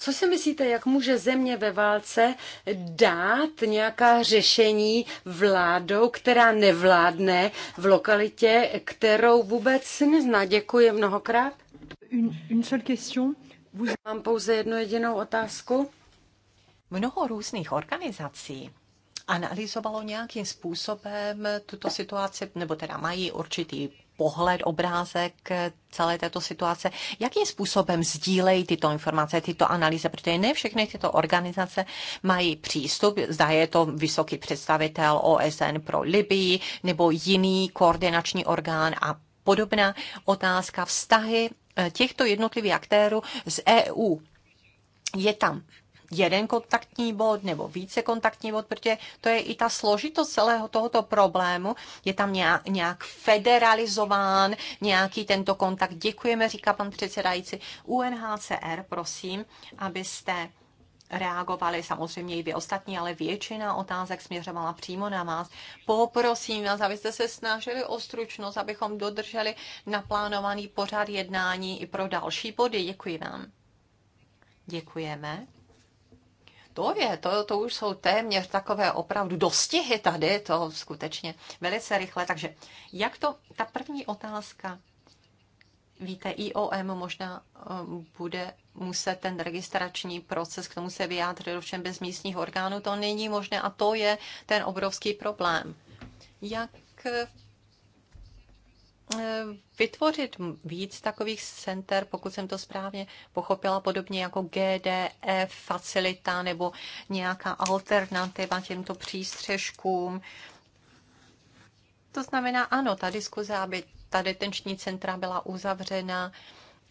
co si myslíte, jak může země ve válce dát nějaká řešení vládou, která nevládne v lokalitě, kterou vůbec nezná? Děkuji mnohokrát. Mám pouze jednu jedinou otázku. Mnoho různých organizací analyzovalo nějakým způsobem tuto situaci, nebo teda mají určitý pohled, obrázek eh, celé této situace, jakým způsobem sdílejí tyto informace, tyto analýzy, protože ne všechny tyto organizace mají přístup, zda je to vysoký představitel OSN pro Libii nebo jiný koordinační orgán a podobná otázka vztahy eh, těchto jednotlivých aktérů z EU. Je tam jeden kontaktní bod nebo více kontaktní bod, protože to je i ta složitost celého tohoto problému. Je tam nějak, nějak federalizován nějaký tento kontakt. Děkujeme, říká pan předsedající. UNHCR, prosím, abyste reagovali samozřejmě i vy ostatní, ale většina otázek směřovala přímo na vás. Poprosím vás, abyste se snažili o stručnost, abychom dodrželi naplánovaný pořad jednání i pro další body. Děkuji vám. Děkujeme. Tově, je, to, to už jsou téměř takové opravdu dostihy tady, to skutečně velice rychle. Takže jak to, ta první otázka, víte, IOM možná um, bude muset ten registrační proces, k tomu se vyjádřit, ovšem bez místních orgánů to není možné a to je ten obrovský problém. Jak Eh, vytvořit víc takových center, pokud jsem to správně pochopila, podobně jako GDF, e, facilita nebo nějaká alternativa těmto přístřežkům. To znamená, ano, ta diskuze, aby ta detenční centra byla uzavřena,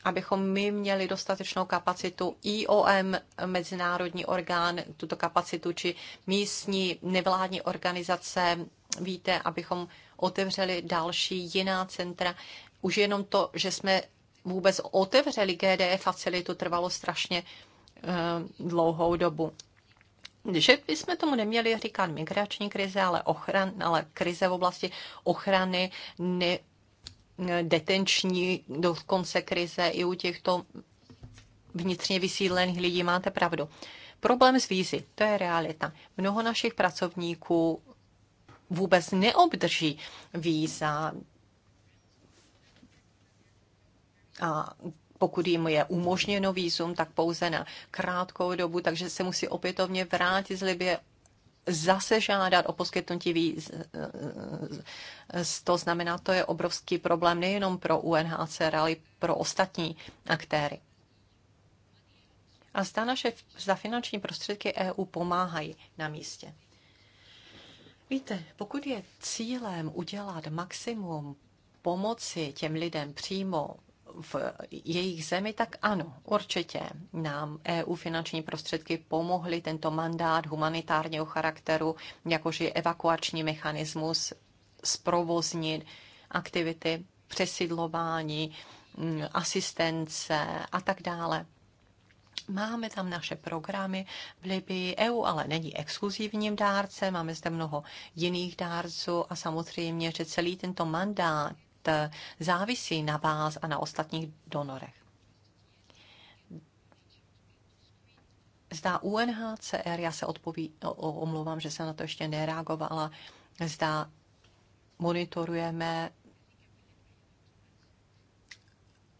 abychom my měli dostatečnou kapacitu. IOM, mezinárodní orgán, tuto kapacitu, či místní nevládní organizace víte, abychom otevřeli další jiná centra. Už jenom to, že jsme vůbec otevřeli GDE facilitu, trvalo strašně eh, dlouhou dobu. Že bychom tomu neměli říkat migrační krize, ale, ochran, ale krize v oblasti ochrany, ne, detenční, dokonce krize i u těchto vnitřně vysídlených lidí, máte pravdu. Problém s vízy, to je realita. Mnoho našich pracovníků vůbec neobdrží víza. A pokud jim je umožněno výzum, tak pouze na krátkou dobu, takže se musí opětovně vrátit z Libie, zase žádat o poskytnutí víz. To znamená, to je obrovský problém nejenom pro UNHCR, ale i pro ostatní aktéry. A zda naše za finanční prostředky EU pomáhají na místě. Víte, pokud je cílem udělat maximum pomoci těm lidem přímo v jejich zemi, tak ano, určitě nám EU finanční prostředky pomohly tento mandát humanitárního charakteru, jakož je evakuační mechanismus, zprovoznit aktivity přesidlování, mm, asistence a tak dále. Máme tam naše programy v Libii. EU ale není exkluzivním dárcem, máme zde mnoho jiných dárců a samozřejmě, že celý tento mandát eh, závisí na vás a na ostatních donorech. Zdá UNHCR, já se odpoví, omlouvám, že jsem na to ještě nereagovala, zdá monitorujeme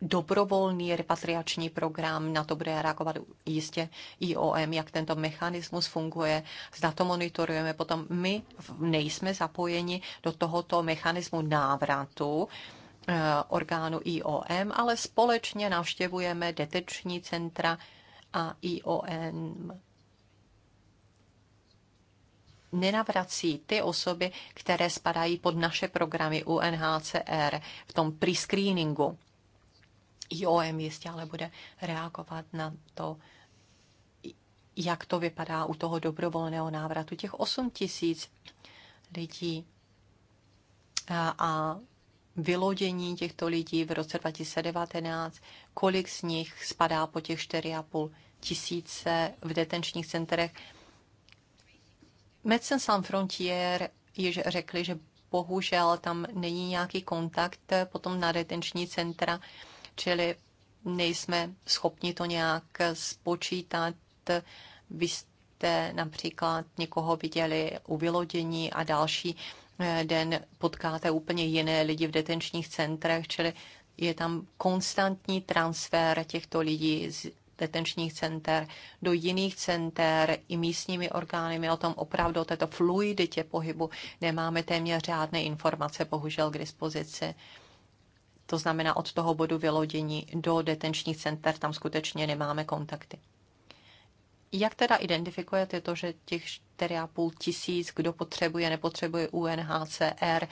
dobrovolný repatriační program, na to bude reagovat jistě IOM, jak tento mechanismus funguje, zda to monitorujeme. Potom my nejsme zapojeni do tohoto mechanismu návratu, eh, orgánu IOM, ale společně navštěvujeme deteční centra a IOM nenavrací ty osoby, které spadají pod naše programy UNHCR v tom prescreeningu. IOM jistě ale bude reagovat na to, jak to vypadá u toho dobrovolného návratu. Těch 8 tisíc lidí a, a vylodění těchto lidí v roce 2019, kolik z nich spadá po těch 4,5 tisíce v detenčních centrech. Medicine Sans Frontier již řekli, že bohužel tam není nějaký kontakt potom na detenční centra čili nejsme schopni to nějak spočítat. Vy jste například někoho viděli u vylodění a další eh, den potkáte úplně jiné lidi v detenčních centrech, čili je tam konstantní transfer těchto lidí z detenčních center do jiných center i místními orgány. My o tom opravdu, o této fluiditě pohybu, nemáme téměř žádné informace bohužel k dispozici to znamená od toho bodu vylodění do detenčních center, tam skutečně nemáme kontakty. Jak teda identifikujete to, že těch 4,5 tisíc, kdo potřebuje, nepotřebuje UNHCR,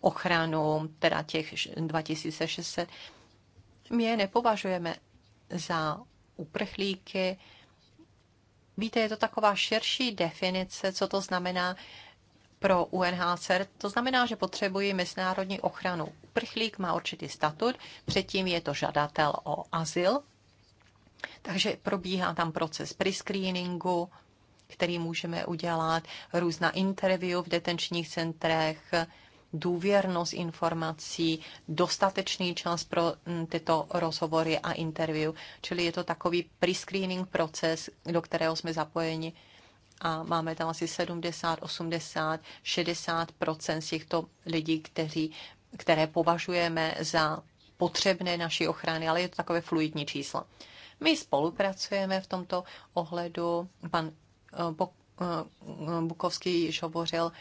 ochranu, teda těch 2600, my je nepovažujeme za uprchlíky. Víte, je to taková širší definice, co to znamená pro UNHCR, to znamená, že potřebují mezinárodní ochranu. Uprchlík má určitý statut, předtím je to žadatel o azyl, takže probíhá tam proces prescreeningu, který můžeme udělat, různá interview v detenčních centrech, důvěrnost informací, dostatečný čas pro mm, tyto rozhovory a interview. Čili je to takový prescreening proces, do kterého jsme zapojeni a máme tam asi 70, 80, 60 z těchto lidí, kteří, které považujeme za potřebné naší ochrany, ale je to takové fluidní číslo. My spolupracujeme v tomto ohledu. Pan eh, eh, Bukovský již hovořil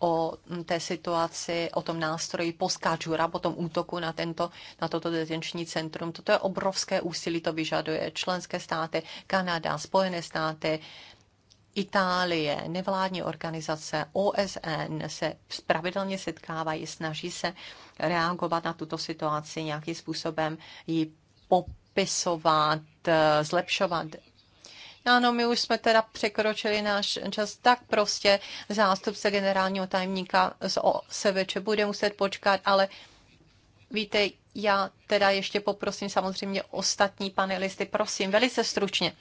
o té situaci, o tom nástroji poskáčura, po tom útoku na, tento, na toto detenční centrum. Toto je obrovské úsilí, to vyžaduje členské státy, Kanada, Spojené státy, Itálie, nevládní organizace, OSN se pravidelně setkávají, snaží se reagovat na tuto situaci, nějakým způsobem ji popisovat, eh, zlepšovat ano, my už jsme teda překročili náš čas, tak prostě zástupce generálního tajemníka z OSVČ bude muset počkat, ale víte, já teda ještě poprosím samozřejmě ostatní panelisty, prosím, velice stručně.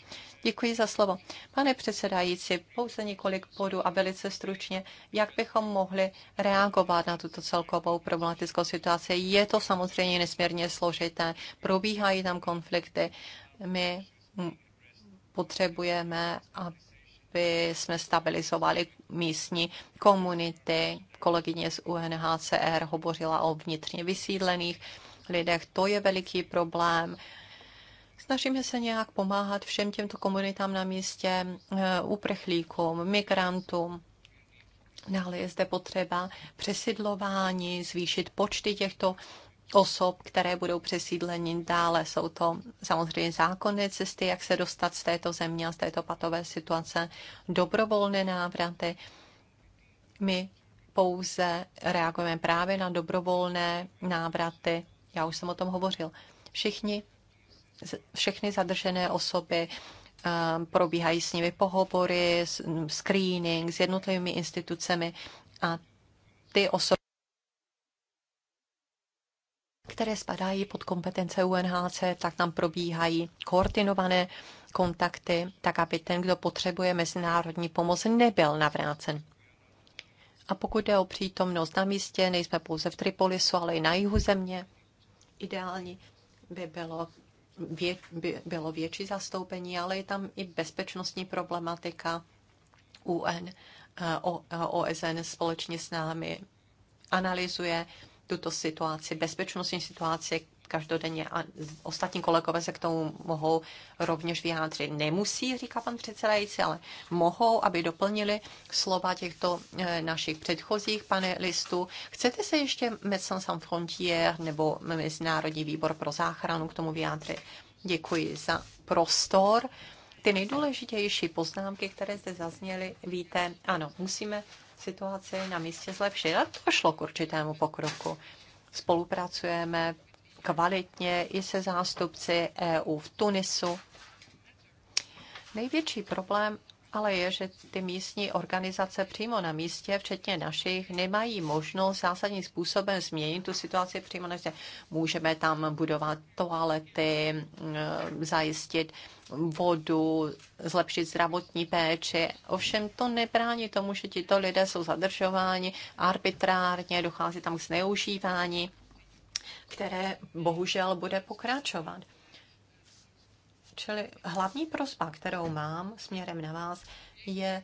Děkuji za slovo. Pane předsedající, pouze několik bodů a velice stručně, jak bychom mohli reagovat na tuto celkovou problematickou situaci. Je to samozřejmě nesmírně složité, probíhají tam konflikty. My potřebujeme, aby jsme stabilizovali místní komunity. Kolegyně z UNHCR hovořila o vnitřně vysídlených lidech. To je veliký problém. Snažíme se nějak pomáhat všem těmto komunitám na místě, eh, uprchlíkům, migrantům. Dále je zde potřeba přesidlování, zvýšit počty těchto osob, které budou přesídleni dále. Jsou to samozřejmě zákonné cesty, jak se dostat z této země a z této patové situace, dobrovolné návraty. My pouze reagujeme právě na dobrovolné návraty. Já už jsem o tom hovořil. Všichni všechny zadržené osoby, eh, probíhají s nimi pohovory, screening s jednotlivými institucemi a ty osoby, které spadají pod kompetence UNHC, tak tam probíhají koordinované kontakty, tak aby ten, kdo potřebuje mezinárodní pomoc, nebyl navrácen. A pokud jde o přítomnost na místě, nejsme pouze v Tripolisu, ale i na jihu země, ideální by bylo vě, by bylo větší zastoupení, ale je tam i bezpečnostní problematika UN, eh, o, eh, OSN společně s námi analyzuje tuto situaci, bezpečnostní situaci, každodenně a ostatní kolegové se k tomu mohou rovněž vyjádřit. Nemusí, říká pan předsedající, ale mohou, aby doplnili slova těchto eh, našich předchozích panelistů. Chcete se ještě Médecins Sans Frontières nebo Mezinárodní výbor pro záchranu k tomu vyjádřit? Děkuji za prostor. Ty nejdůležitější poznámky, které zde zazněly, víte, ano, musíme situaci na místě zlepšit. A to šlo k určitému pokroku. Spolupracujeme kvalitně i se zástupci EU v Tunisu. Největší problém ale je, že ty místní organizace přímo na místě, včetně našich, nemají možnost zásadním způsobem změnit tu situaci přímo na místě. Můžeme tam budovat toalety, mm, zajistit vodu, zlepšit zdravotní péči. Ovšem to nebrání tomu, že tito lidé jsou zadržováni arbitrárně, dochází tam k zneužívání které bohužel bude pokračovat. Čili hlavní prosba, kterou mám směrem na vás, je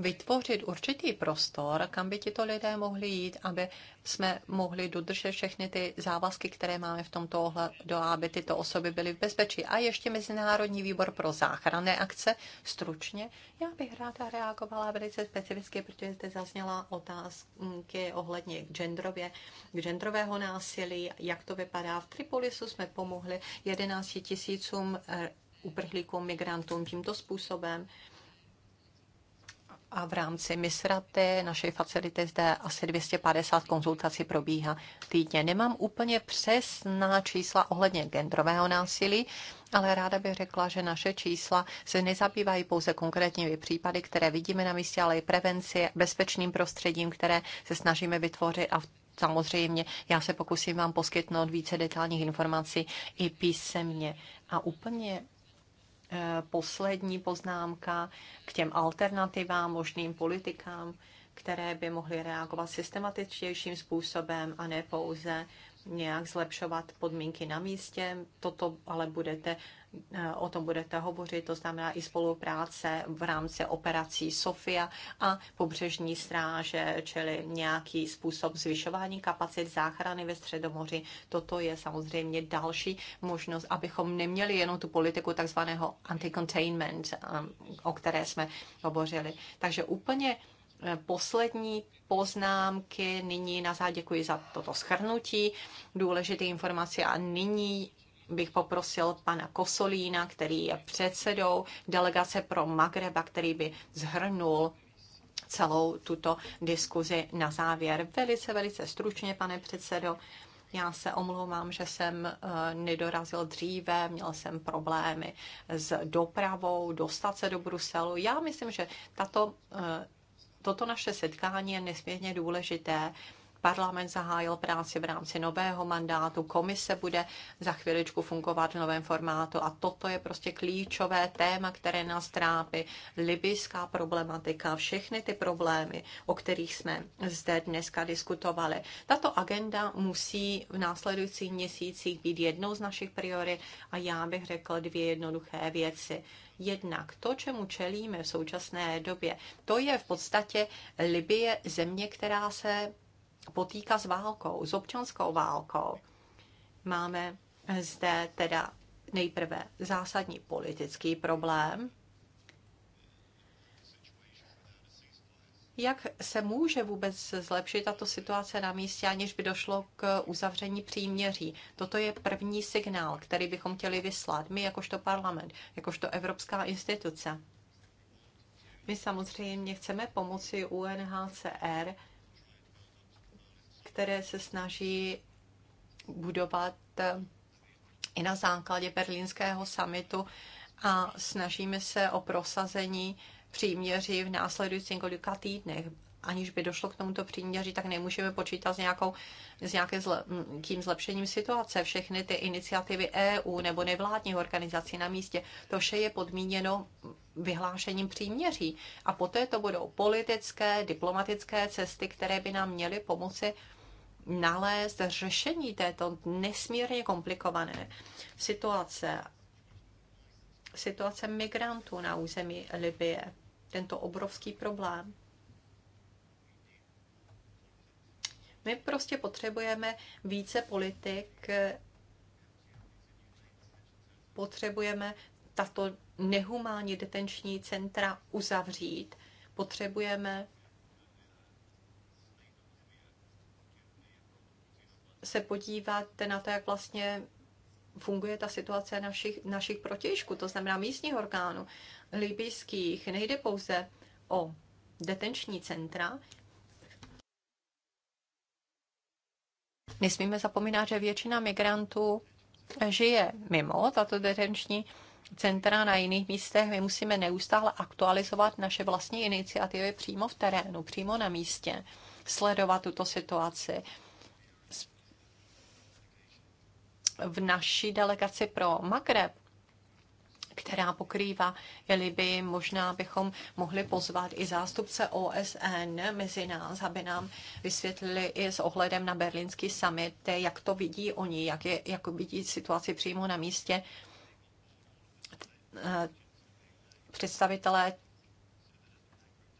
vytvořit určitý prostor, kam by tito lidé mohli jít, aby jsme mohli dodržet všechny ty závazky, které máme v tomto ohledu, aby tyto osoby byly v bezpečí. A ještě Mezinárodní výbor pro záchranné akce, stručně. Já bych ráda reagovala velice specificky, protože zde zazněla otázky ohledně genderově, genderového násilí, jak to vypadá. V Tripolisu jsme pomohli 11 tisícům eh, uprchlíkům, migrantům tímto způsobem a v rámci Misraty, naší facility zde asi 250 konzultací probíhá týdně. Nemám úplně přesná čísla ohledně genderového násilí, ale ráda bych řekla, že naše čísla se nezabývají pouze konkrétními případy, které vidíme na místě, ale i prevenci, bezpečným prostředím, které se snažíme vytvořit a v Samozřejmě, já se pokusím vám poskytnout více detailních informací i písemně. A úplně poslední poznámka k těm alternativám, možným politikám, které by mohly reagovat systematičtějším způsobem a ne pouze nějak zlepšovat podmínky na místě. Toto ale budete o tom budete hovořit, to znamená i spolupráce v rámci operací SOFIA a pobřežní stráže, čili nějaký způsob zvyšování kapacit záchrany ve Středomoři. Toto je samozřejmě další možnost, abychom neměli jenom tu politiku takzvaného anti-containment, um, o které jsme hovořili. Takže úplně eh, poslední poznámky. Nyní na děkuji za toto schrnutí důležité informace a nyní bych poprosil pana Kosolína, který je předsedou delegace pro Magreba, který by zhrnul celou tuto diskuzi na závěr. Velice, velice stručně, pane předsedo. Já se omlouvám, že jsem eh, nedorazil dříve, měl jsem problémy s dopravou, dostat se do Bruselu. Já myslím, že tato, eh, toto naše setkání je nesmírně důležité Parlament zahájil práci v rámci nového mandátu, komise bude za chvíličku fungovat v novém formátu a toto je prostě klíčové téma, které nás trápí. Libyská problematika, všechny ty problémy, o kterých jsme zde dneska diskutovali. Tato agenda musí v následujících měsících být jednou z našich priorit a já bych řekl dvě jednoduché věci. Jednak to, čemu čelíme v současné době, to je v podstatě Libie země, která se potýká s válkou, s občanskou válkou. Máme zde teda nejprve zásadní politický problém. Jak se může vůbec zlepšit tato situace na místě, aniž by došlo k uzavření příměří? Toto je první signál, který bychom chtěli vyslat my jakožto parlament, jakožto evropská instituce. My samozřejmě chceme pomoci UNHCR které se snaží budovat eh, i na základě berlínského samitu a snažíme se o prosazení příměří v následujících několika týdnech. Aniž by došlo k tomuto příměří, tak nemůžeme počítat s, nějakou, s nějakým zle, tím zlepšením situace. Všechny ty iniciativy EU nebo nevládních organizací na místě, to vše je podmíněno vyhlášením příměří. A poté to budou politické, diplomatické cesty, které by nám měly pomoci uh, nalézt řešení této nesmírně komplikované situace, situace migrantů na území Libie, tento obrovský problém. My prostě potřebujeme více politik, potřebujeme tato nehumánní detenční centra uzavřít, potřebujeme se podívat na to, jak vlastně funguje ta situace našich, našich protějšků, to znamená místních orgánů, libijských. Nejde pouze o detenční centra. Nesmíme zapomínat, že většina migrantů žije mimo tato detenční centra na jiných místech. My musíme neustále aktualizovat naše vlastní iniciativy přímo v terénu, přímo na místě, sledovat tuto situaci v naší delegaci pro Magreb, která pokrývá by Možná bychom mohli pozvat i zástupce OSN mezi nás, aby nám vysvětlili i s ohledem na berlínský summit, eh, jak to vidí oni, jak, je, jak vidí situaci přímo na místě eh, představitelé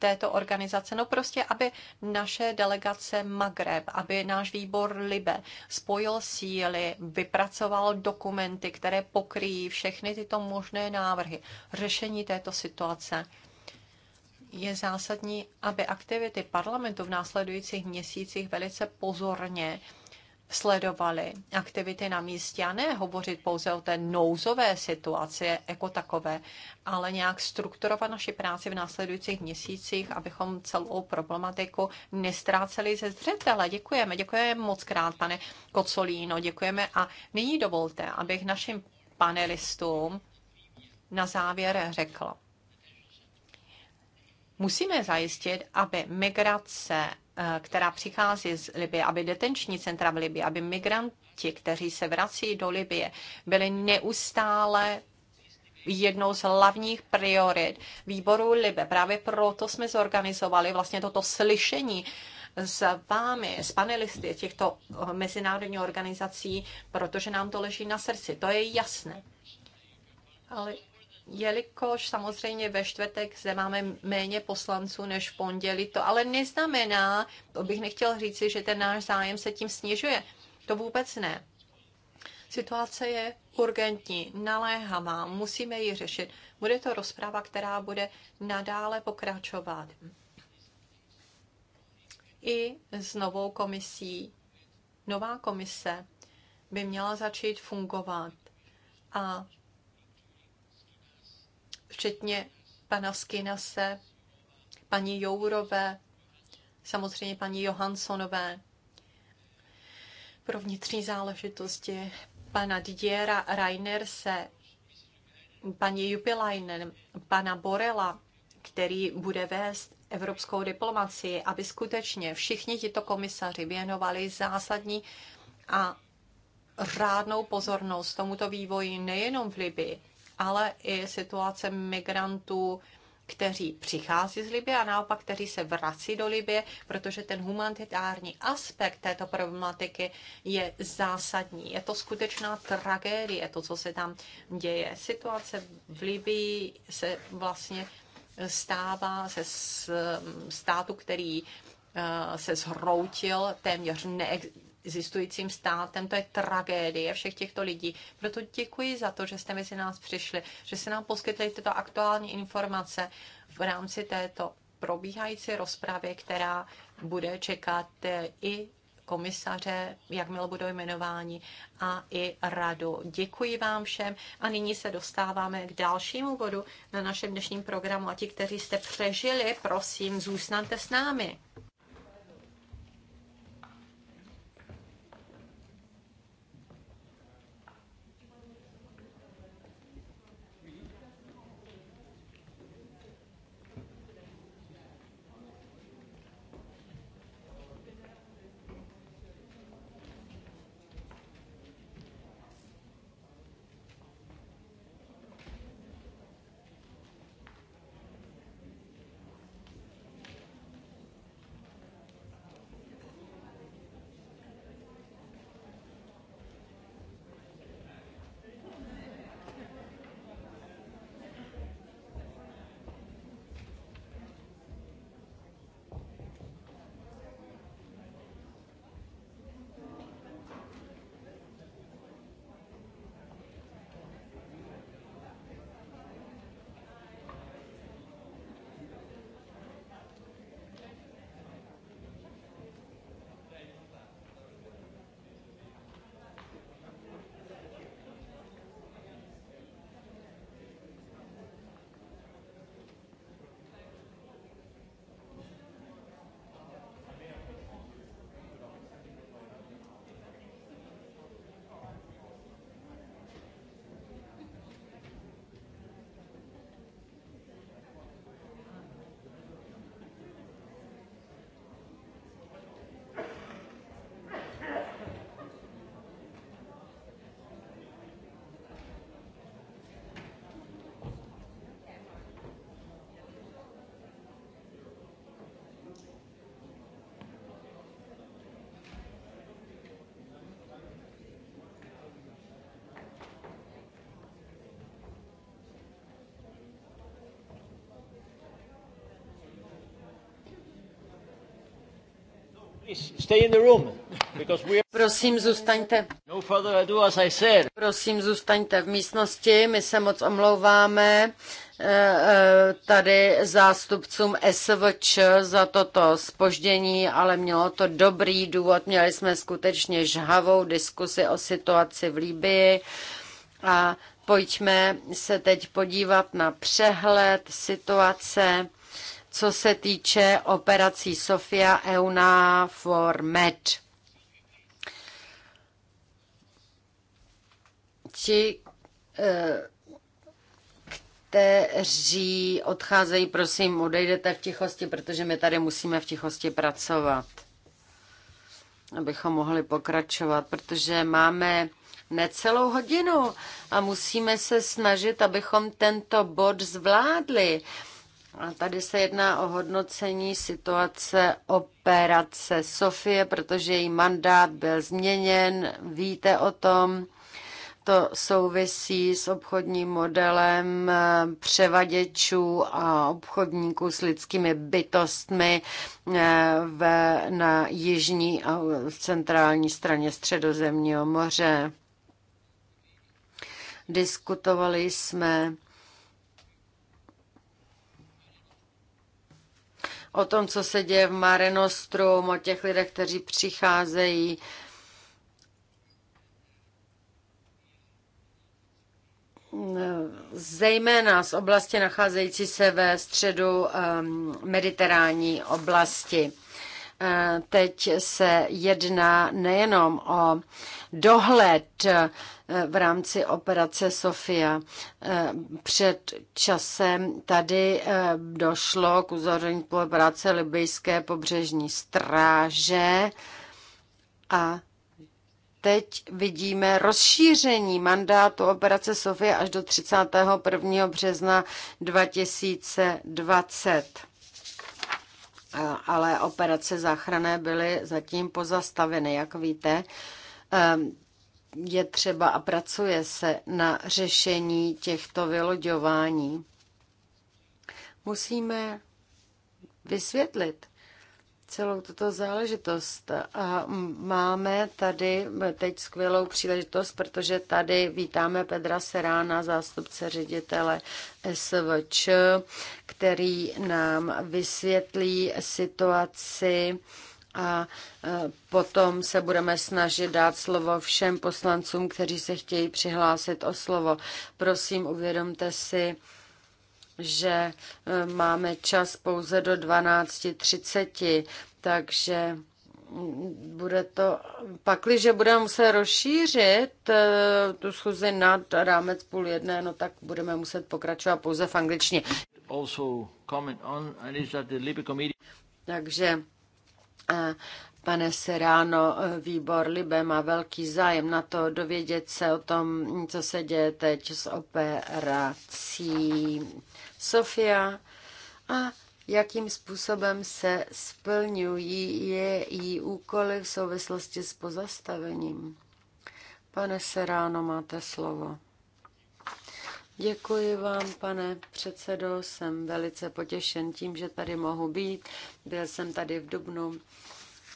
této organizace? No prostě, aby naše delegace Magreb, aby náš výbor Libe spojil síly, vypracoval dokumenty, které pokryjí všechny tyto možné návrhy řešení této situace je zásadní, aby aktivity parlamentu v následujících měsících velice pozorně sledovali aktivity na místě a ne hovořit pouze o té nouzové situaci jako takové, ale nějak strukturovat naši práci v následujících měsících, abychom celou problematiku nestráceli ze zřetele. Děkujeme, děkujeme moc krát, pane Kocolíno, děkujeme a nyní dovolte, abych našim panelistům na závěr řekla. Musíme zajistit, aby migrace Eh, která přichází z Libie, aby detenční centra v Libii, aby migranti, kteří se vrací do Libie, byli neustále jednou z hlavních priorit výboru Libe. Právě proto jsme zorganizovali vlastně toto slyšení s vámi, s panelisty těchto mezinárodních organizací, protože nám to leží na srdci. To je jasné. Ale jelikož samozřejmě ve čtvrtek zde máme méně poslanců než v pondělí, to ale neznamená, to bych nechtěl říci, že ten náš zájem se tím snižuje. To vůbec ne. Situace je urgentní, naléhavá, musíme ji řešit. Bude to rozprava, která bude nadále pokračovat. I s novou komisí. Nová komise by měla začít fungovat a včetně pana Skinase, paní Jourové, samozřejmě paní Johanssonové, pro vnitřní záležitosti pana Didiera Reinerse, paní Jupilainen, pana Borela, který bude vést evropskou diplomacii, aby skutečně všichni tito komisaři věnovali zásadní a řádnou pozornost tomuto vývoji nejenom v Libii, ale i situace migrantů, kteří přichází z Libie a naopak, kteří se vrací do Libie, protože ten humanitární aspekt této problematiky je zásadní. Je to skutečná tragédie, to, co se tam děje. Situace v Libii se vlastně stává ze státu, který eh, se zhroutil, téměř neex- existujícím státem. To je tragédie všech těchto lidí. Proto děkuji za to, že jste mezi nás přišli, že se nám poskytli tyto aktuální informace v rámci této probíhající rozpravy, která bude čekat eh, i komisaře, jakmile budou jmenováni, a i radu. Děkuji vám všem a nyní se dostáváme k dalšímu bodu na našem dnešním programu a ti, kteří jste přežili, prosím, zůstaňte s námi. Prosím, zůstaňte. No Prosím, zůstaňte v místnosti. My se moc omlouváme eh, eh, tady zástupcům SVČ za toto spoždění, ale mělo to dobrý důvod. Měli jsme skutečně žhavou diskusi o situaci v Líbii a pojďme se teď podívat na přehled situace co se týče operací Sofia Euna for Med. Ti, eh, kteří odcházejí, prosím, odejdete v tichosti, protože my tady musíme v tichosti pracovat, abychom mohli pokračovat, protože máme necelou hodinu a musíme se snažit, abychom tento bod zvládli. A tady se jedná o hodnocení situace operace Sofie, protože její mandát byl změněn. Víte o tom, to souvisí s obchodním modelem eh, převaděčů a obchodníků s lidskými bytostmi eh, na jižní a centrální straně Středozemního moře. Diskutovali jsme o tom, co se děje v Mare Nostrum, o těch lidech, kteří přicházejí. zejména z oblasti nacházející se ve středu um, ehm, mediterální oblasti. Teď se jedná nejenom o dohled eh, v rámci operace Sofia. Eh, před časem tady eh, došlo k uzavření spolupráce Libyjské pobřežní stráže a teď vidíme rozšíření mandátu operace Sofie až do 31. března 2020 ale operace záchrané byly zatím pozastaveny, jak víte. Ehm, je třeba a pracuje se na řešení těchto vyloďování. Musíme vysvětlit celou tuto záležitost. A máme tady teď skvělou příležitost, protože tady vítáme Pedra Serána, zástupce ředitele SVČ, který nám vysvětlí situaci a e, potom se budeme snažit dát slovo všem poslancům, kteří se chtějí přihlásit o slovo. Prosím, uvědomte si, že e, máme čas pouze do 12.30, takže mm, bude to, pakliže budeme muset rozšířit e, tu schůzi nad rámec půl jedné, no tak budeme muset pokračovat pouze v angličtině. Also comment on, and is that the Libby committee... Takže e, Pane Seráno, výbor Libe má velký zájem na to dovědět se o tom, co se děje teď s operací Sofia a jakým způsobem se splňují její úkoly v souvislosti s pozastavením. Pane Seráno, máte slovo. Děkuji vám, pane předsedo. Jsem velice potěšen tím, že tady mohu být. Byl jsem tady v Dubnu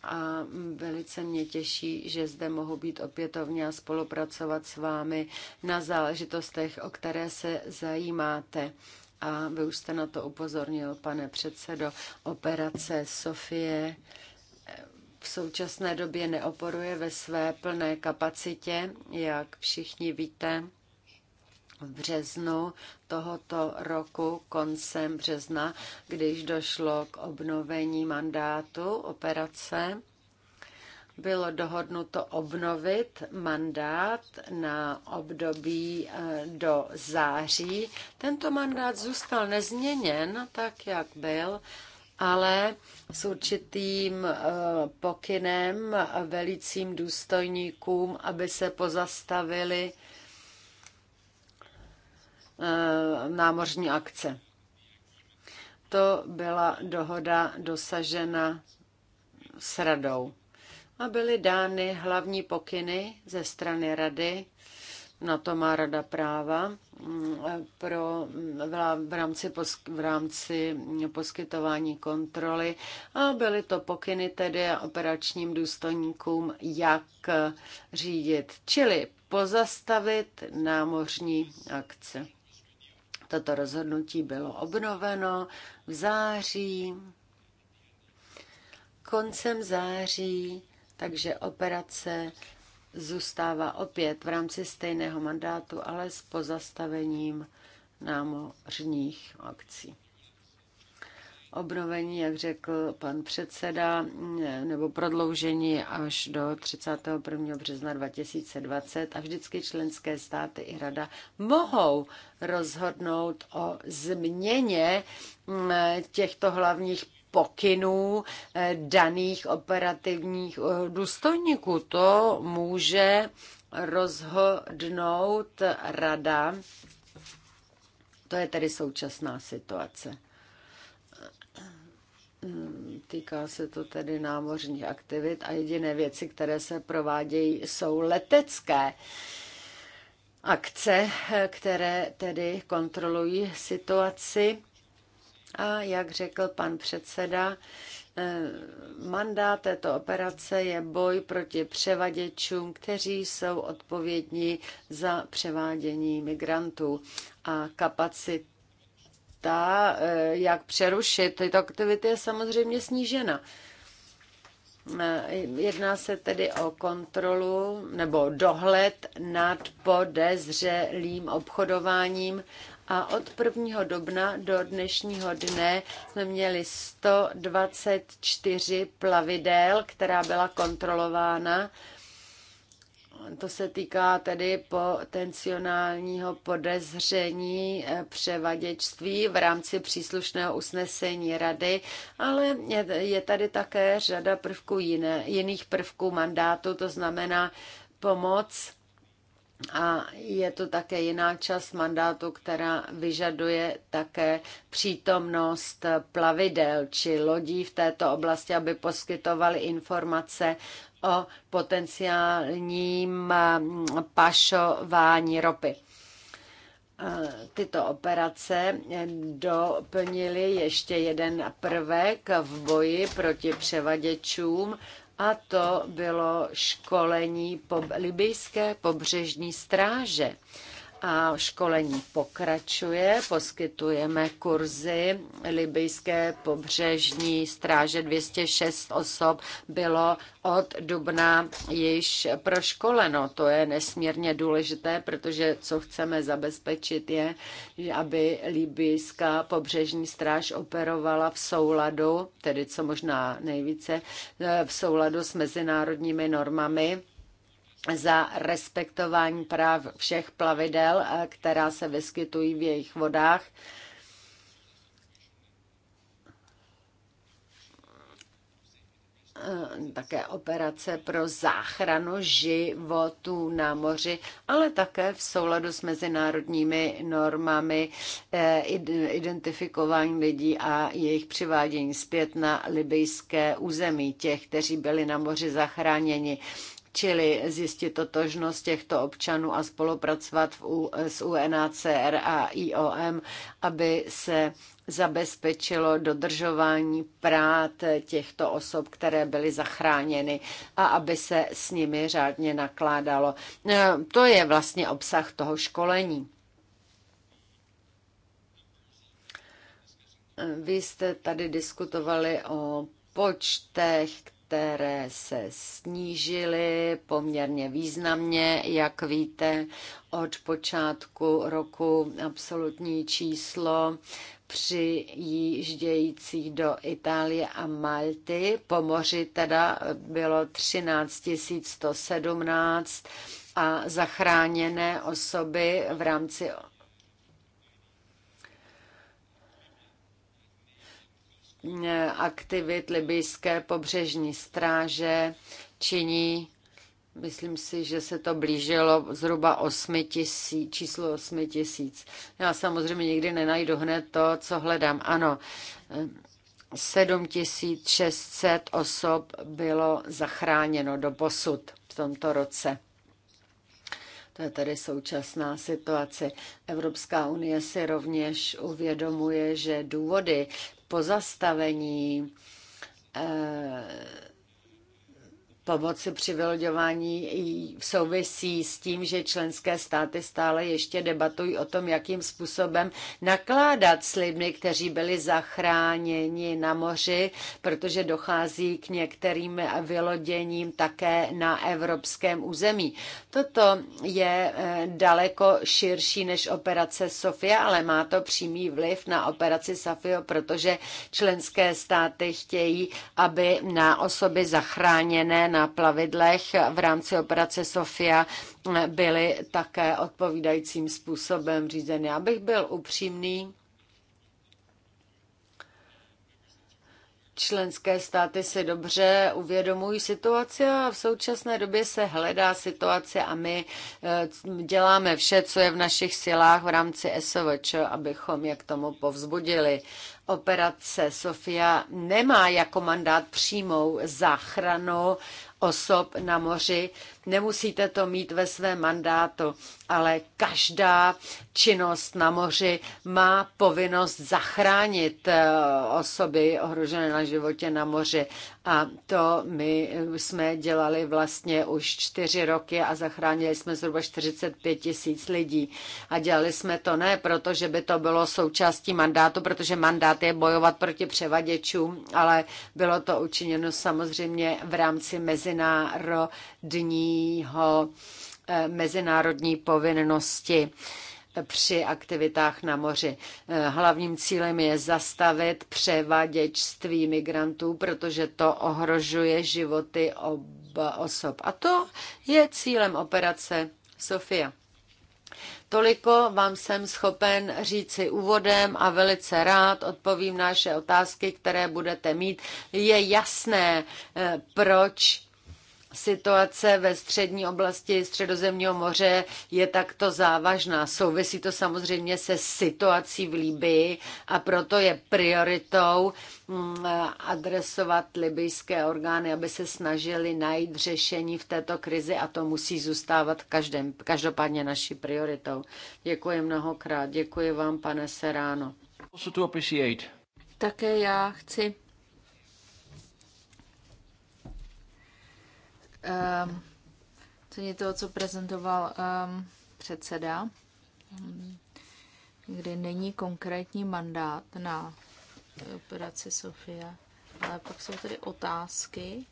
a velice mě těší, že zde mohu být opětovně a spolupracovat s vámi na záležitostech, o které se zajímáte. A vy už jste na to upozornil, pane předsedo, operace Sofie eh, v současné době neoporuje ve své plné kapacitě, jak všichni víte v březnu tohoto roku, koncem března, když došlo k obnovení mandátu operace, bylo dohodnuto obnovit mandát na období eh, do září. Tento mandát zůstal nezměněn, tak jak byl, ale s určitým eh, pokynem velicím důstojníkům, aby se pozastavili Eh, námořní akce. To byla dohoda dosažena s radou. A byly dány hlavní pokyny ze strany rady, na to má rada práva, mm, pro, mm, v, rámci, v rámci poskytování kontroly a byly to pokyny tedy operačním důstojníkům, jak řídit, čili pozastavit námořní akce. Toto rozhodnutí bylo obnoveno v září, koncem září, takže operace zůstává opět v rámci stejného mandátu, ale s pozastavením námořních akcí obnovení, jak řekl pan předseda, nebo prodloužení až do 31. března 2020 a vždycky členské státy i rada mohou rozhodnout o změně mm, těchto hlavních pokynů eh, daných operativních eh, důstojníků. To může rozhodnout rada. To je tedy současná situace. Ehm, týká se to tedy námořních aktivit a jediné věci, které se provádějí, jsou letecké akce, eh, které tedy kontrolují situaci. A jak řekl pan předseda, ehm, mandát této operace je boj proti převaděčům, kteří jsou odpovědní za převádění migrantů a kapacit lhůta, eh, jak přerušit tyto aktivity, je samozřejmě snížena. Eh, jedná se tedy o kontrolu nebo dohled nad podezřelým obchodováním a od 1. dubna do dnešního dne jsme měli 124 plavidel, která byla kontrolována to se týká tedy potenciálního podezření eh, převaděčství v rámci příslušného usnesení rady, ale je tady také řada prvků jiné, jiných prvků mandátu, to znamená pomoc a je to také jiná část mandátu, která vyžaduje také přítomnost plavidel či lodí v této oblasti, aby poskytovali informace o potenciálním mm, pašování ropy. Tyto operace doplnily ještě jeden prvek v boji proti převaděčům a to bylo školení po libijské pobřežní stráže a školení pokračuje. Poskytujeme kurzy libyjské pobřežní stráže 206 osob bylo od dubna již proškoleno. To je nesmírně důležité, protože co chceme zabezpečit je, že aby libijská pobřežní stráž operovala v souladu, tedy co možná nejvíce, v souladu s mezinárodními normami za respektování práv všech plavidel, eh, která se vyskytují v jejich vodách. Eh, také operace pro záchranu životů na moři, ale také v souladu s mezinárodními normami eh, identifikování lidí a jejich přivádění zpět na libyjské území těch, kteří byli na moři zachráněni čili zjistit totožnost těchto občanů a spolupracovat v U, s UNHCR a IOM, aby se zabezpečilo dodržování prát těchto osob, které byly zachráněny a aby se s nimi řádně nakládalo. E, to je vlastně obsah toho školení. E, vy jste tady diskutovali o počtech, které se snížily poměrně významně, jak víte, od počátku roku absolutní číslo přijíždějících do Itálie a Malty. Po moři teda bylo 13 117 a zachráněné osoby v rámci Eh, aktivit libijské pobřežní stráže činí, myslím si, že se to blížilo zhruba 8 tisíc, číslo 8 tisíc. Já samozřejmě nikdy nenajdu hned to, co hledám. Ano, 7600 eh, osob bylo zachráněno do posud v tomto roce. To je tedy současná situace. Evropská unie si rovněž uvědomuje, že důvody, pozastavení eh, pomoci při vyloďování v souvisí s tím, že členské státy stále ještě debatují o tom, jakým způsobem nakládat s lidmi, kteří byli zachráněni na moři, protože dochází k některým vyloděním také na evropském území. Toto je eh, daleko širší než operace Sofia, ale má to přímý vliv na operaci Safio, protože členské státy chtějí, aby na osoby zachráněné na plavidlech v rámci operace Sofia byly také odpovídajícím způsobem řízeny. Abych byl upřímný, Členské státy si dobře uvědomují situaci a v současné době se hledá situace a my eh, děláme vše, co je v našich silách v rámci SOVČ, abychom je k tomu povzbudili. Operace Sofia nemá jako mandát přímou záchranu osob na moři, Nemusíte to mít ve svém mandátu, ale každá činnost na moři má povinnost zachránit eh, osoby ohrožené na životě na moři. A to my jsme dělali vlastně už čtyři roky a zachránili jsme zhruba 45 tisíc lidí. A dělali jsme to ne proto, že by to bylo součástí mandátu, protože mandát je bojovat proti převaděčům, ale bylo to učiněno samozřejmě v rámci mezinárodní mezinárodního, eh, mezinárodní povinnosti při aktivitách na moři. Eh, hlavním cílem je zastavit převaděčství migrantů, protože to ohrožuje životy ob osob. A to je cílem operace Sofia. Toliko vám jsem schopen říci úvodem a velice rád odpovím naše otázky, které budete mít. Je jasné, eh, proč Situace ve střední oblasti Středozemního moře je takto závažná. Souvisí to samozřejmě se situací v Libii a proto je prioritou mm, adresovat libijské orgány, aby se snažili najít řešení v této krizi a to musí zůstávat každém, každopádně naší prioritou. Děkuji mnohokrát. Děkuji vám, pane Seráno. Také já chci um, ehm, ceně toho, co prezentoval um, předseda, ehm, kde není konkrétní mandát na operaci Sofia, ale pak jsou tady otázky.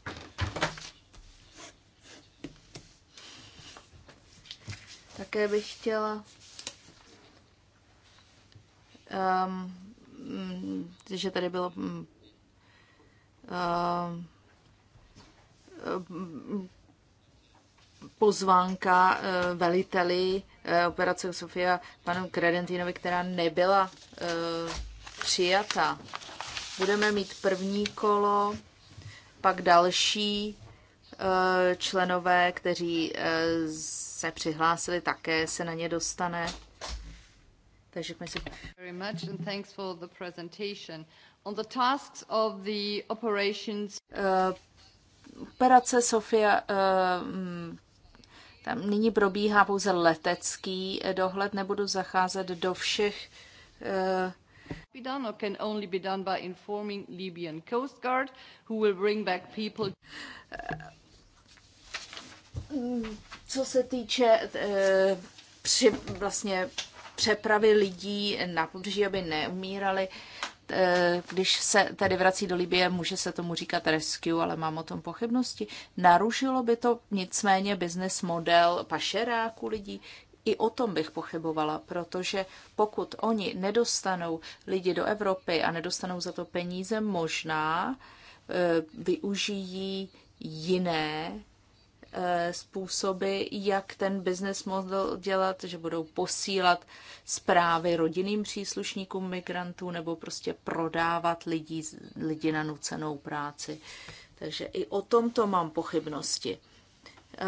Také bych chtěla um, že tady bylo um, pozvánka eh, veliteli eh, operace Sofia panu Kredentinovi, která nebyla eh, přijata. Budeme mít první kolo, pak další členové, kteří se přihlásili, také se na ně dostane. Takže si... Very much and thanks for the presentation. On the tasks of the operations... Operace Sofia eh, tam nyní probíhá pouze letecký eh, dohled, nebudu zacházet do všech. Eh, co se týče při, vlastně přepravy lidí na pobřeží, aby neumírali, Eh, když se tedy vrací do Libie, může se tomu říkat rescue, ale mám o tom pochybnosti. Narušilo by to nicméně business model pašeráku lidí? I o tom bych pochybovala, protože pokud oni nedostanou lidi do Evropy a nedostanou za to peníze, možná eh, využijí jiné Eh, způsoby, jak ten business model dělat, že budou posílat zprávy rodinným příslušníkům migrantů nebo prostě prodávat lidi, lidi na nucenou práci. Takže i o tomto mám pochybnosti. Eh,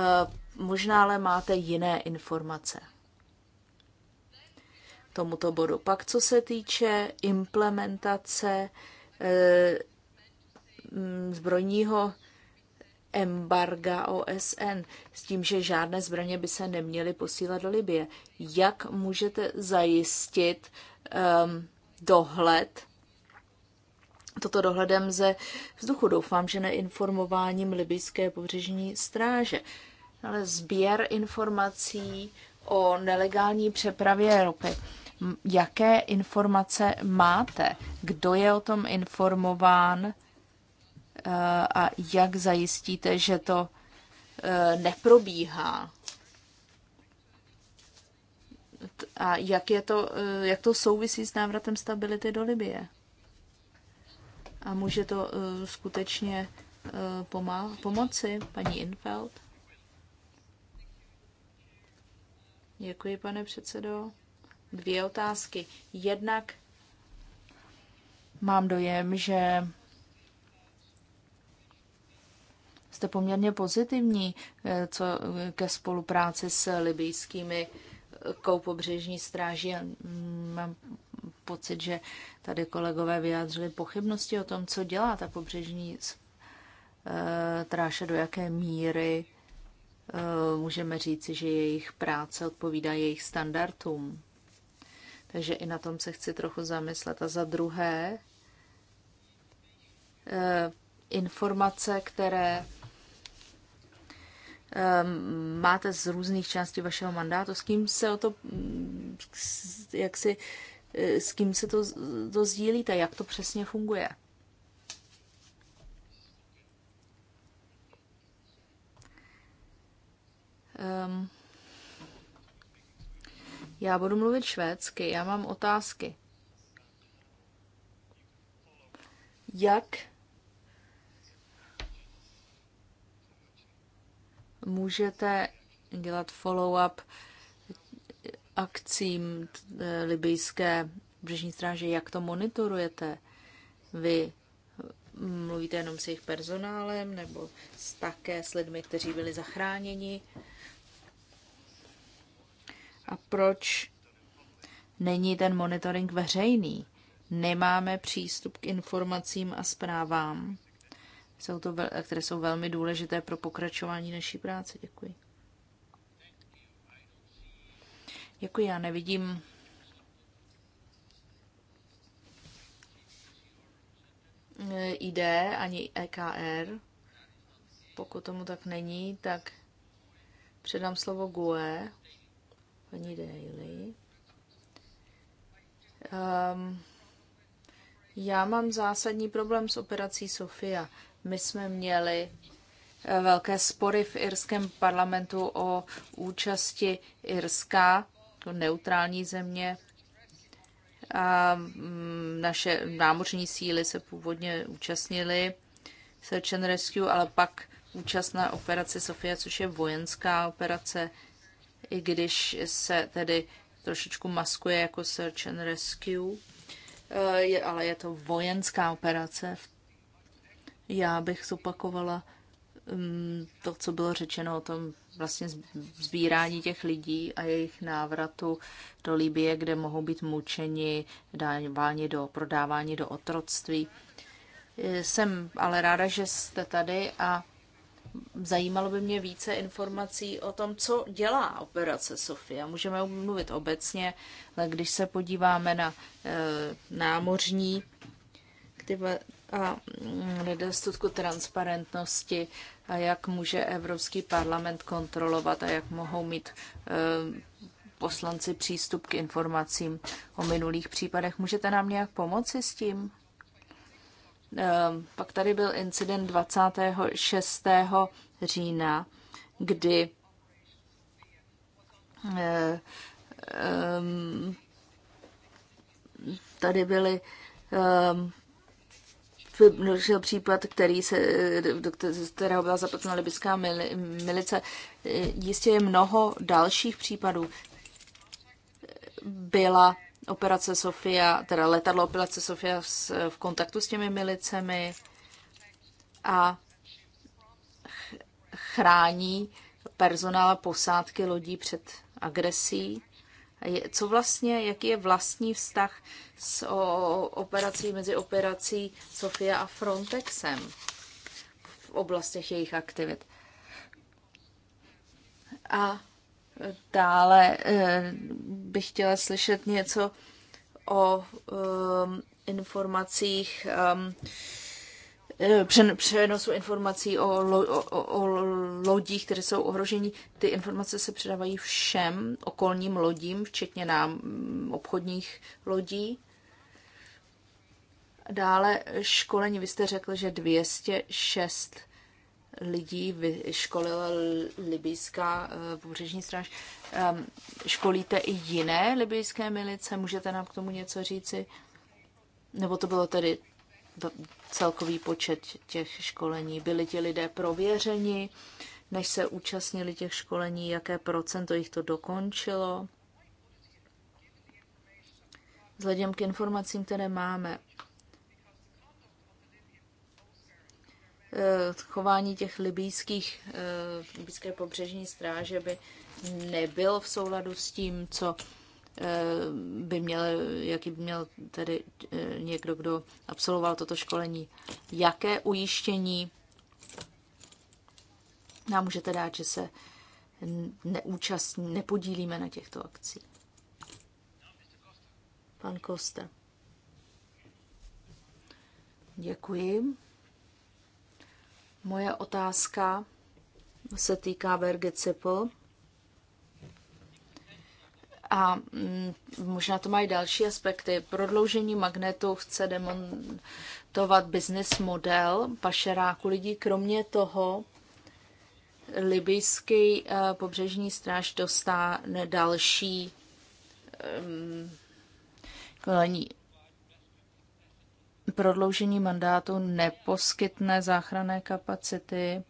možná ale máte jiné informace tomuto bodu. Pak co se týče implementace eh, mm, zbrojního embarga OSN s tím, že žádné zbraně by se neměly posílat do Libie. Jak můžete zajistit um, dohled, toto dohledem ze vzduchu? Doufám, že neinformováním libijské pobřežní stráže. Ale sběr informací o nelegální přepravě ropy. Jaké informace máte? Kdo je o tom informován? Eh, a jak zajistíte, že to eh, neprobíhá? A jak, je to, eh, jak to souvisí s návratem stability do Libie? A může to skutečně pomá- pomoci, paní Infeld? Děkuji, pane předsedo. Dvě otázky. Jednak mám dojem, že jste poměrně pozitivní eh, co eh, ke spolupráci s libijskými eh, koupobřežní stráží. Mm, mám pocit, že tady kolegové vyjádřili pochybnosti o tom, co dělá ta pobřežní stráže, do jaké míry můžeme říci, že jejich práce odpovídá jejich standardům. Takže i na tom se chci trochu zamyslet. A za druhé, informace, které Ehm, máte z různých částí vašeho mandátu, s kým se o to, mm, jak si, eh, s kým se to, to sdílíte, jak to přesně funguje. Um, já budu mluvit švédsky, já mám otázky. Jak můžete dělat follow-up akcím eh, libijské břežní stráže, jak to monitorujete? Vy eh, mluvíte jenom s jejich personálem nebo s také s lidmi, kteří byli zachráněni? A proč není ten monitoring veřejný? Nemáme přístup k informacím a zprávám jsou to, které jsou velmi důležité pro pokračování naší práce. Děkuji. Děkuji, já nevidím ID ani EKR. Pokud tomu tak není, tak předám slovo GUE, paní Daly. Um, já mám zásadní problém s operací Sofia. My jsme měli eh, velké spory v irském parlamentu o účasti Irska, neutrální země. A mm, naše námořní síly se původně účastnily Search and Rescue, ale pak účast na operaci Sofia, což je vojenská operace, i když se tedy trošičku maskuje jako Search and Rescue, eh, ale je to vojenská operace v já bych zopakovala mm, to, co bylo řečeno o tom vlastně zbírání těch lidí a jejich návratu do Libie, kde mohou být mučeni, dáváni do, prodávání do otroctví. Jsem ale ráda, že jste tady a zajímalo by mě více informací o tom, co dělá operace Sofia. Můžeme mluvit obecně, ale když se podíváme na e, námořní aktiva, a mm, nedostatku transparentnosti a jak může Evropský parlament kontrolovat a jak mohou mít e, poslanci přístup k informacím o minulých případech. Můžete nám nějak pomoci s tím? E, pak tady byl incident 26. října, kdy e, tady byly Došel případ, který se, do kterého byla zaplacena libyská milice. Jistě je mnoho dalších případů. Byla operace Sofia, teda letadlo operace Sofia v kontaktu s těmi milicemi a chrání personál posádky lodí před agresí. Co vlastně, jaký je vlastní vztah s o, operací mezi operací Sofia a Frontexem v oblastech jejich aktivit? A dále eh, bych chtěla slyšet něco o um, informacích um, Eh, přenosu informací o, lo, o, o lodích, které jsou ohrožení. Ty informace se předávají všem okolním lodím, včetně nám mm, obchodních lodí. Dále školení, vy jste řekl, že 206 lidí vyškolila libijská eh, pobřežní stráž. Ehm, školíte i jiné libijské milice? Můžete nám k tomu něco říci? Nebo to bylo tedy celkový počet těch školení. Byli ti lidé prověřeni, než se účastnili těch školení, jaké procento jich to dokončilo. Vzhledem k informacím, které máme, eh, chování těch libijských, eh, libijské pobřežní stráže by nebylo v souladu s tím, co Eh, by měl, jaký by měl tedy eh, někdo, kdo absolvoval toto školení, jaké ujištění nám můžete dát, že se neúčastní, nepodílíme na těchto akcích. Pan Kosta. Děkuji. Moje otázka se týká Berge Cipl. A mm, možná to mají další aspekty. Prodloužení magnetu chce demontovat business model pašeráku lidí. Kromě toho libijský eh, pobřežní stráž dostane další mm, kolení. Prodloužení mandátu neposkytne záchranné kapacity,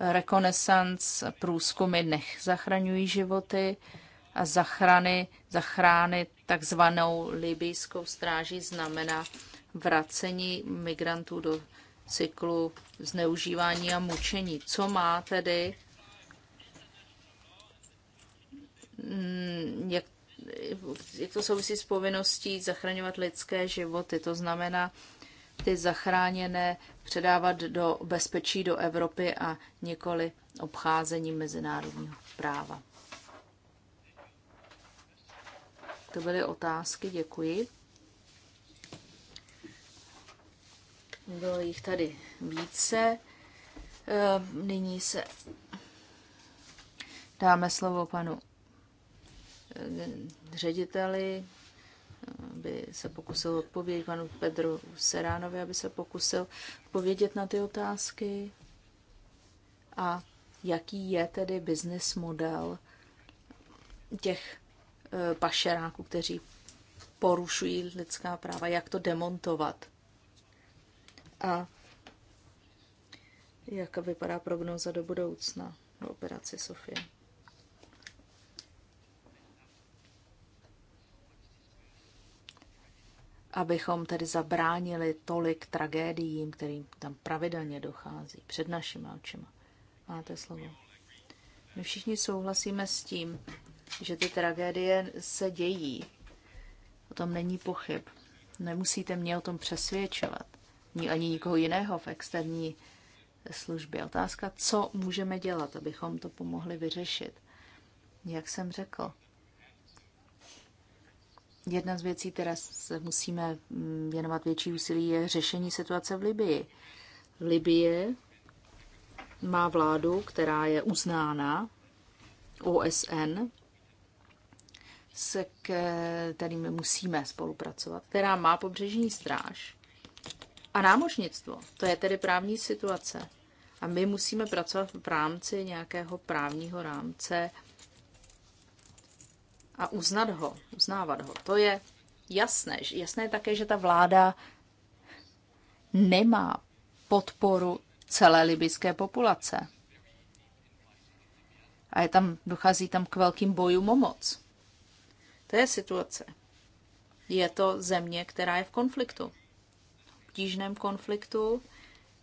rekonesans, průzkumy nech zachraňují životy a zachrany, zachrány takzvanou libijskou stráží znamená vracení migrantů do cyklu zneužívání a mučení. Co má tedy, mm, jak, jak to souvisí s povinností zachraňovat lidské životy? To znamená, ty zachráněné předávat do bezpečí do Evropy a nikoli obcházení mezinárodního práva. To byly otázky, děkuji. Bylo jich tady více. Eh, nyní se dáme slovo panu eh, řediteli, aby se pokusil odpovědět, panu Pedru Seránovi, aby se pokusil odpovědět na ty otázky. A jaký je tedy business model těch Eh, pašeráků, kteří porušují lidská práva, jak to demontovat. A jak vypadá prognoza do budoucna v operaci Sofie. Abychom tedy zabránili tolik tragédiím, kterým tam pravidelně dochází před našimi očima. Máte slovo. My všichni souhlasíme s tím, že ty tragédie se dějí. O tom není pochyb. Nemusíte mě o tom přesvědčovat. Ní ani nikoho jiného v externí službě. Otázka, co můžeme dělat, abychom to pomohli vyřešit. Jak jsem řekl, jedna z věcí, které se musíme věnovat větší úsilí, je řešení situace v Libii. Libie má vládu, která je uznána OSN, se kterými musíme spolupracovat, která má pobřežní stráž a námořnictvo. To je tedy právní situace. A my musíme pracovat v rámci nějakého právního rámce a uznat ho, uznávat ho. To je jasné. Jasné je také, že ta vláda nemá podporu celé libyské populace. A je tam, dochází tam k velkým bojům o moc. To je situace. Je to země, která je v konfliktu. V obtížném konfliktu.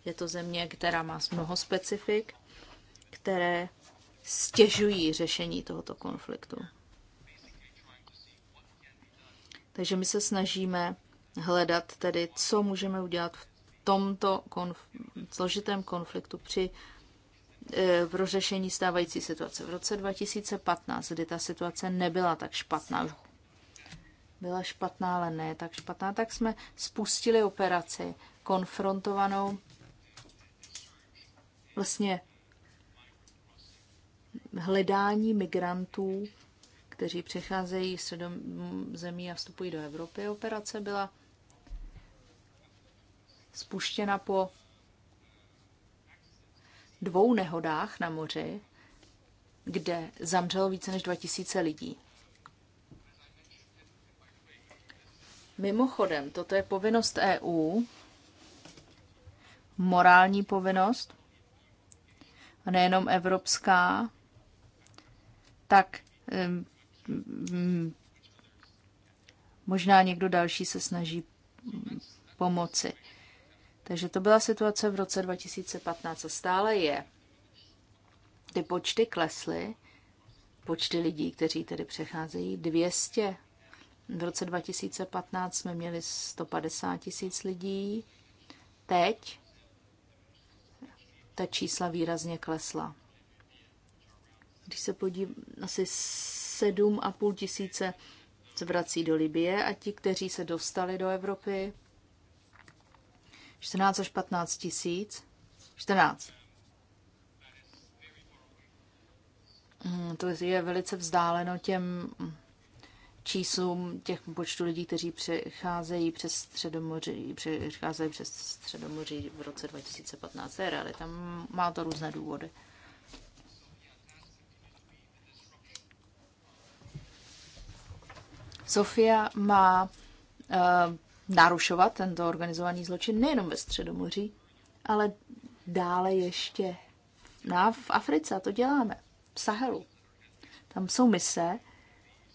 Je to země, která má mnoho specifik, které stěžují řešení tohoto konfliktu. Takže my se snažíme hledat tedy, co můžeme udělat v tomto konf- složitém konfliktu při E, pro řešení stávající situace. V roce 2015, kdy ta situace nebyla tak špatná, byla špatná, ale ne tak špatná, tak jsme spustili operaci konfrontovanou vlastně hledání migrantů, kteří přecházejí z zemí a vstupují do Evropy. Operace byla spuštěna po dvou nehodách na moři, kde zamřelo více než 2000 lidí. Mimochodem, toto je povinnost EU, morální povinnost, a nejenom evropská, tak možná někdo další se snaží pomoci. Takže to byla situace v roce 2015 a stále je. Ty počty klesly, počty lidí, kteří tedy přecházejí, 200. V roce 2015 jsme měli 150 tisíc lidí. Teď ta čísla výrazně klesla. Když se podívám, asi 7,5 tisíce se vrací do Libie a ti, kteří se dostali do Evropy, 14 až 15 tisíc. 14. Mm, to je velice vzdáleno těm číslům těch počtu lidí, kteří přecházejí přes Středomoří, přecházejí přes Středomoří v roce 2015. Ale je realita. Má to různé důvody. Sofia má eh, narušovat tento organizovaný zločin nejenom ve Středomoří, ale dále ještě na, v Africe. A to děláme. V Sahelu. Tam jsou mise,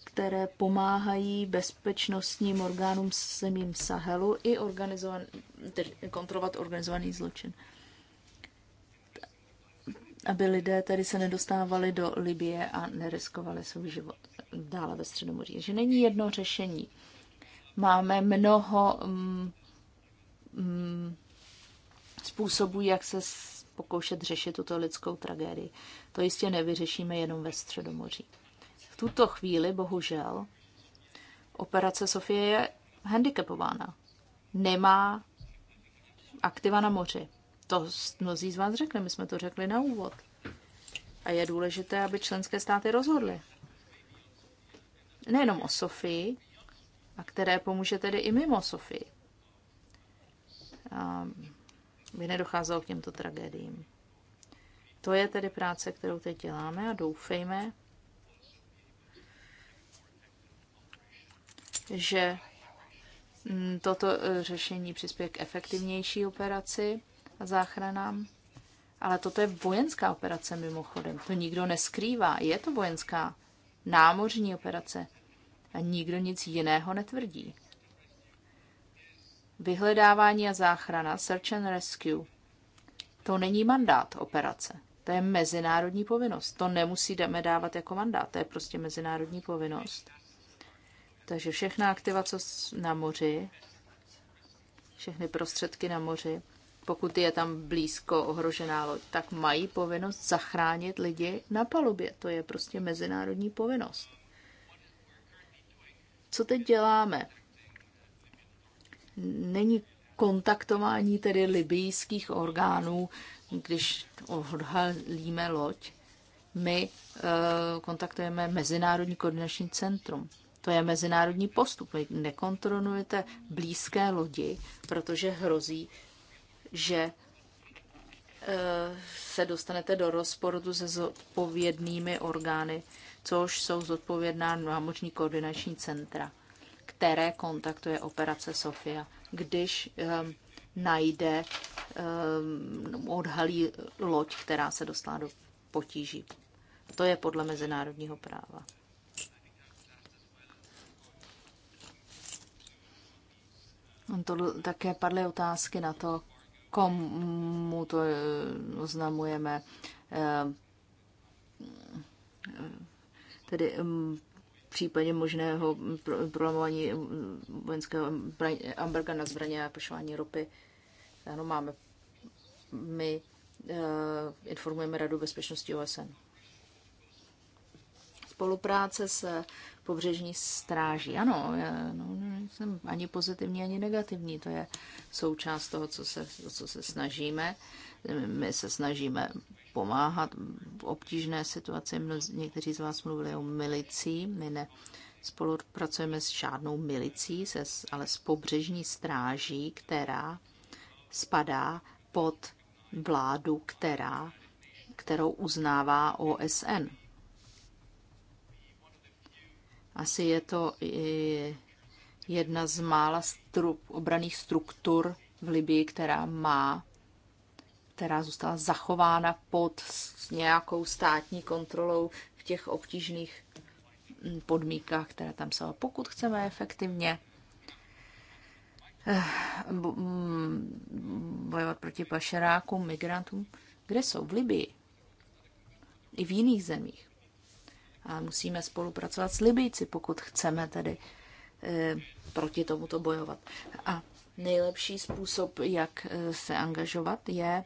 které pomáhají bezpečnostním orgánům zemím Sahelu i organizovan, kontrolovat organizovaný zločin. Aby lidé tady se nedostávali do Libie a neriskovali svůj život dále ve Středomoří. Že není jedno řešení. Máme mnoho um, um, způsobů, jak se pokoušet řešit tuto lidskou tragédii. To jistě nevyřešíme jenom ve Středomoří. V tuto chvíli, bohužel, operace Sofie je handicapována. Nemá aktiva na moři. To mnozí z vás řekli, my jsme to řekli na úvod. A je důležité, aby členské státy rozhodly. Nejenom o Sofii, a které pomůže tedy i mimo Sofii. By nedocházelo k těmto tragédiím. To je tedy práce, kterou teď děláme a doufejme, že mm, toto e, řešení přispěje k efektivnější operaci a záchranám. Ale toto je vojenská operace mimochodem, to nikdo neskrývá. Je to vojenská námořní operace a nikdo nic jiného netvrdí. Vyhledávání a záchrana, search and rescue, to není mandát operace. To je mezinárodní povinnost. To nemusíme dávat jako mandát, to je prostě mezinárodní povinnost. Takže všechna aktivace na moři, všechny prostředky na moři, pokud je tam blízko ohrožená loď, tak mají povinnost zachránit lidi na palubě. To je prostě mezinárodní povinnost. Co teď děláme? Není kontaktování tedy libijských orgánů, když odhalíme loď. My eh, kontaktujeme Mezinárodní koordinační centrum. To je mezinárodní postup. Vy nekontrolujete blízké lodi, protože hrozí, že eh, se dostanete do rozporu se zodpovědnými orgány což jsou zodpovědná námořní koordinační centra, které kontaktuje operace Sofia, když um, najde, um, odhalí loď, která se dostala do potíží. To je podle mezinárodního práva. To také padly otázky na to, komu to eh, oznamujeme. Ehm, tedy v případě možného prolamování vojenského amberga na zbraně a pašování ropy. Ano, máme, my uh, informujeme Radu bezpečnosti OSN. Spolupráce s pobřežní stráží. Ano, já, no, nejsem ani pozitivní, ani negativní. To je součást toho, co se, co se snažíme. My se snažíme pomáhat v obtížné situaci. někteří z vás mluvili o milicí. My ne spolupracujeme s žádnou milicí, se, ale s pobřežní stráží, která spadá pod vládu, která, kterou uznává OSN. Asi je to jedna z mála stru, obraných struktur v Libii, která má která zůstala zachována pod nějakou státní kontrolou v těch obtížných mm, podmínkách, které tam jsou. Pokud chceme efektivně eh, mm, bojovat proti pašerákům, migrantům, kde jsou? V Libii. I v jiných zemích. A musíme spolupracovat s Libijci, pokud chceme tedy eh, proti tomuto bojovat. A nejlepší způsob, jak eh, se angažovat, je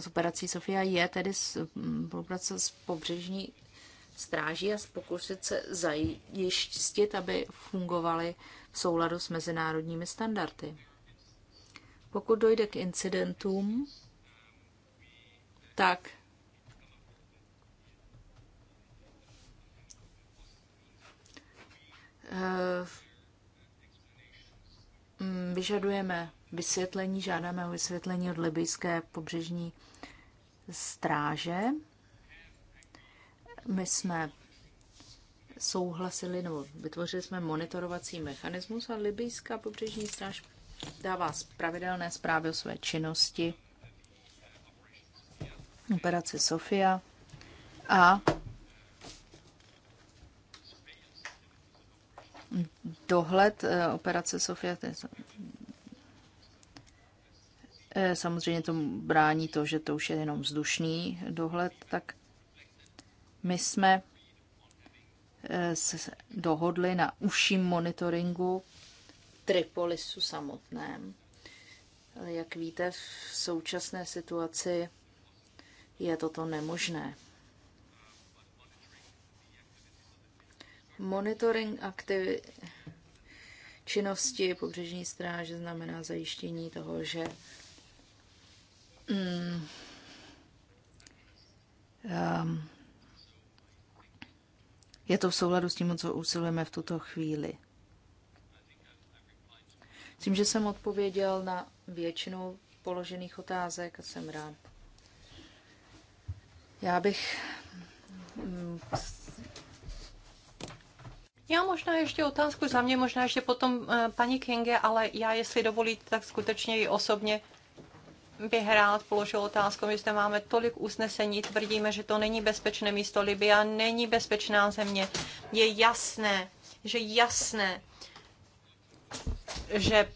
s operací Sofia je tedy mm, spolupráce s pobřežní stráží a pokusit se zajištit, aby fungovaly v souladu s mezinárodními standardy. Pokud dojde k incidentům, tak eh, mm, vyžadujeme vysvětlení, žádáme o vysvětlení od libijské pobřežní stráže. My jsme souhlasili nebo vytvořili jsme monitorovací mechanismus a libijská pobřežní stráž dává pravidelné zprávy o své činnosti operace Sofia a dohled eh, operace Sofia, Eh, samozřejmě to brání to, že to už je jenom vzdušný dohled, tak my jsme eh, se dohodli na užším monitoringu Tripolisu samotném. Jak víte, v současné situaci je toto nemožné. Monitoring aktivit činnosti pobřežní stráže znamená zajištění toho, že um, je to v souladu s tím, co usilujeme v tuto chvíli. Myslím, že jsem odpověděl na většinu položených otázek a jsem rád. Já bych. Mm, já možná ještě otázku za mě, možná ještě potom eh, paní Kinge, ale já, jestli dovolíte, tak skutečně i osobně bych rád položil otázku, my zde máme tolik usnesení, tvrdíme, že to není bezpečné místo Libia, není bezpečná země. Je jasné, že jasné, že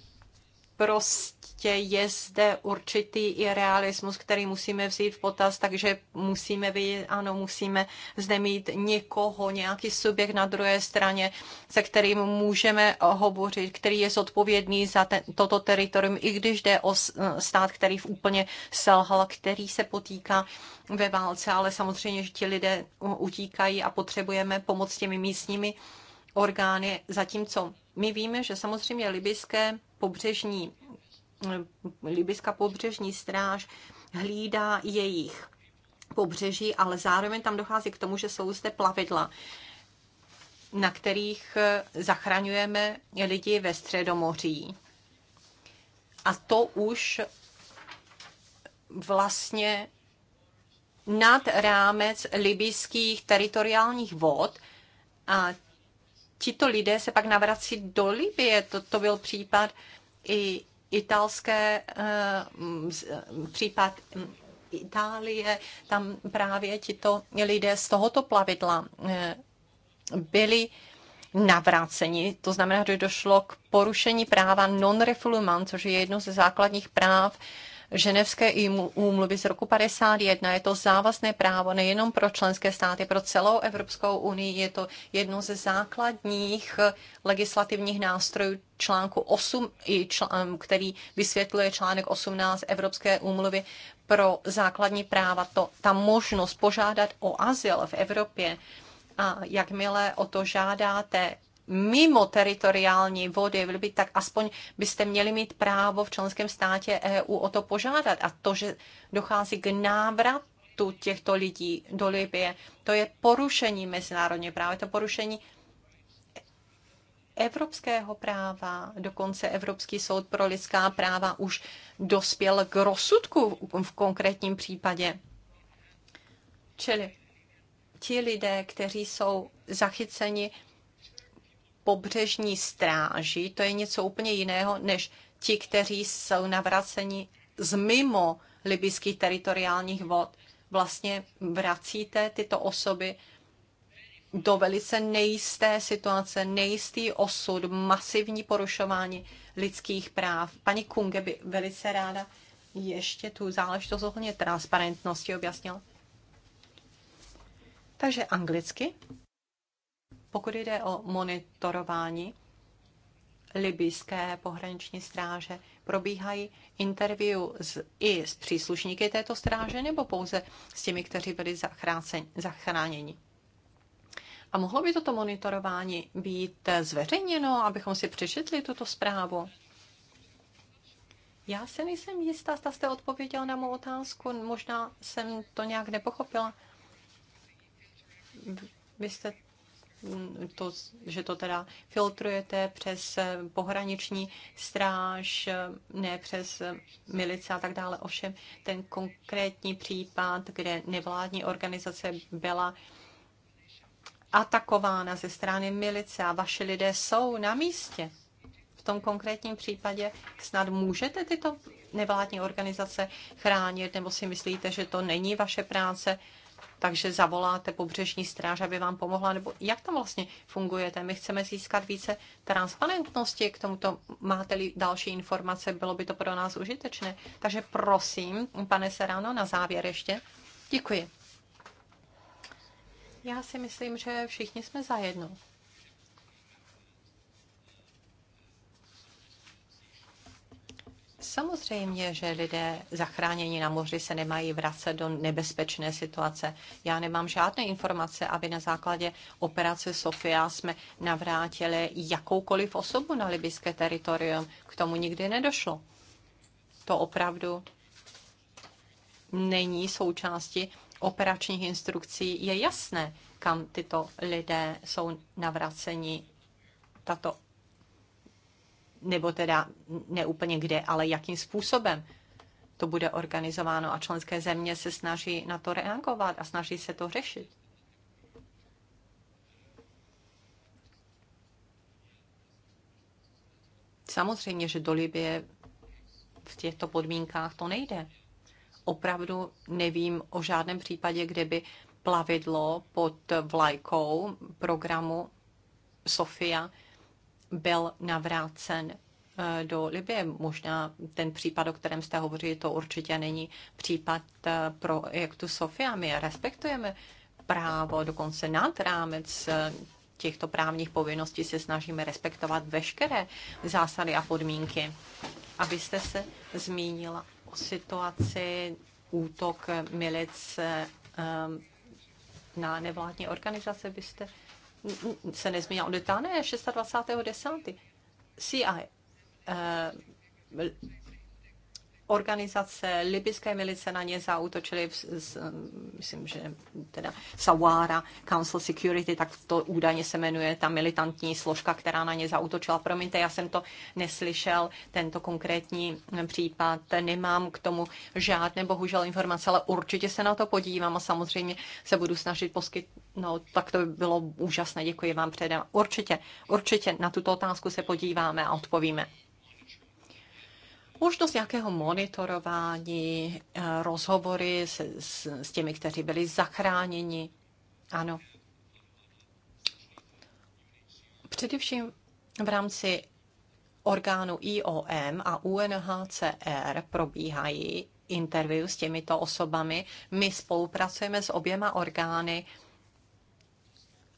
prostě prostě je zde určitý i realismus, který musíme vzít v potaz, takže musíme vidět, ano, musíme zde mít někoho, nějaký subjekt na druhé straně, se kterým můžeme hovořit, který je zodpovědný za ten, toto teritorium, i když jde o stát, který v úplně selhal, který se potýká ve válce, ale samozřejmě, že ti lidé utíkají a potřebujeme pomoc těmi místními orgány, zatímco my víme, že samozřejmě libyské pobřežní Libyska pobřežní stráž hlídá jejich pobřeží, ale zároveň tam dochází k tomu, že jsou zde plavidla, na kterých eh, zachraňujeme lidi ve středomoří. A to už vlastně nad rámec libyských teritoriálních vod a tito lidé se pak navrací do Libie. To, to byl případ i italské eh, případ Itálie, tam právě tito lidé z tohoto plavidla eh, byli navráceni. To znamená, že došlo k porušení práva non-refoulement, což je jedno ze základních práv ženevské úmluvy z roku 51. Je to závazné právo nejenom pro členské státy, pro celou Evropskou unii. Je to jedno ze základních legislativních nástrojů článku 8, který vysvětluje článek 18 Evropské úmluvy pro základní práva. To, ta možnost požádat o azyl v Evropě a jakmile o to žádáte, mimo teritoriální vody, by, tak aspoň byste měli mít právo v členském státě EU o to požádat. A to, že dochází k návratu těchto lidí do Libie, to je porušení mezinárodní práva, to porušení evropského práva, dokonce Evropský soud pro lidská práva už dospěl k rozsudku v konkrétním případě. Čili ti lidé, kteří jsou zachyceni pobřežní stráži, to je něco úplně jiného, než ti, kteří jsou navraceni z mimo libyských teritoriálních vod. Vlastně vracíte tyto osoby do velice nejisté situace, nejistý osud, masivní porušování lidských práv. Paní Kunge by velice ráda ještě tu záležitost ohledně transparentnosti objasnila. Takže anglicky. Pokud jde o monitorování libijské pohraniční stráže, probíhají interview s, i s příslušníky této stráže nebo pouze s těmi, kteří byli zachráněni. A mohlo by toto monitorování být zveřejněno, abychom si přečetli tuto zprávu? Já se nejsem jistá, zda jste odpověděl na mou otázku. Možná jsem to nějak nepochopila. Vy jste to, že to teda filtrujete přes pohraniční stráž, ne přes milice a tak dále. Ovšem ten konkrétní případ, kde nevládní organizace byla atakována ze strany milice a vaši lidé jsou na místě. V tom konkrétním případě snad můžete tyto nevládní organizace chránit, nebo si myslíte, že to není vaše práce? takže zavoláte pobřežní stráž, aby vám pomohla, nebo jak tam vlastně fungujete? My chceme získat více transparentnosti k tomuto. Máte-li další informace, bylo by to pro nás užitečné. Takže prosím, pane Serano, na závěr ještě. Děkuji. Já si myslím, že všichni jsme zajedno. Samozřejmě, že lidé zachráněni na moři se nemají vracet do nebezpečné situace. Já nemám žádné informace, aby na základě operace Sofia jsme navrátili jakoukoliv osobu na libyské teritorium. K tomu nikdy nedošlo. To opravdu není součástí operačních instrukcí. Je jasné, kam tyto lidé jsou navraceni. Tato nebo teda ne úplně kde, ale jakým způsobem to bude organizováno a členské země se snaží na to reagovat a snaží se to řešit. Samozřejmě, že do Libie v těchto podmínkách to nejde. Opravdu nevím o žádném případě, kde by plavidlo pod vlajkou programu Sofia byl navrácen eh, do Libie. Možná ten případ, o kterém jste hovořili, to určitě není případ eh, pro projektu Sofia. My respektujeme právo, dokonce nad rámec eh, těchto právních povinností se snažíme respektovat veškeré zásady a podmínky. Abyste se zmínila o situaci útok milic na nevládní organizace, byste se nezměnila od ne, 26.10. CIA, eh, organizace, libyské milice na ně zautočily, myslím, že teda Sawara, Council Security, tak to údajně se jmenuje ta militantní složka, která na ně zautočila. Promiňte, já jsem to neslyšel, tento konkrétní případ, nemám k tomu žádné bohužel informace, ale určitě se na to podívám a samozřejmě se budu snažit poskytnout, tak to by bylo úžasné, děkuji vám předem. Určitě, určitě na tuto otázku se podíváme a odpovíme možnost nějakého monitorování, eh, rozhovory s, s, s těmi, kteří byli zachráněni. Ano. Především v rámci orgánu IOM a UNHCR probíhají interview s těmito osobami. My spolupracujeme s oběma orgány,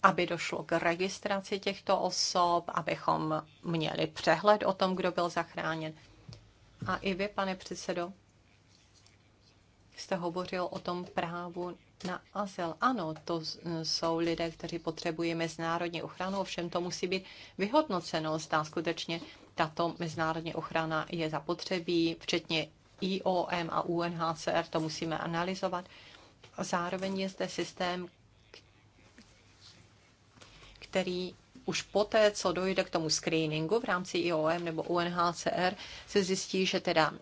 aby došlo k registraci těchto osob, abychom měli přehled o tom, kdo byl zachráněn. A i vy, pane předsedo, jste hovořil o tom právu na azyl. Ano, to jsou lidé, kteří potřebují mezinárodní ochranu, ovšem to musí být vyhodnoceno, zda skutečně tato mezinárodní ochrana je zapotřebí, včetně IOM a UNHCR, to musíme analyzovat. Zároveň je zde systém, který už poté, co dojde k tomu screeningu v rámci IOM nebo UNHCR, se zjistí, že teda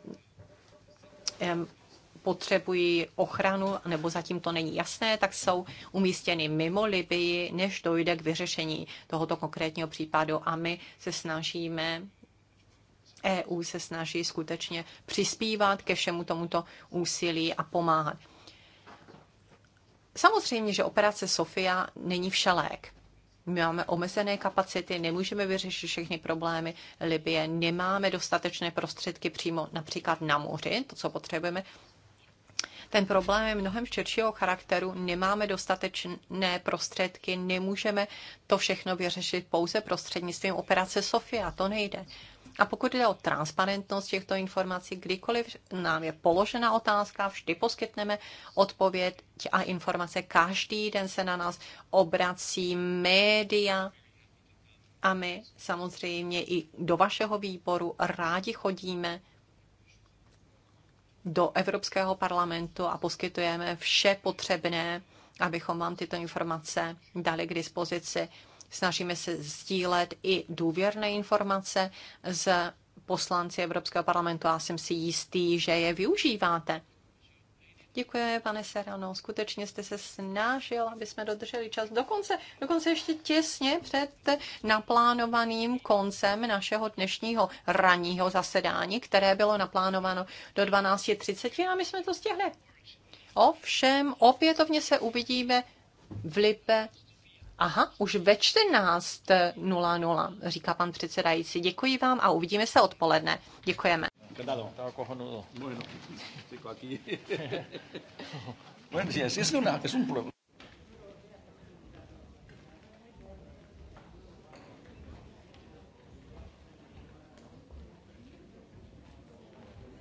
potřebují ochranu, nebo zatím to není jasné, tak jsou umístěny mimo Libii, než dojde k vyřešení tohoto konkrétního případu. A my se snažíme, EU se snaží skutečně přispívat ke všemu tomuto úsilí a pomáhat. Samozřejmě, že operace Sofia není všelék. My máme omezené kapacity, nemůžeme vyřešit všechny problémy Libie, nemáme dostatečné prostředky přímo například na moři, to, co potřebujeme, ten problém je mnohem širšího charakteru, nemáme dostatečné prostředky, nemůžeme to všechno vyřešit pouze prostřednictvím operace Sofia, to nejde. A pokud jde o transparentnost těchto informací, kdykoliv nám je položena otázka, vždy poskytneme odpověď a informace. Každý den se na nás obrací média a my samozřejmě i do vašeho výboru rádi chodíme do Evropského parlamentu a poskytujeme vše potřebné, abychom vám tyto informace dali k dispozici. Snažíme se sdílet i důvěrné informace z poslanci Evropského parlamentu. Já jsem si jistý, že je využíváte. Děkuji, pane Serano. Skutečně jste se snažil, aby jsme dodrželi čas. Dokonce, dokonce ještě těsně před naplánovaným koncem našeho dnešního ranního zasedání, které bylo naplánováno do 12.30 a my jsme to stihli. Ovšem, opětovně se uvidíme v Lipe Aha, už ve 14.00, říká pan předsedající. Děkuji vám a uvidíme se odpoledne. Děkujeme. Bueno, si [laughs] [laughs] es, una, es un problema.